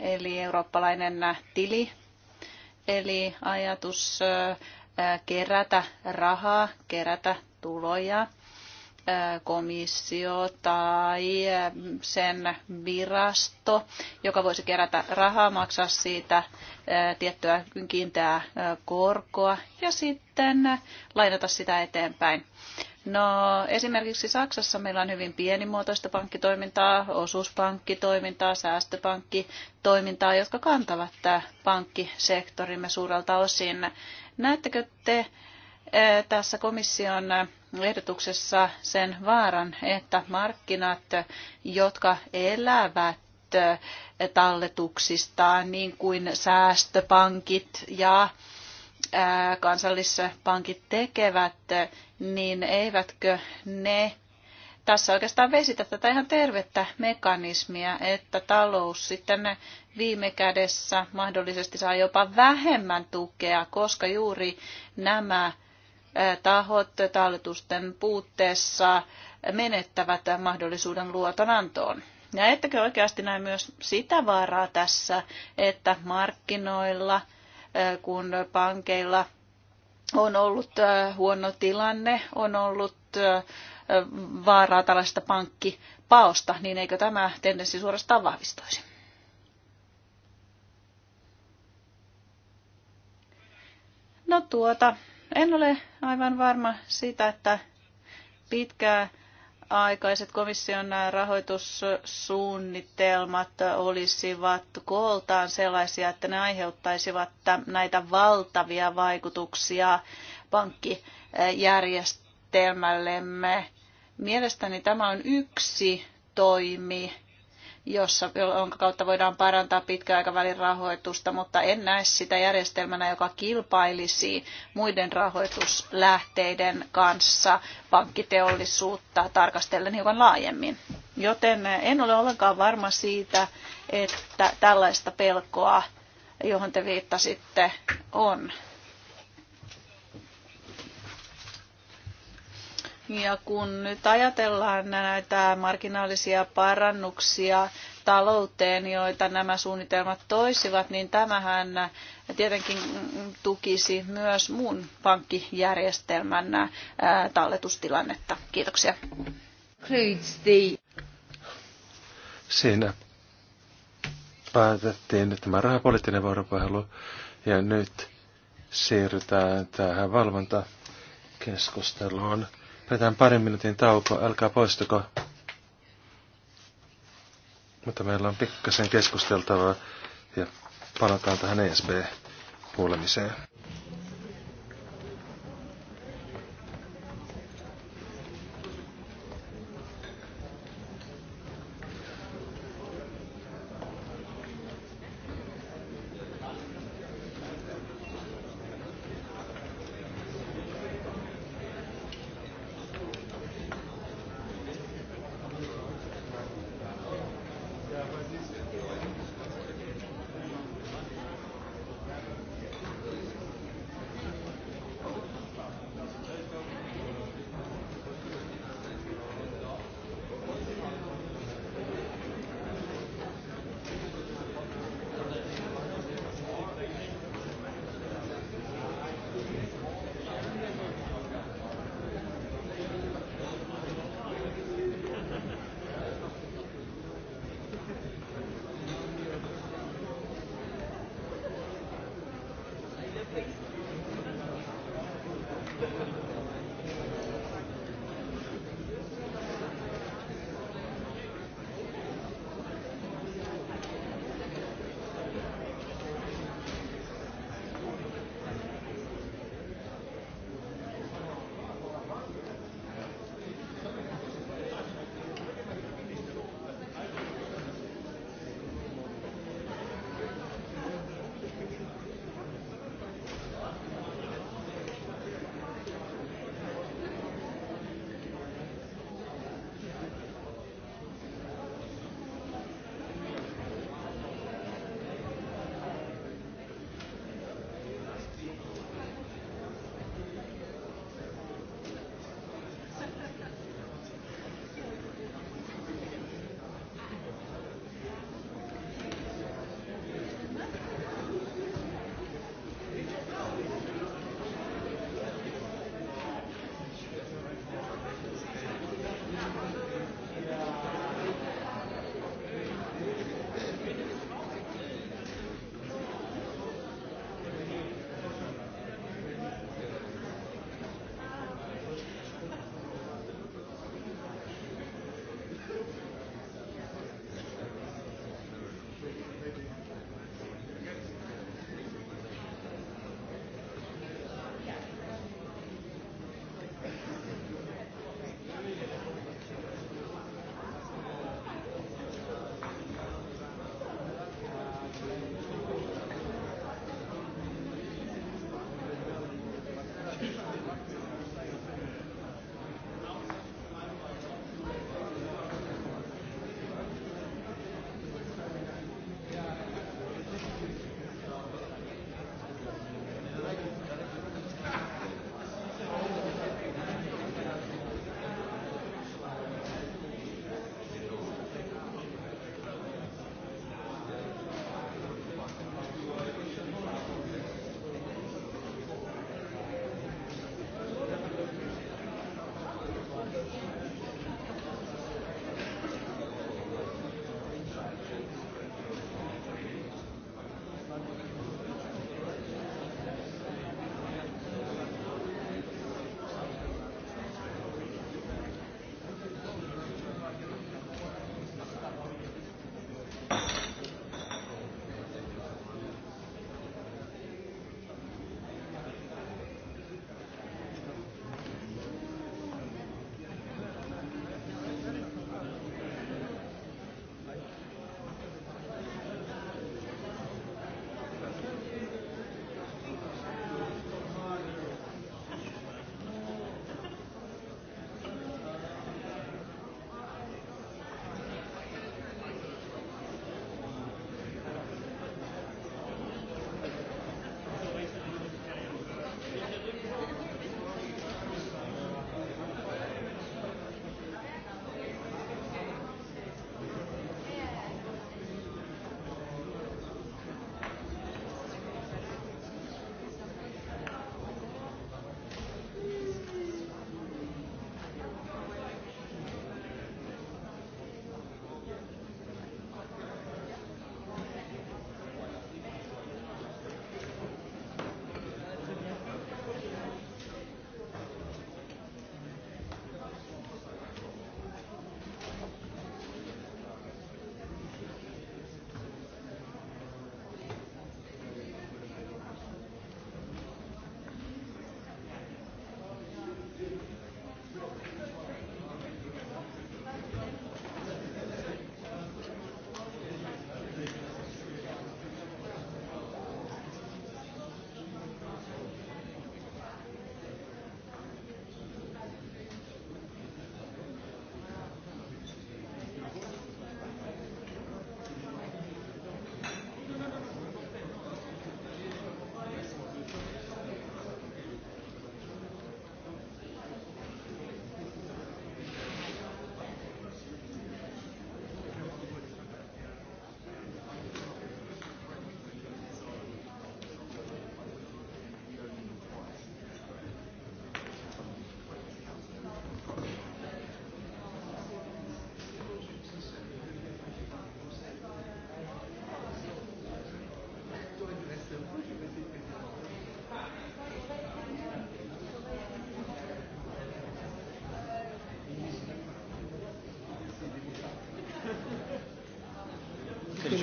eli eurooppalainen tili, eli ajatus kerätä rahaa, kerätä tuloja komissio tai sen virasto, joka voisi kerätä rahaa, maksaa siitä tiettyä kiinteää korkoa ja sitten lainata sitä eteenpäin. No esimerkiksi Saksassa meillä on hyvin pienimuotoista pankkitoimintaa, osuuspankkitoimintaa, säästöpankkitoimintaa, jotka kantavat pankkisektorimme suurelta osin. Näettekö te Eh, tässä komission ehdotuksessa sen vaaran, että markkinat, jotka elävät eh, talletuksistaan, niin kuin säästöpankit ja eh, kansallispankit tekevät, niin eivätkö ne tässä oikeastaan vesitä tätä ihan tervettä mekanismia, että talous sitten viime kädessä mahdollisesti saa jopa vähemmän tukea, koska juuri nämä tahot talletusten puutteessa menettävät mahdollisuuden luotonantoon. Ja ettekö oikeasti näe myös sitä vaaraa tässä, että markkinoilla, eh, kun pankeilla on ollut eh, huono tilanne, on ollut eh, vaaraa tällaista pankkipaosta, niin eikö tämä tendenssi suorastaan vahvistuisi? No tuota, en ole aivan varma siitä, että pitkää aikaiset komission rahoitussuunnitelmat olisivat kooltaan sellaisia, että ne aiheuttaisivat näitä valtavia vaikutuksia pankkijärjestelmällemme. Mielestäni tämä on yksi toimi, jossa, jonka kautta voidaan parantaa pitkäaikavälin rahoitusta, mutta en näe sitä järjestelmänä, joka kilpailisi muiden rahoituslähteiden kanssa pankkiteollisuutta tarkastellen hiukan laajemmin. Joten en ole ollenkaan varma siitä, että tällaista pelkoa, johon te viittasitte, on. Ja kun nyt ajatellaan näitä marginaalisia parannuksia talouteen, joita nämä suunnitelmat toisivat, niin tämähän tietenkin tukisi myös muun pankkijärjestelmän talletustilannetta. Kiitoksia.
Siinä päätettiin nyt tämä rahapoliittinen vuoropuhelu ja nyt siirrytään tähän valvontakeskusteluun. Pidetään parin minuutin tauko, älkää poistuko. Mutta meillä on pikkasen keskusteltavaa ja palataan tähän ESB-kuulemiseen.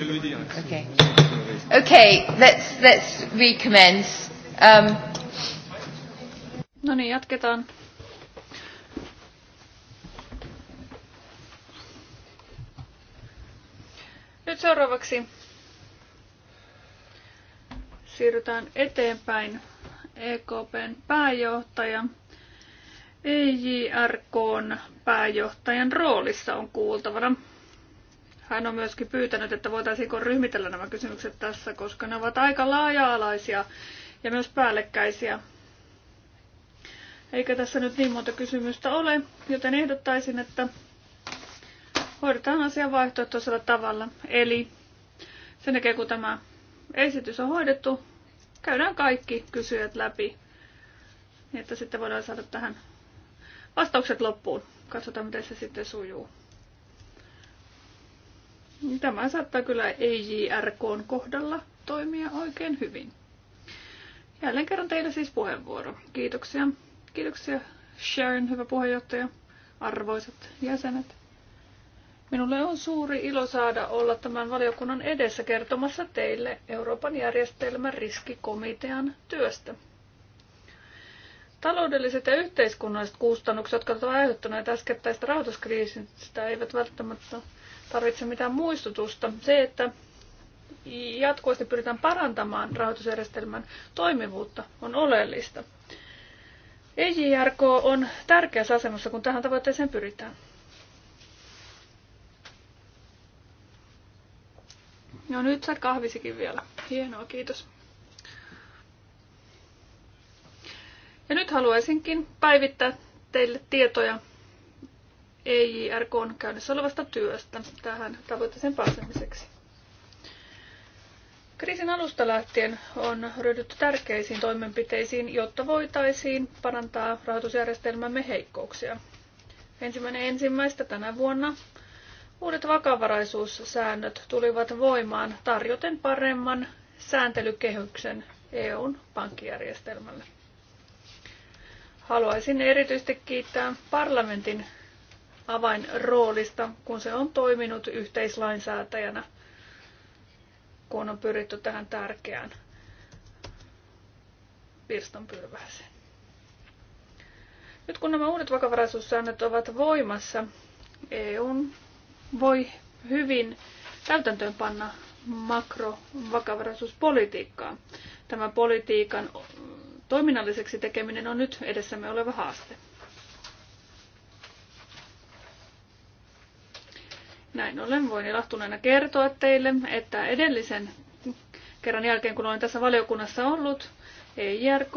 Okay. Okay, let's, let's recommence. Um. No niin, jatketaan.
Nyt seuraavaksi siirrytään eteenpäin. EKPn pääjohtaja EJRK pääjohtajan roolissa on kuultavana. Hän on myöskin pyytänyt, että voitaisiinko ryhmitellä nämä kysymykset tässä, koska ne ovat aika laaja-alaisia ja myös päällekkäisiä. Eikä tässä nyt niin monta kysymystä ole, joten ehdottaisin, että hoidetaan asia vaihtoehtoisella tavalla. Eli sen jälkeen, kun tämä esitys on hoidettu, käydään kaikki kysyjät läpi, niin että sitten voidaan saada tähän vastaukset loppuun. Katsotaan, miten se sitten sujuu. Tämä saattaa kyllä EJRKn kohdalla toimia oikein hyvin. Jälleen kerran teille siis puheenvuoro. Kiitoksia. Kiitoksia Sharon, hyvä puheenjohtaja, arvoisat jäsenet. Minulle on suuri ilo saada olla tämän valiokunnan edessä kertomassa teille Euroopan järjestelmän riskikomitean työstä. Taloudelliset ja yhteiskunnalliset kustannukset, jotka ovat aiheuttaneet äskettäistä rahoituskriisistä, eivät välttämättä tarvitse mitään muistutusta. Se, että jatkuvasti pyritään parantamaan rahoitusjärjestelmän toimivuutta, on oleellista. EJRK on tärkeässä asemassa, kun tähän tavoitteeseen pyritään. No nyt sä kahvisikin vielä. Hienoa, kiitos. Ja nyt haluaisinkin päivittää teille tietoja EIRK on käynnissä olevasta työstä tähän tavoitteeseen pääsemiseksi. Kriisin alusta lähtien on ryhdytty tärkeisiin toimenpiteisiin, jotta voitaisiin parantaa rahoitusjärjestelmämme heikkouksia. Ensimmäinen ensimmäistä tänä vuonna uudet vakavaraisuussäännöt tulivat voimaan tarjoten paremman sääntelykehyksen EUn pankkijärjestelmälle. Haluaisin erityisesti kiittää parlamentin avainroolista, kun se on toiminut yhteislainsäätäjänä, kun on pyritty tähän tärkeään virstanpylvääseen. Nyt kun nämä uudet vakavaraisuussäännöt ovat voimassa, EU voi hyvin täytäntöönpanna makrovakavaraisuuspolitiikkaa. Tämän politiikan toiminnalliseksi tekeminen on nyt edessämme oleva haaste. Näin ollen voin ilahtuneena kertoa teille, että edellisen kerran jälkeen, kun olen tässä valiokunnassa ollut, EIRK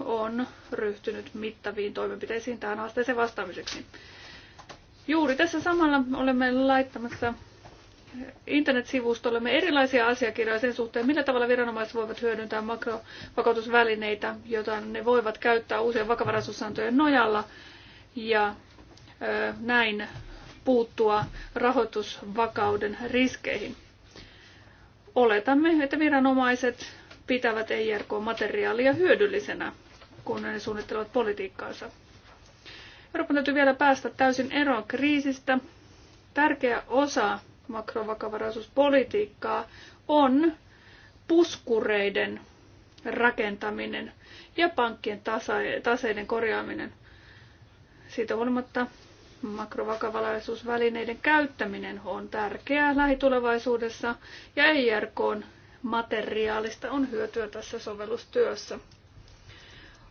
on ryhtynyt mittaviin toimenpiteisiin tähän haasteeseen vastaamiseksi. Juuri tässä samalla olemme laittamassa internetsivustollemme erilaisia asiakirjoja sen suhteen, millä tavalla viranomaiset voivat hyödyntää makrovakautusvälineitä, joita ne voivat käyttää uusien vakavaraisuussääntöjen nojalla ja ö, näin puuttua rahoitusvakauden riskeihin. Oletamme, että viranomaiset pitävät EIRK-materiaalia hyödyllisenä, kun ne suunnittelevat politiikkaansa. Euroopan täytyy vielä päästä täysin eroon kriisistä. Tärkeä osa makrovakavaraisuuspolitiikkaa on puskureiden rakentaminen ja pankkien taseiden korjaaminen. Siitä huolimatta makrovakavalaisuusvälineiden käyttäminen on tärkeää lähitulevaisuudessa ja EIRKn materiaalista on hyötyä tässä sovellustyössä.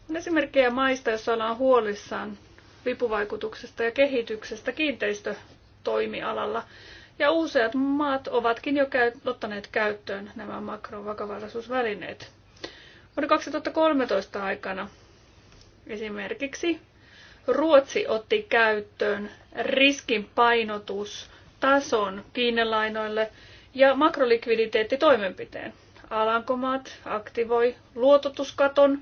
On esimerkkejä maista, joissa ollaan huolissaan vipuvaikutuksesta ja kehityksestä kiinteistötoimialalla, ja useat maat ovatkin jo ottaneet käyttöön nämä makrovakavaraisuusvälineet. Vuoden 2013 aikana esimerkiksi Ruotsi otti käyttöön riskin painotustason kiinelainoille ja makrolikviditeettitoimenpiteen. Alankomaat aktivoi luototuskaton,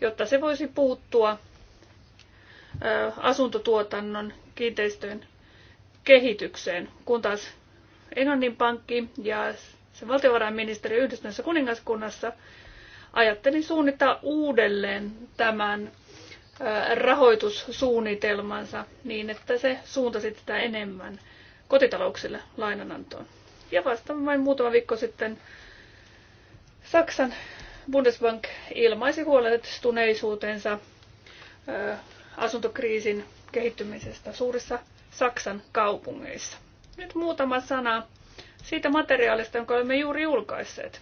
jotta se voisi puuttua asuntotuotannon kiinteistöjen kehitykseen, kun taas Englannin pankki ja sen valtiovarainministeri yhdistyneessä kuningaskunnassa ajatteli suunnittaa uudelleen tämän rahoitussuunnitelmansa niin, että se suuntasi tätä enemmän kotitalouksille lainanantoon. Ja vasta vain muutama viikko sitten Saksan Bundesbank ilmaisi huolestuneisuutensa asuntokriisin kehittymisestä suurissa Saksan kaupungeissa. Nyt muutama sana siitä materiaalista, jonka olemme juuri julkaisseet.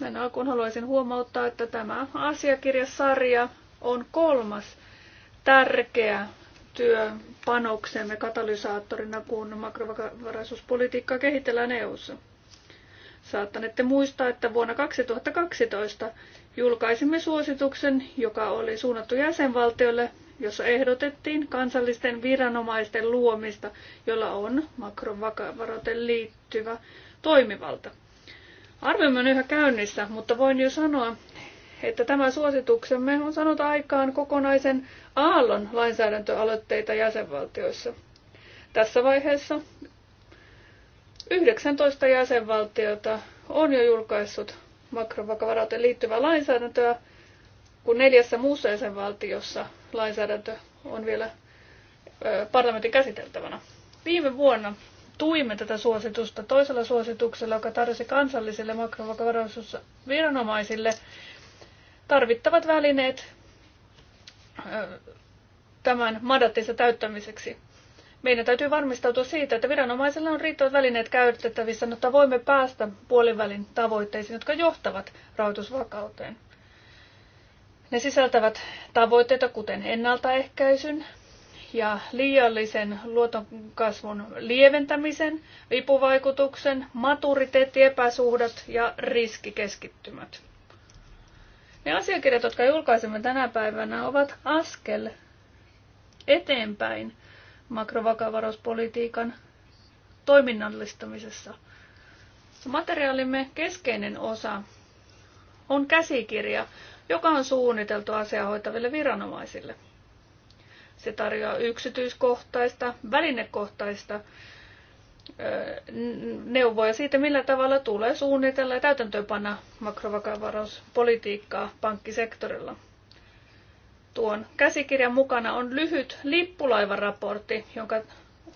Näin alkuun haluaisin huomauttaa, että tämä asiakirjasarja on kolmas tärkeä työpanoksemme katalysaattorina, kun makrovaraisuuspolitiikkaa kehitellään EU:ssa. Saattanette muistaa, että vuonna 2012 julkaisimme suosituksen, joka oli suunnattu jäsenvaltioille, jossa ehdotettiin kansallisten viranomaisten luomista, jolla on makrovakavarauten liittyvä toimivalta. Arviomme on yhä käynnissä, mutta voin jo sanoa, että tämä suosituksemme on saanut aikaan kokonaisen aallon lainsäädäntöaloitteita jäsenvaltioissa. Tässä vaiheessa 19 jäsenvaltiota on jo julkaissut makrovakavarauteen liittyvää lainsäädäntöä, kun neljässä muussa jäsenvaltiossa lainsäädäntö on vielä parlamentin käsiteltävänä. Viime vuonna tuimme tätä suositusta toisella suosituksella, joka tarjosi kansallisille makrovakavaraisuusviranomaisille viranomaisille tarvittavat välineet tämän mandaattinsa täyttämiseksi. Meidän täytyy varmistautua siitä, että viranomaisilla on riittävät välineet käytettävissä, jotta voimme päästä puolivälin tavoitteisiin, jotka johtavat rahoitusvakauteen. Ne sisältävät tavoitteita, kuten ennaltaehkäisyn ja liiallisen luotonkasvun lieventämisen, vipuvaikutuksen, maturiteettiepäsuhdat ja riskikeskittymät. Ne asiakirjat, jotka julkaisemme tänä päivänä, ovat askel eteenpäin makrovakavaruuspolitiikan toiminnallistamisessa. Materiaalimme keskeinen osa on käsikirja, joka on suunniteltu asiaa hoitaville viranomaisille. Se tarjoaa yksityiskohtaista, välinekohtaista neuvoja siitä, millä tavalla tulee suunnitella ja täytäntöönpanna makrovakavarauspolitiikkaa pankkisektorilla. Tuon käsikirjan mukana on lyhyt lippulaivaraportti, jonka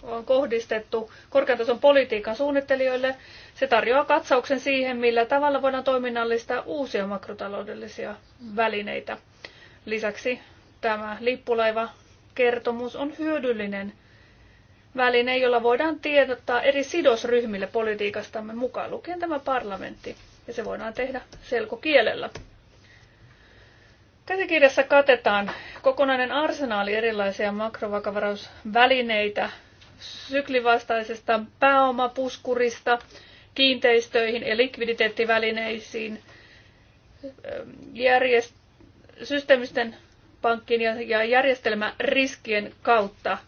on kohdistettu korkeatason politiikan suunnittelijoille. Se tarjoaa katsauksen siihen, millä tavalla voidaan toiminnallistaa uusia makrotaloudellisia välineitä. Lisäksi tämä lippulaiva kertomus on hyödyllinen väline, jolla voidaan tiedottaa eri sidosryhmille politiikastamme mukaan lukien tämä parlamentti. Ja se voidaan tehdä selkokielellä. Käsikirjassa katetaan kokonainen arsenaali erilaisia makrovakavarausvälineitä syklivastaisesta pääomapuskurista kiinteistöihin ja likviditeettivälineisiin, ehm, järjest- systeemisten pankkien ja järjestelmäriskien kautta –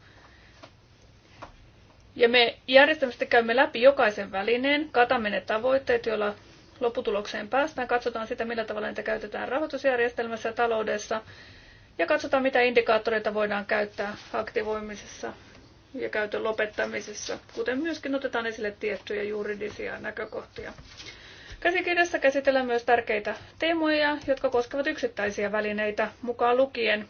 ja me järjestelmästä käymme läpi jokaisen välineen, katamme ne tavoitteet, joilla lopputulokseen päästään, katsotaan sitä, millä tavalla niitä käytetään rahoitusjärjestelmässä ja taloudessa, ja katsotaan, mitä indikaattoreita voidaan käyttää aktivoimisessa ja käytön lopettamisessa, kuten myöskin otetaan esille tiettyjä juridisia näkökohtia. Käsikirjassa käsitellään myös tärkeitä teemoja, jotka koskevat yksittäisiä välineitä, mukaan lukien,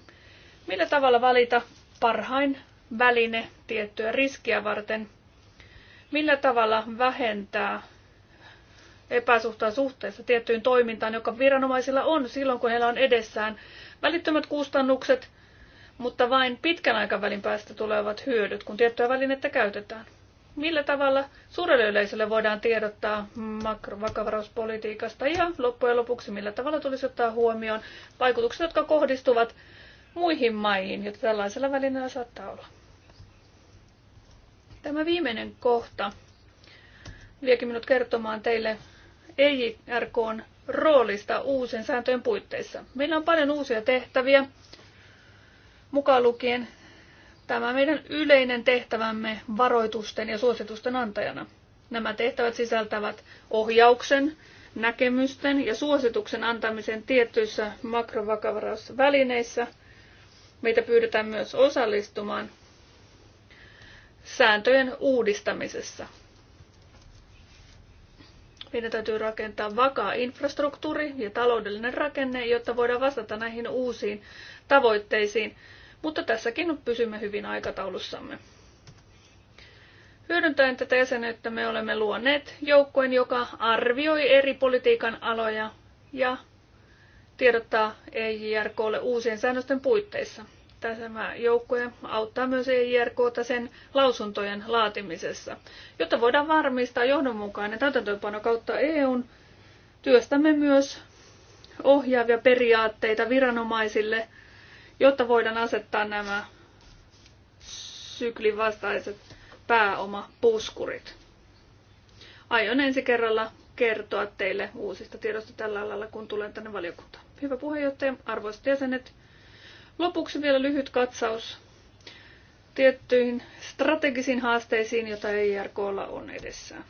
millä tavalla valita parhain väline tiettyä riskiä varten. Millä tavalla vähentää epäsuhtaa suhteessa tiettyyn toimintaan, joka viranomaisilla on silloin, kun heillä on edessään välittömät kustannukset, mutta vain pitkän aikavälin päästä tulevat hyödyt, kun tiettyä välinettä käytetään. Millä tavalla suurelle yleisölle voidaan tiedottaa makrovakavarauspolitiikasta ja loppujen lopuksi millä tavalla tulisi ottaa huomioon vaikutukset, jotka kohdistuvat muihin maihin, joita tällaisella välineellä saattaa olla. Tämä viimeinen kohta viekin minut kertomaan teille EJRK roolista uusien sääntöjen puitteissa. Meillä on paljon uusia tehtäviä, mukaan lukien tämä meidän yleinen tehtävämme varoitusten ja suositusten antajana. Nämä tehtävät sisältävät ohjauksen, näkemysten ja suosituksen antamisen tietyissä makrovakavarausvälineissä. Meitä pyydetään myös osallistumaan sääntöjen uudistamisessa. Meidän täytyy rakentaa vakaa infrastruktuuri ja taloudellinen rakenne, jotta voidaan vastata näihin uusiin tavoitteisiin, mutta tässäkin pysymme hyvin aikataulussamme. Hyödyntäen tätä jäsenyyttä me olemme luoneet joukkueen, joka arvioi eri politiikan aloja ja tiedottaa EJRKlle uusien säännösten puitteissa että tämä joukkue auttaa myös EIRKta sen lausuntojen laatimisessa, jotta voidaan varmistaa johdonmukainen täytäntöönpano kautta EUn. Työstämme myös ohjaavia periaatteita viranomaisille, jotta voidaan asettaa nämä syklin vastaiset pääomapuskurit. Aion ensi kerralla kertoa teille uusista tiedosta tällä alalla, kun tulen tänne valiokuntaan. Hyvä puheenjohtaja, arvoisat jäsenet, Lopuksi vielä lyhyt katsaus tiettyihin strategisiin haasteisiin, joita EIRKlla on edessään.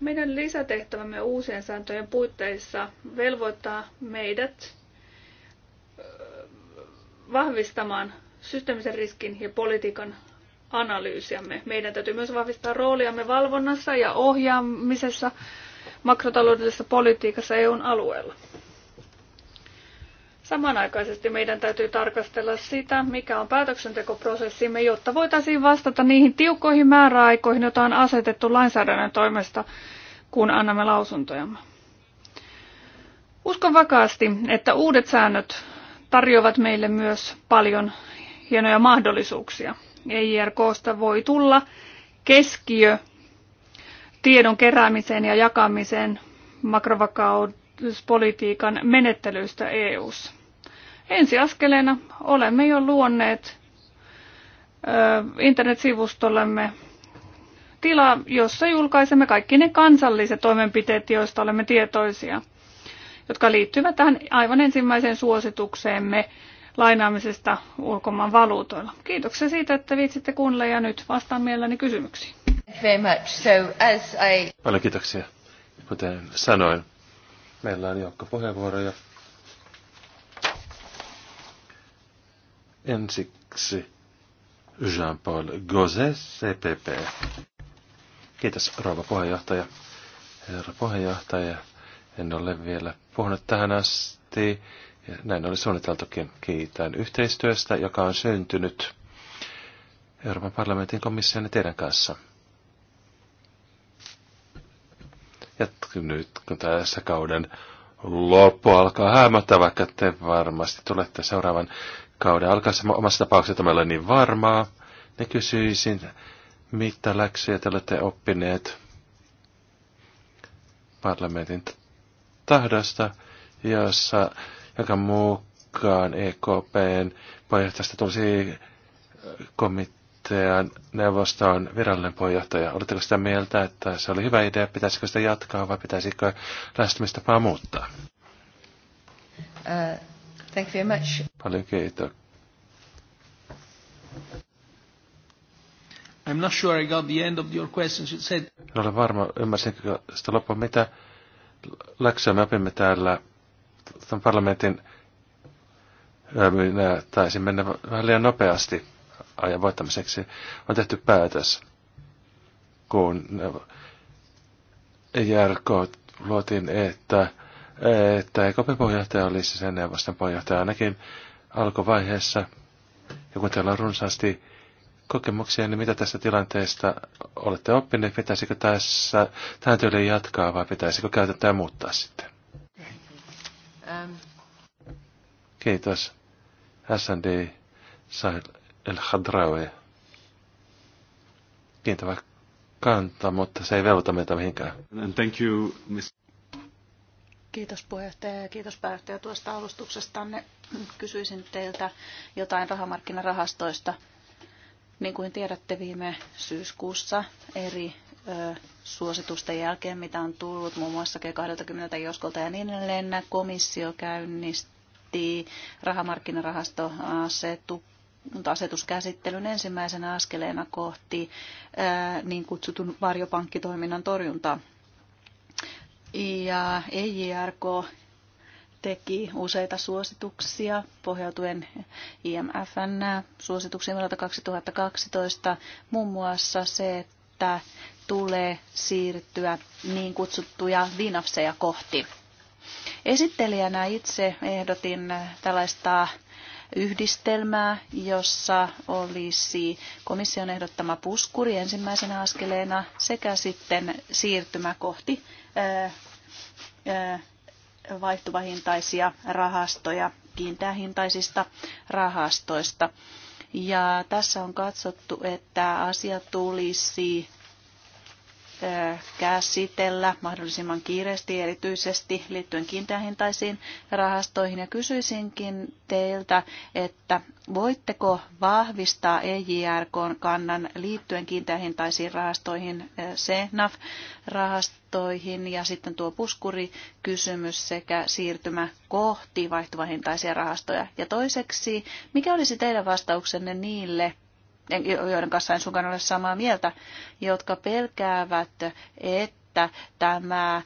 Meidän lisätehtävämme uusien sääntöjen puitteissa velvoittaa meidät vahvistamaan systeemisen riskin ja politiikan analyysiamme. Meidän täytyy myös vahvistaa rooliamme valvonnassa ja ohjaamisessa makrotaloudellisessa politiikassa EUn alueella. Samanaikaisesti meidän täytyy tarkastella sitä, mikä on päätöksentekoprosessimme, jotta voitaisiin vastata niihin tiukkoihin määräaikoihin, joita on asetettu lainsäädännön toimesta, kun annamme lausuntojamme. Uskon vakaasti, että uudet säännöt tarjoavat meille myös paljon hienoja mahdollisuuksia. EIRKsta voi tulla keskiö tiedon keräämiseen ja jakamiseen makrovakauspolitiikan menettelyistä EU:ssa. Ensiaskeleena olemme jo luonneet internetsivustollemme tila, jossa julkaisemme kaikki ne kansalliset toimenpiteet, joista olemme tietoisia, jotka liittyvät tähän aivan ensimmäiseen suositukseemme lainaamisesta ulkomaan valuutoilla. Kiitoksia siitä, että viitsitte kuunnella ja nyt vastaan mielelläni kysymyksiin. Very much. So as I...
Paljon kiitoksia. Kuten sanoin, meillä on joukko puheenvuoroja. Ensiksi Jean-Paul Gauzes, CPP. Kiitos, rouva puheenjohtaja. Herra puheenjohtaja, en ole vielä puhunut tähän asti. Ja näin oli suunniteltukin. Kiitän yhteistyöstä, joka on syntynyt Euroopan parlamentin komission ja teidän kanssa. Ja nyt kun tässä kauden loppu alkaa häämöttää, vaikka te varmasti tulette seuraavan kauden alkaessa omassa tapauksessa meillä on niin varmaa, ne kysyisin, mitä läksyjä te olette oppineet parlamentin tahdosta, jossa, joka mukaan EKPn puheenjohtajasta tulisi komitean neuvoston virallinen puheenjohtaja. Oletteko sitä mieltä, että se oli hyvä idea, pitäisikö sitä jatkaa vai pitäisikö lähestymistapaa muuttaa?
Uh Thank you very much.
Paljon kiitos.
I'm not sure I got the end
of your questions. You said... En ole varma, ymmärsinkö sitä loppua, mitä läksyä me opimme täällä tämän parlamentin minä taisin mennä vähän liian nopeasti ajan voittamiseksi. On tehty päätös, kun ERK luotiin, että että EKPn puheenjohtaja olisi sen neuvoston puheenjohtaja ainakin alkuvaiheessa. Ja kun teillä on runsaasti kokemuksia, niin mitä tästä tilanteesta olette oppineet? Pitäisikö tässä tähän työlle jatkaa vai pitäisikö käytetään muuttaa sitten? Ähm. Kiitos. SND Sahel El Hadraoui. Kiintävä kanta, mutta se ei velvoita meitä mihinkään. And thank you, Mr.
Kiitos puheenjohtaja ja kiitos pääjohtaja tuosta alustuksestanne. Kysyisin teiltä jotain rahamarkkinarahastoista. Niin kuin tiedätte viime syyskuussa eri ö, suositusten jälkeen, mitä on tullut muun muassa G20 joskolta ja niin edelleen, komissio käynnisti asetuskäsittelyn ensimmäisenä askeleena kohti ö, niin kutsutun varjopankkitoiminnan torjuntaa ja EJRK teki useita suosituksia pohjautuen IMFn suosituksiin vuodelta 2012, muun muassa se, että tulee siirtyä niin kutsuttuja vinapseja kohti. Esittelijänä itse ehdotin tällaista yhdistelmää, jossa olisi komission ehdottama puskuri ensimmäisenä askeleena sekä sitten siirtymä kohti vaihtuvahintaisia rahastoja kiinteähintaisista rahastoista. Ja tässä on katsottu, että asia tulisi käsitellä mahdollisimman kiireesti erityisesti liittyen kiinteähintaisiin rahastoihin. Ja kysyisinkin teiltä, että voitteko vahvistaa EJRK-kannan liittyen kiinteähintaisiin rahastoihin, CNAF-rahastoihin ja sitten tuo puskurikysymys sekä siirtymä kohti vaihtuvahintaisia rahastoja. Ja toiseksi, mikä olisi teidän vastauksenne niille joiden kanssa en sunkaan ole samaa mieltä, jotka pelkäävät, että tämä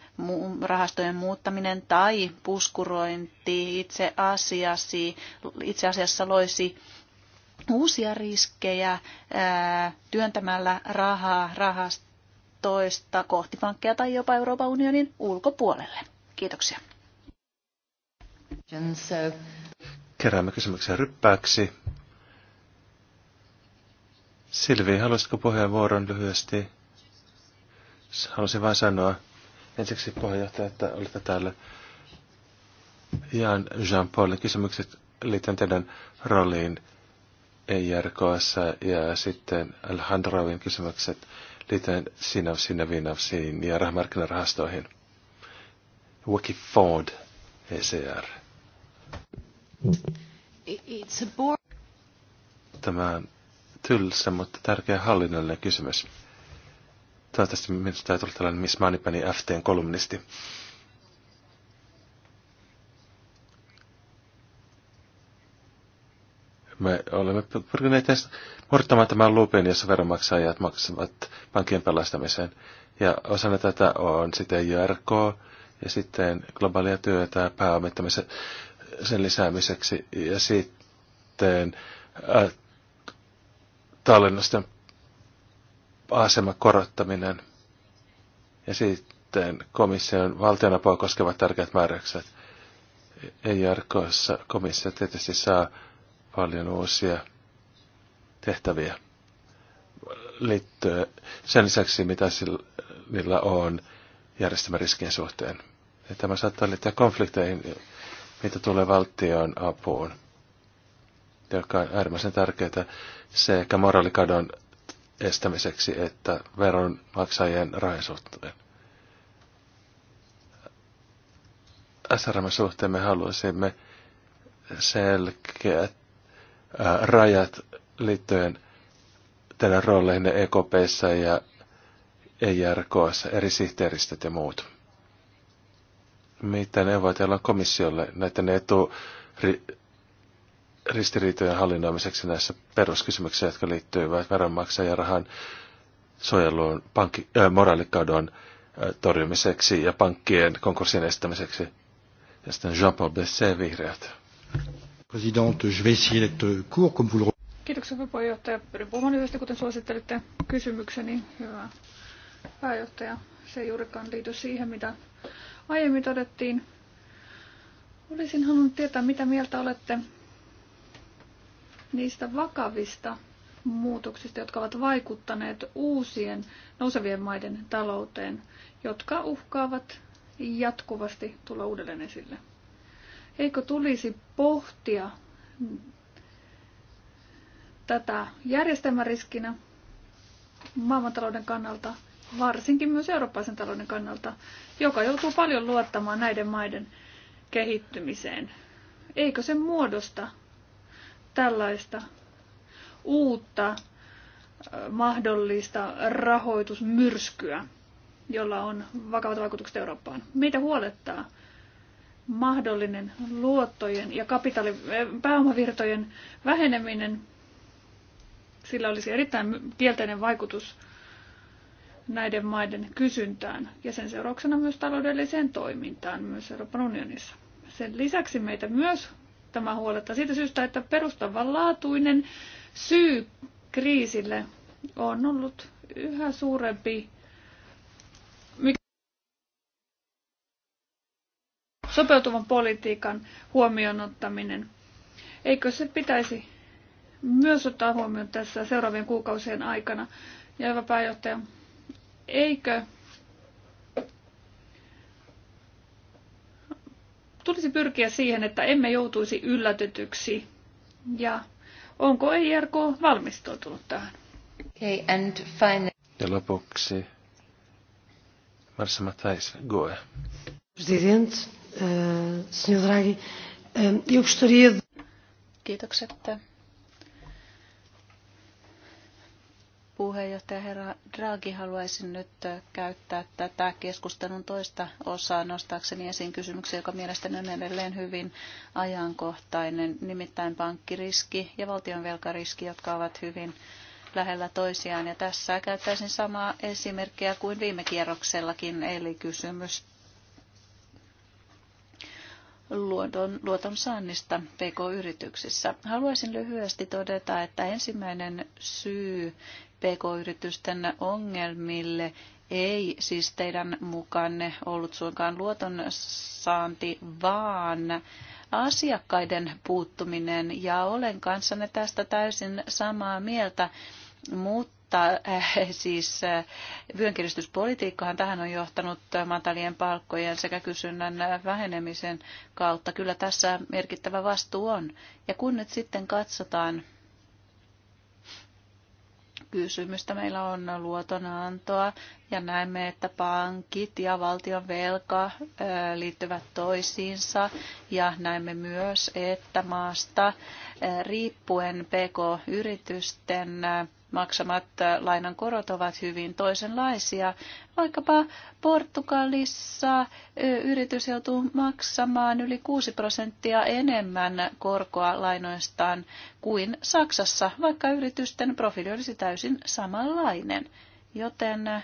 rahastojen muuttaminen tai puskurointi itse, asiasi, itse asiassa loisi uusia riskejä ää, työntämällä rahaa rahastoista kohti pankkeja tai jopa Euroopan unionin ulkopuolelle. Kiitoksia.
Keräämme kysymyksiä ryppääksi. Silvi, haluaisitko puheenvuoron lyhyesti? Haluaisin vain sanoa ensiksi puheenjohtaja, että olette täällä. Jaan Jean-Paulin kysymykset liittyen teidän rooliin ERKS ja sitten Alejandrovin kysymykset liittyen Sinavsiin ja Vinavsiin ja rahamarkkinarahastoihin. Wiki Ford, ECR.
It's a board.
Tämä on tylsä, mutta tärkeä hallinnollinen kysymys. Toivottavasti minusta ei tullut tällainen Miss Manipani FTn kolumnisti. Me olemme pyrkineet murtamaan tämän lupin, jossa veronmaksajat maksavat pankin pelastamiseen. Ja osana tätä on sitten JRK ja sitten globaalia työtä pääomittamisen sen lisäämiseksi ja sitten äh, tallennusten aseman korottaminen ja sitten komission valtionapua koskevat tärkeät määräykset. Ei jarkoissa komissio tietysti saa paljon uusia tehtäviä liittyen sen lisäksi, mitä sillä, on järjestelmäriskien suhteen. Ja tämä saattaa liittyä konflikteihin, mitä tulee valtion apuun joka on äärimmäisen tärkeää sekä moraalikadon estämiseksi että veronmaksajien rahan suhteen. SRM-suhteen me haluaisimme selkeät rajat liittyen teidän rooleihin EKPssä ja ERKssa, eri sihteeristöt ja muut. Mitä neuvotellaan komissiolle näiden etu ristiriitojen hallinnoimiseksi näissä peruskysymyksissä, jotka liittyvät veronmaksajan rahan suojeluun, pankki, äh, moraalikadon äh, torjumiseksi ja pankkien konkurssien estämiseksi. Ja sitten Jean-Paul Besset, vihreät. Presidente, je
Kiitoksia, puheenjohtaja. Pyrin puhumaan lyhyesti, kuten suosittelitte kysymykseni. Hyvä pääjohtaja. Se ei juurikaan liity siihen, mitä aiemmin todettiin. Olisin halunnut tietää, mitä mieltä olette niistä vakavista muutoksista, jotka ovat vaikuttaneet uusien nousevien maiden talouteen, jotka uhkaavat jatkuvasti tulla uudelleen esille. Eikö tulisi pohtia tätä järjestelmäriskinä maailmantalouden kannalta, varsinkin myös eurooppaisen talouden kannalta, joka joutuu paljon luottamaan näiden maiden kehittymiseen. Eikö se muodosta tällaista uutta mahdollista rahoitusmyrskyä, jolla on vakavat vaikutukset Eurooppaan. Meitä huolettaa mahdollinen luottojen ja kapitaali- pääomavirtojen väheneminen. Sillä olisi erittäin kielteinen vaikutus näiden maiden kysyntään ja sen seurauksena myös taloudelliseen toimintaan myös Euroopan unionissa. Sen lisäksi meitä myös tämä huoletta siitä syystä, että perustavanlaatuinen syy kriisille on ollut yhä suurempi sopeutuvan politiikan huomioon ottaminen. Eikö se pitäisi myös ottaa huomioon tässä seuraavien kuukausien aikana? Ja hyvä pääjohtaja, eikö tulisi pyrkiä siihen, että emme joutuisi yllätetyksi. Ja onko ERK valmistautunut tähän? Okay, and final.
Ja lopuksi Marsa Matais, Goe.
Presidente,
uh, Draghi, uh, eu gostaria de... Kiitokset puheenjohtaja herra Draghi, haluaisin nyt äh, käyttää tätä keskustelun toista osaa nostaakseni esiin kysymyksen, joka mielestäni on edelleen hyvin ajankohtainen, nimittäin pankkiriski ja valtionvelkariski, jotka ovat hyvin lähellä toisiaan. Ja tässä käyttäisin samaa esimerkkiä kuin viime kierroksellakin, eli kysymys luoton, luoton saannista PK-yrityksissä. Haluaisin lyhyesti todeta, että ensimmäinen syy PK-yritysten ongelmille ei siis teidän mukanne ollut suinkaan luoton saanti, vaan asiakkaiden puuttuminen. Ja olen kanssanne tästä täysin samaa mieltä, mutta äh, siis äh, vyönkiristyspolitiikkahan tähän on johtanut matalien palkkojen sekä kysynnän vähenemisen kautta. Kyllä tässä merkittävä vastuu on. Ja kun nyt sitten katsotaan kysymystä. Meillä on luotonantoa ja näemme, että pankit ja valtion velka liittyvät toisiinsa ja näemme myös, että maasta riippuen pk-yritysten maksamat äh, lainan korot ovat hyvin toisenlaisia. Vaikkapa Portugalissa yritys joutuu maksamaan yli 6 prosenttia enemmän korkoa lainoistaan kuin Saksassa, vaikka yritysten profiili olisi täysin samanlainen. Joten äh,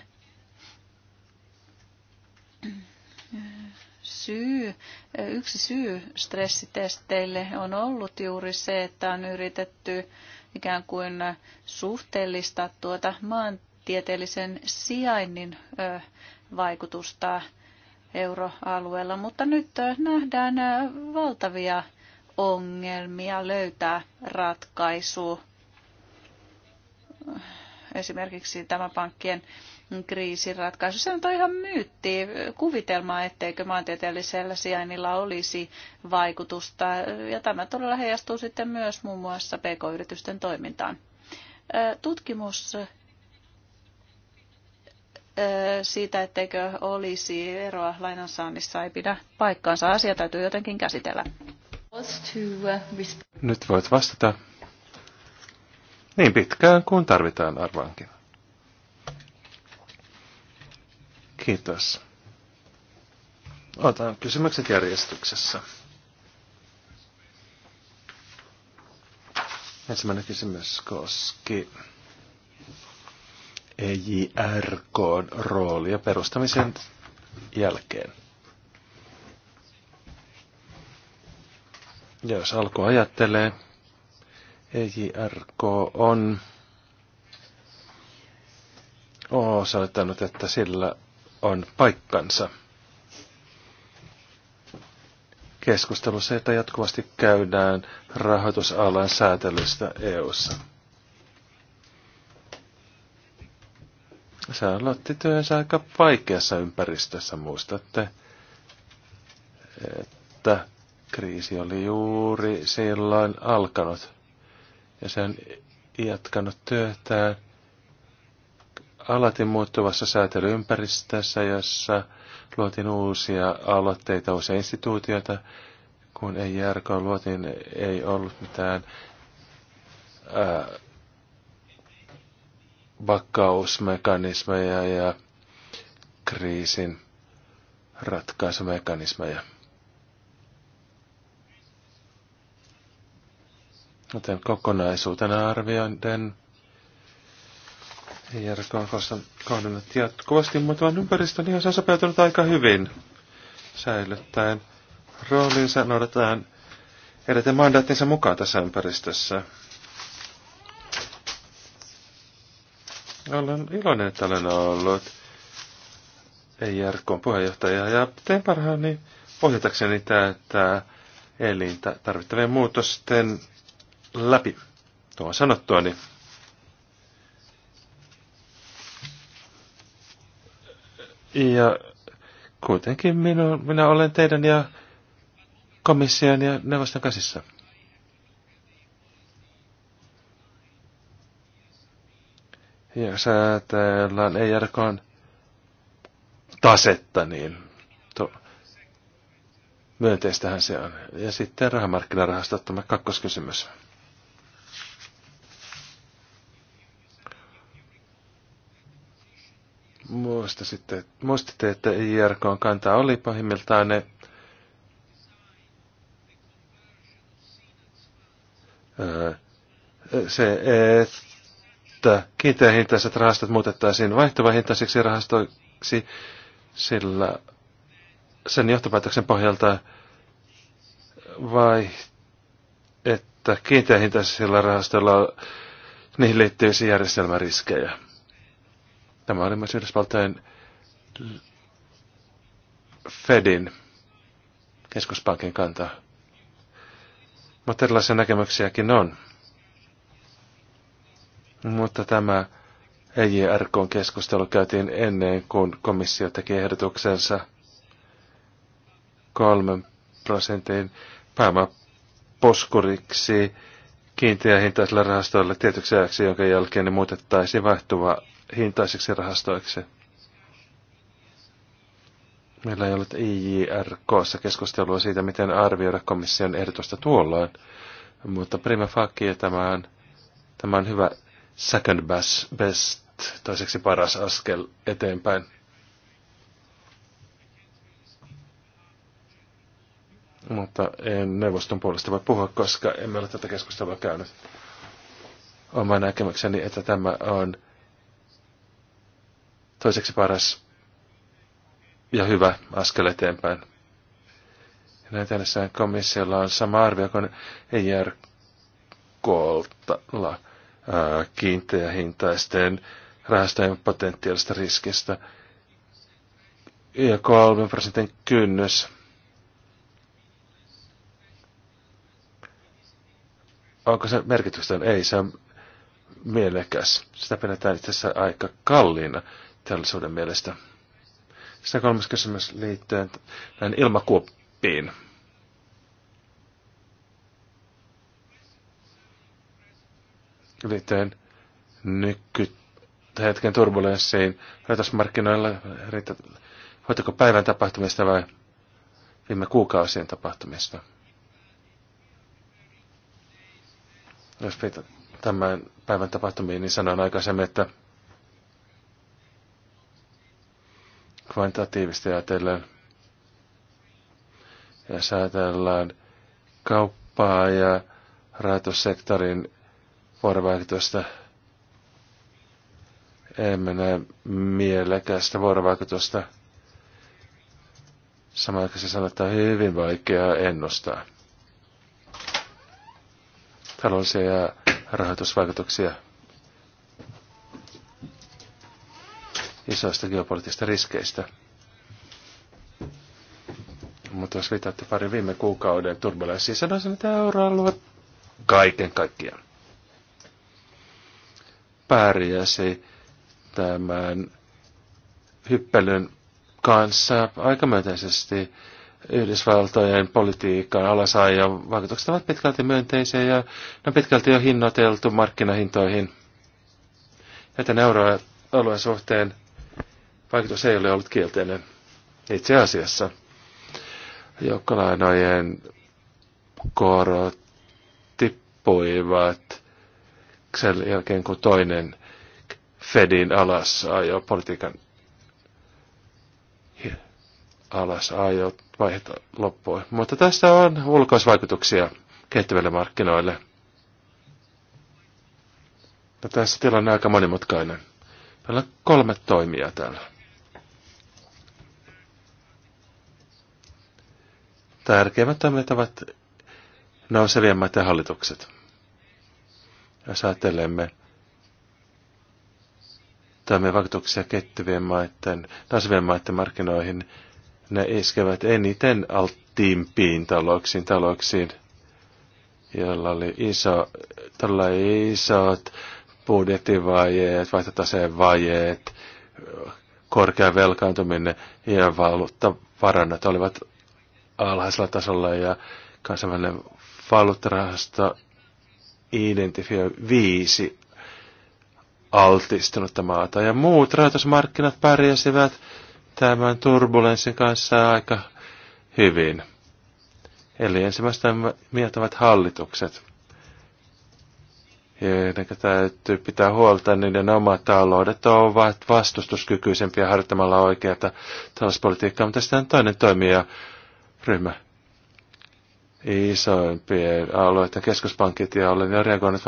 syy, yksi syy stressitesteille on ollut juuri se, että on yritetty ikään kuin suhteellistaa tuota maantieteellisen sijainnin vaikutusta euroalueella, mutta nyt nähdään valtavia ongelmia löytää ratkaisu esimerkiksi tämä pankkien kriisinratkaisu. Se on ihan myytti, kuvitelma, etteikö maantieteellisellä sijainnilla olisi vaikutusta. Ja tämä todella heijastuu sitten myös muun muassa pk-yritysten toimintaan. Tutkimus siitä, etteikö olisi eroa lainansaannissa, ei pidä paikkaansa. Asia täytyy jotenkin käsitellä.
Nyt voit vastata niin pitkään kuin tarvitaan arvaankin. Kiitos. Otan kysymykset järjestyksessä. Ensimmäinen kysymys koski EJRKn roolia perustamisen jälkeen. Ja jos alku ajattelee, EJRK on osoittanut, että sillä on paikkansa. Keskustelussa, jota jatkuvasti käydään rahoitusalan säätelystä EU:ssa. Se aloitti työnsä aika vaikeassa ympäristössä, muistatte, että kriisi oli juuri silloin alkanut ja sen on jatkanut työtään alati muuttuvassa säätelyympäristössä, jossa luotiin uusia aloitteita, uusia instituutioita. Kun ei järko luotiin, ei ollut mitään ää, vakkausmekanismeja ja kriisin ratkaisumekanismeja. Joten kokonaisuutena arvioiden Jerkoa kohdannut jatkuvasti, mutta on ympäristön ihan sopeutunut aika hyvin säilyttäen roolinsa, noudataan edetä mandaattinsa mukaan tässä ympäristössä. Olen iloinen, että olen ollut ERKn puheenjohtaja ja teen parhaani ohjatakseni tätä elintä tarvittavien muutosten läpi. Tuo sanottua, Niin Ja kuitenkin minu, minä olen teidän ja komission ja neuvoston käsissä. Ja ajatellaan ei on tasetta, niin to, myönteistähän se on. Ja sitten rahamarkkinarahastot, tämä kakkoskysymys. muistitte, että IRK on kantaa oli pahimmiltaan ne se, että kiinteähintaiset rahastot muutettaisiin vaihtuvahintaisiksi rahastoiksi, sillä sen johtopäätöksen pohjalta vai että kiinteähintaisilla rahastoilla niihin liittyisi järjestelmäriskejä. Tämä oli myös Yhdysvaltain Fedin keskuspankin kanta. Mutta erilaisia näkemyksiäkin on. Mutta tämä EJRK-keskustelu käytiin ennen kuin komissio teki ehdotuksensa kolmen prosentin pääomaposkuriksi kiinteähintaisilla rahastoilla tietyksi ajaksi, jonka jälkeen ne muutettaisiin vaihtuva hintaiseksi rahastoiksi. Meillä ei ollut IJRKssa keskustelua siitä, miten arvioida komission ehdotusta tuolloin, mutta prima facie tämä on, tämä on hyvä second best, best, toiseksi paras askel eteenpäin. Mutta en neuvoston puolesta voi puhua, koska emme ole tätä keskustelua käynyt. Oma näkemykseni, että tämä on toiseksi paras ja hyvä askel eteenpäin. Näin tällaisessa komissiolla on sama arvio kuin e kiinteä kiinteähintaisten rahastojen potentiaalista riskistä. Ja kolmen prosentin kynnys. Onko se merkityksetön? Ei, se on mielekäs. Sitä pidetään itse asiassa aika kalliina teollisuuden mielestä. Sitten kolmas kysymys liittyen näin ilmakuoppiin. Liittyen nykyhetken turbulenssiin rajoitusmarkkinoilla, hoitako päivän tapahtumista vai viime kuukausien tapahtumista? Jos viitat tämän päivän tapahtumiin, niin sanoin aikaisemmin, että kvantitatiivisesti ajatellen, ja ajatellaan kauppaa ja rahoitussektorin vuorovaikutusta, emme näe mielekästä vuorovaikutusta. Samaan se sanotaan hyvin vaikeaa ennustaa. Taloudellisia ja rahoitusvaikutuksia – isoista geopoliittisista riskeistä. Mutta jos viitatte pari viime kuukauden turbulenssiin, sanoisin, että euroalue kaiken kaikkiaan pärjäsi tämän hyppelyn kanssa aika myönteisesti. Yhdysvaltojen politiikan alasajan vaikutukset ovat pitkälti myönteisiä ja ne on pitkälti jo hinnoiteltu markkinahintoihin. Joten euroalueen suhteen vaikutus ei ole ollut kielteinen. Itse asiassa joukkolainojen korot tippuivat sen jälkeen, kun toinen Fedin alasajo, ajo, politiikan alasajo ajo vaihto loppui. Mutta tässä on ulkoisvaikutuksia kehittyville markkinoille. Ja tässä tilanne on aika monimutkainen. Meillä on kolme toimia täällä. Tärkeimmät toimijat ovat nousevien maiden hallitukset. Jos ajattelemme toimien vaikutuksia kettyvien maiden, nousevien maiden markkinoihin, ne iskevät eniten alttiimpiin talouksiin, talouksiin, joilla oli iso, todella isot budjettivajeet, vaihtotaseen vajeet, korkea velkaantuminen ja valuuttavarannat olivat alhaisella tasolla ja kansainvälinen valuuttarahasto identifioi viisi altistunutta maata. Ja muut rahoitusmarkkinat pärjäsivät tämän turbulenssin kanssa aika hyvin. Eli ensimmäistä mieltä ovat hallitukset, ja täytyy pitää huolta, että niin niiden omat taloudet ovat vastustuskykyisempiä harjoittamalla oikeata talouspolitiikkaa, mutta sitten toinen toimija ryhmä. Isoimpien alueiden keskuspankit ja olen jo reagoinut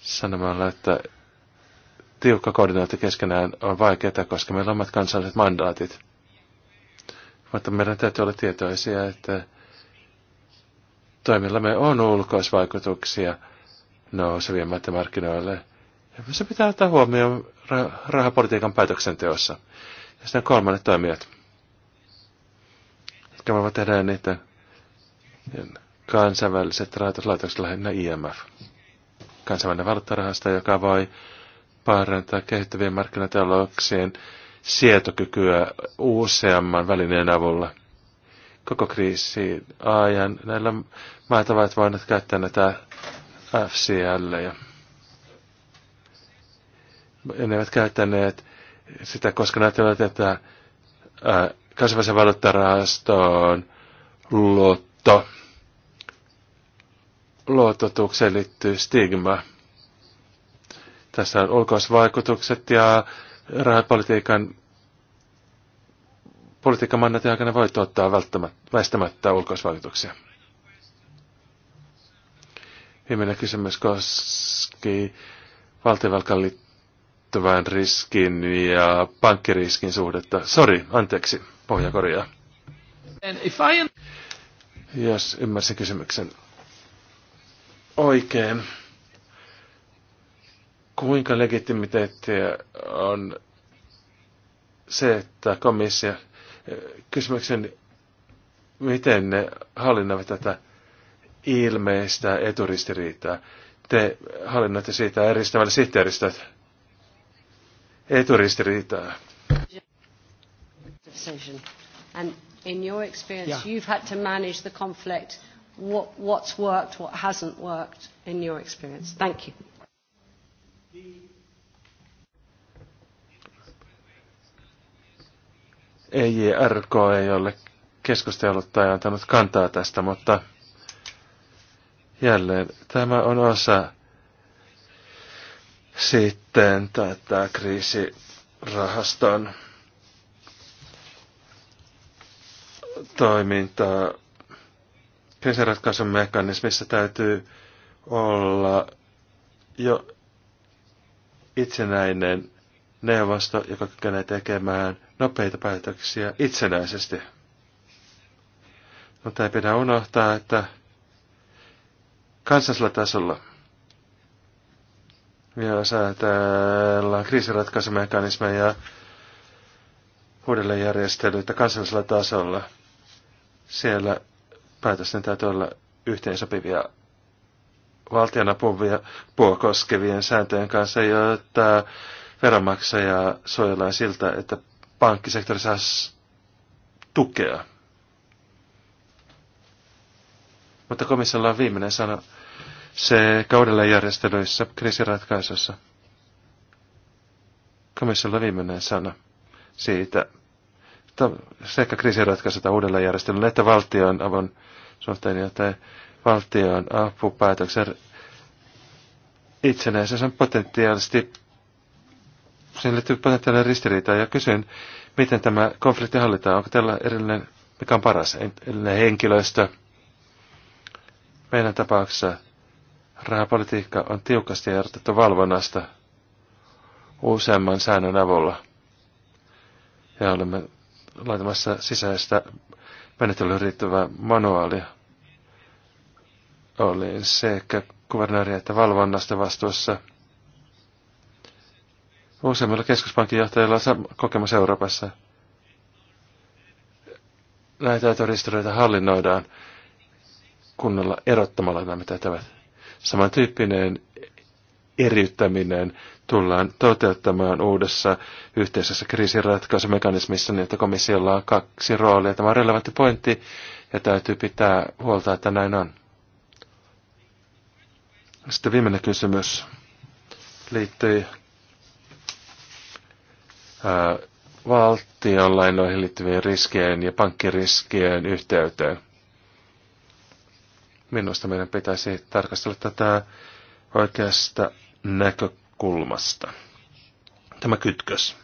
sanomalla, että tiukka koordinaatti keskenään on vaikeaa, koska meillä on omat kansalliset mandaatit. Mutta meidän täytyy olla tietoisia, että toimillamme on ulkoisvaikutuksia nousevien maiden markkinoille. Se pitää ottaa huomioon rahapolitiikan päätöksenteossa. Ja sitten kolmannet toimijat mitkä voivat tehdä niitä kansainväliset rahoituslaitokset, lähinnä IMF. Kansainvälinen valuuttarahasto, joka voi parantaa kehittyvien markkinatalouksien sietokykyä useamman välineen avulla. Koko kriisi ajan näillä maat ovat voineet käyttää näitä FCL. Ja ne eivät käyttäneet sitä, koska näyttävät, että ää, kansainvälisen valuuttarahastoon luotto, luototukseen liittyy stigma. Tässä on ulkoisvaikutukset ja rahapolitiikan politiikan mannatin aikana voi tuottaa väistämättä ulkoisvaikutuksia. Viimeinen kysymys koski valtionvelkaan liittyvän riskin ja pankkiriskin suhdetta. Sori, anteeksi pohjakoria. Am... Jos ymmärsin kysymyksen oikein, kuinka legitimiteettiä on se, että komissio, kysymyksen, miten ne hallinnoivat tätä ilmeistä eturistiriitaa. Te hallinnoitte siitä eristämällä sihteeristöt eturistiriitaa
decision. And in your experience, yeah. you've had to manage the conflict. What, what's worked, what hasn't worked in your experience? Thank you.
EJRK ei ole keskustellut tai antanut kantaa tästä, mutta jälleen tämä on osa sitten tätä kriisirahaston toimintaa. Kriisiratkaisun mekanismissa täytyy olla jo itsenäinen neuvosto, joka kykenee tekemään nopeita päätöksiä itsenäisesti. Mutta ei pidä unohtaa, että kansallisella tasolla vielä säätellään kriisiratkaisumekanismeja ja uudelleenjärjestelyitä kansallisella tasolla – siellä päätösten täytyy olla yhteensopivia valtionapua koskevien sääntöjen kanssa, jotta veronmaksaja suojellaan siltä, että pankkisektori saa tukea. Mutta komissiolla on viimeinen sana se kaudella järjestelyissä kriisiratkaisussa. Komissiolla viimeinen sana siitä, sekä kriisiratkaisu tai uudelleenjärjestelyn että valtion avun suhteen tai valtion apupäätöksen itsenäisyys on potentiaalisesti, siihen liittyy potentiaalinen ristiriita ja kysyn, miten tämä konflikti hallitaan, onko tällä erillinen, mikä on paras, erillinen henkilöstö. Meidän tapauksessa rahapolitiikka on tiukasti erotettu valvonnasta useamman säännön avulla. Ja olemme laitamassa sisäistä menettelyyn riittävää manuaalia. Olin sekä kuvernööri että valvonnasta vastuussa. Useimmilla keskuspankin johtajilla on kokemus Euroopassa. Näitä todistureita hallinnoidaan kunnolla erottamalla nämä tehtävät. Samantyyppinen eriyttäminen tullaan toteuttamaan uudessa yhteisessä kriisiratkaisumekanismissa, niin että komissiolla on kaksi roolia. Tämä on relevantti pointti ja täytyy pitää huolta, että näin on. Sitten viimeinen kysymys liittyy valtion lainoihin liittyvien riskien ja pankkiriskien yhteyteen. Minusta meidän pitäisi tarkastella tätä oikeasta näkökulmasta kulmasta. Tämä kytkös,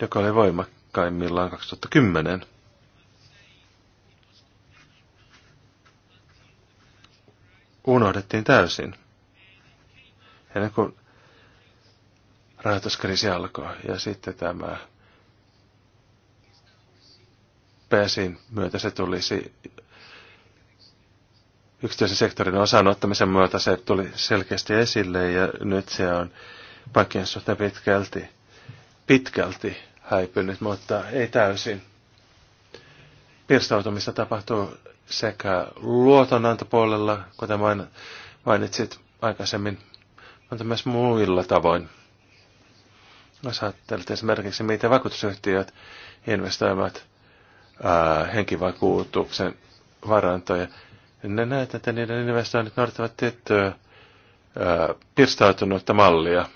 joka oli voimakkaimmillaan 2010. Unohdettiin täysin. Ennen kuin rahoituskriisi alkoi ja sitten tämä pesin myötä se tulisi yksityisen sektorin osanottamisen myötä se tuli selkeästi esille ja nyt se on pankkien suhteen pitkälti, pitkälti häipynyt, mutta ei täysin. Pirstautumista tapahtuu sekä luotonantopuolella, kuten mainitsit aikaisemmin, mutta myös muilla tavoin. Jos ajattelet esimerkiksi, miten vakuutusyhtiöt investoivat ää, henkivakuutuksen varantoja, ne näet, että niiden investoinnit noudattavat tiettyä ää, pirstautunutta mallia.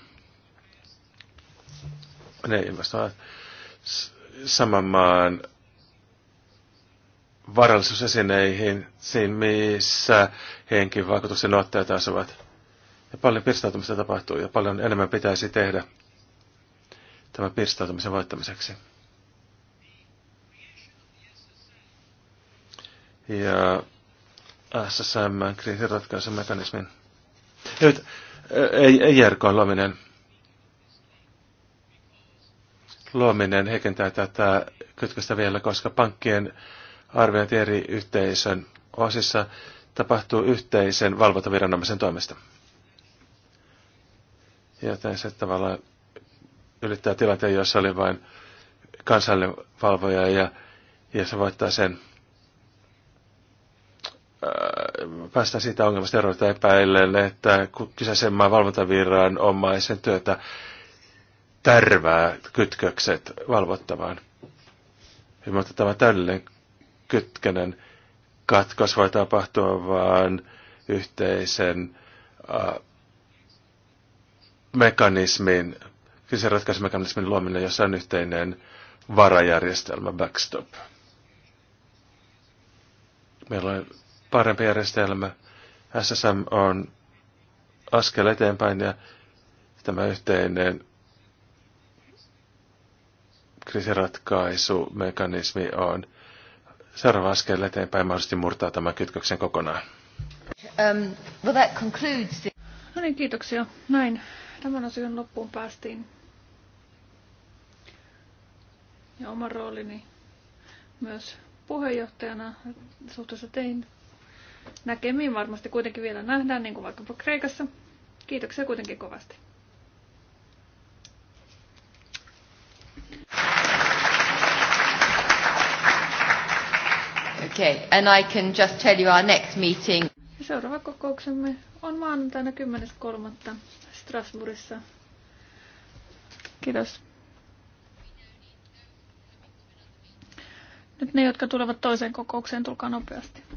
Ne investoivat saman maan varallisuusesineihin, siinä missä henkin vaikutuksen ottajat asuvat. Ja paljon pirstautumista tapahtuu ja paljon enemmän pitäisi tehdä tämän pirstautumisen voittamiseksi. Ja SSM-kriisin ratkaisumekanismin. Nyt, ei, ei järkoon luominen. Luominen heikentää tätä kytköstä vielä, koska pankkien arviointi eri yhteisön osissa tapahtuu yhteisen valvontaviranomaisen toimesta. Joten se tavallaan ylittää tilanteen, jossa oli vain kansallinen valvoja ja, ja se voittaa sen päästään siitä ongelmasta eroon epäillen, että kyseisen maan omaisen työtä tärvää kytkökset valvottavaan. Mutta tämä täydellinen kytkenen katkos voi tapahtua vain yhteisen äh, mekanismin, ratkaisumekanismin luominen, jossa on yhteinen varajärjestelmä, backstop. Meillä on parempi järjestelmä. SSM on askel eteenpäin ja tämä yhteinen kriisiratkaisumekanismi on seuraava askel eteenpäin mahdollisesti murtaa tämän kytköksen kokonaan.
Um, well that concludes the... No niin, kiitoksia. Näin. Tämän asian loppuun päästiin. Ja oma roolini myös puheenjohtajana suhteessa tein näkemiin varmasti kuitenkin vielä nähdään, niin kuin vaikkapa Kreikassa. Kiitoksia kuitenkin kovasti.
Okay, and I can just tell you our next meeting.
Seuraava kokouksemme on maanantaina 10.3. Strasbourgissa. Kiitos. Nyt ne, jotka tulevat toiseen kokoukseen, tulkaa nopeasti.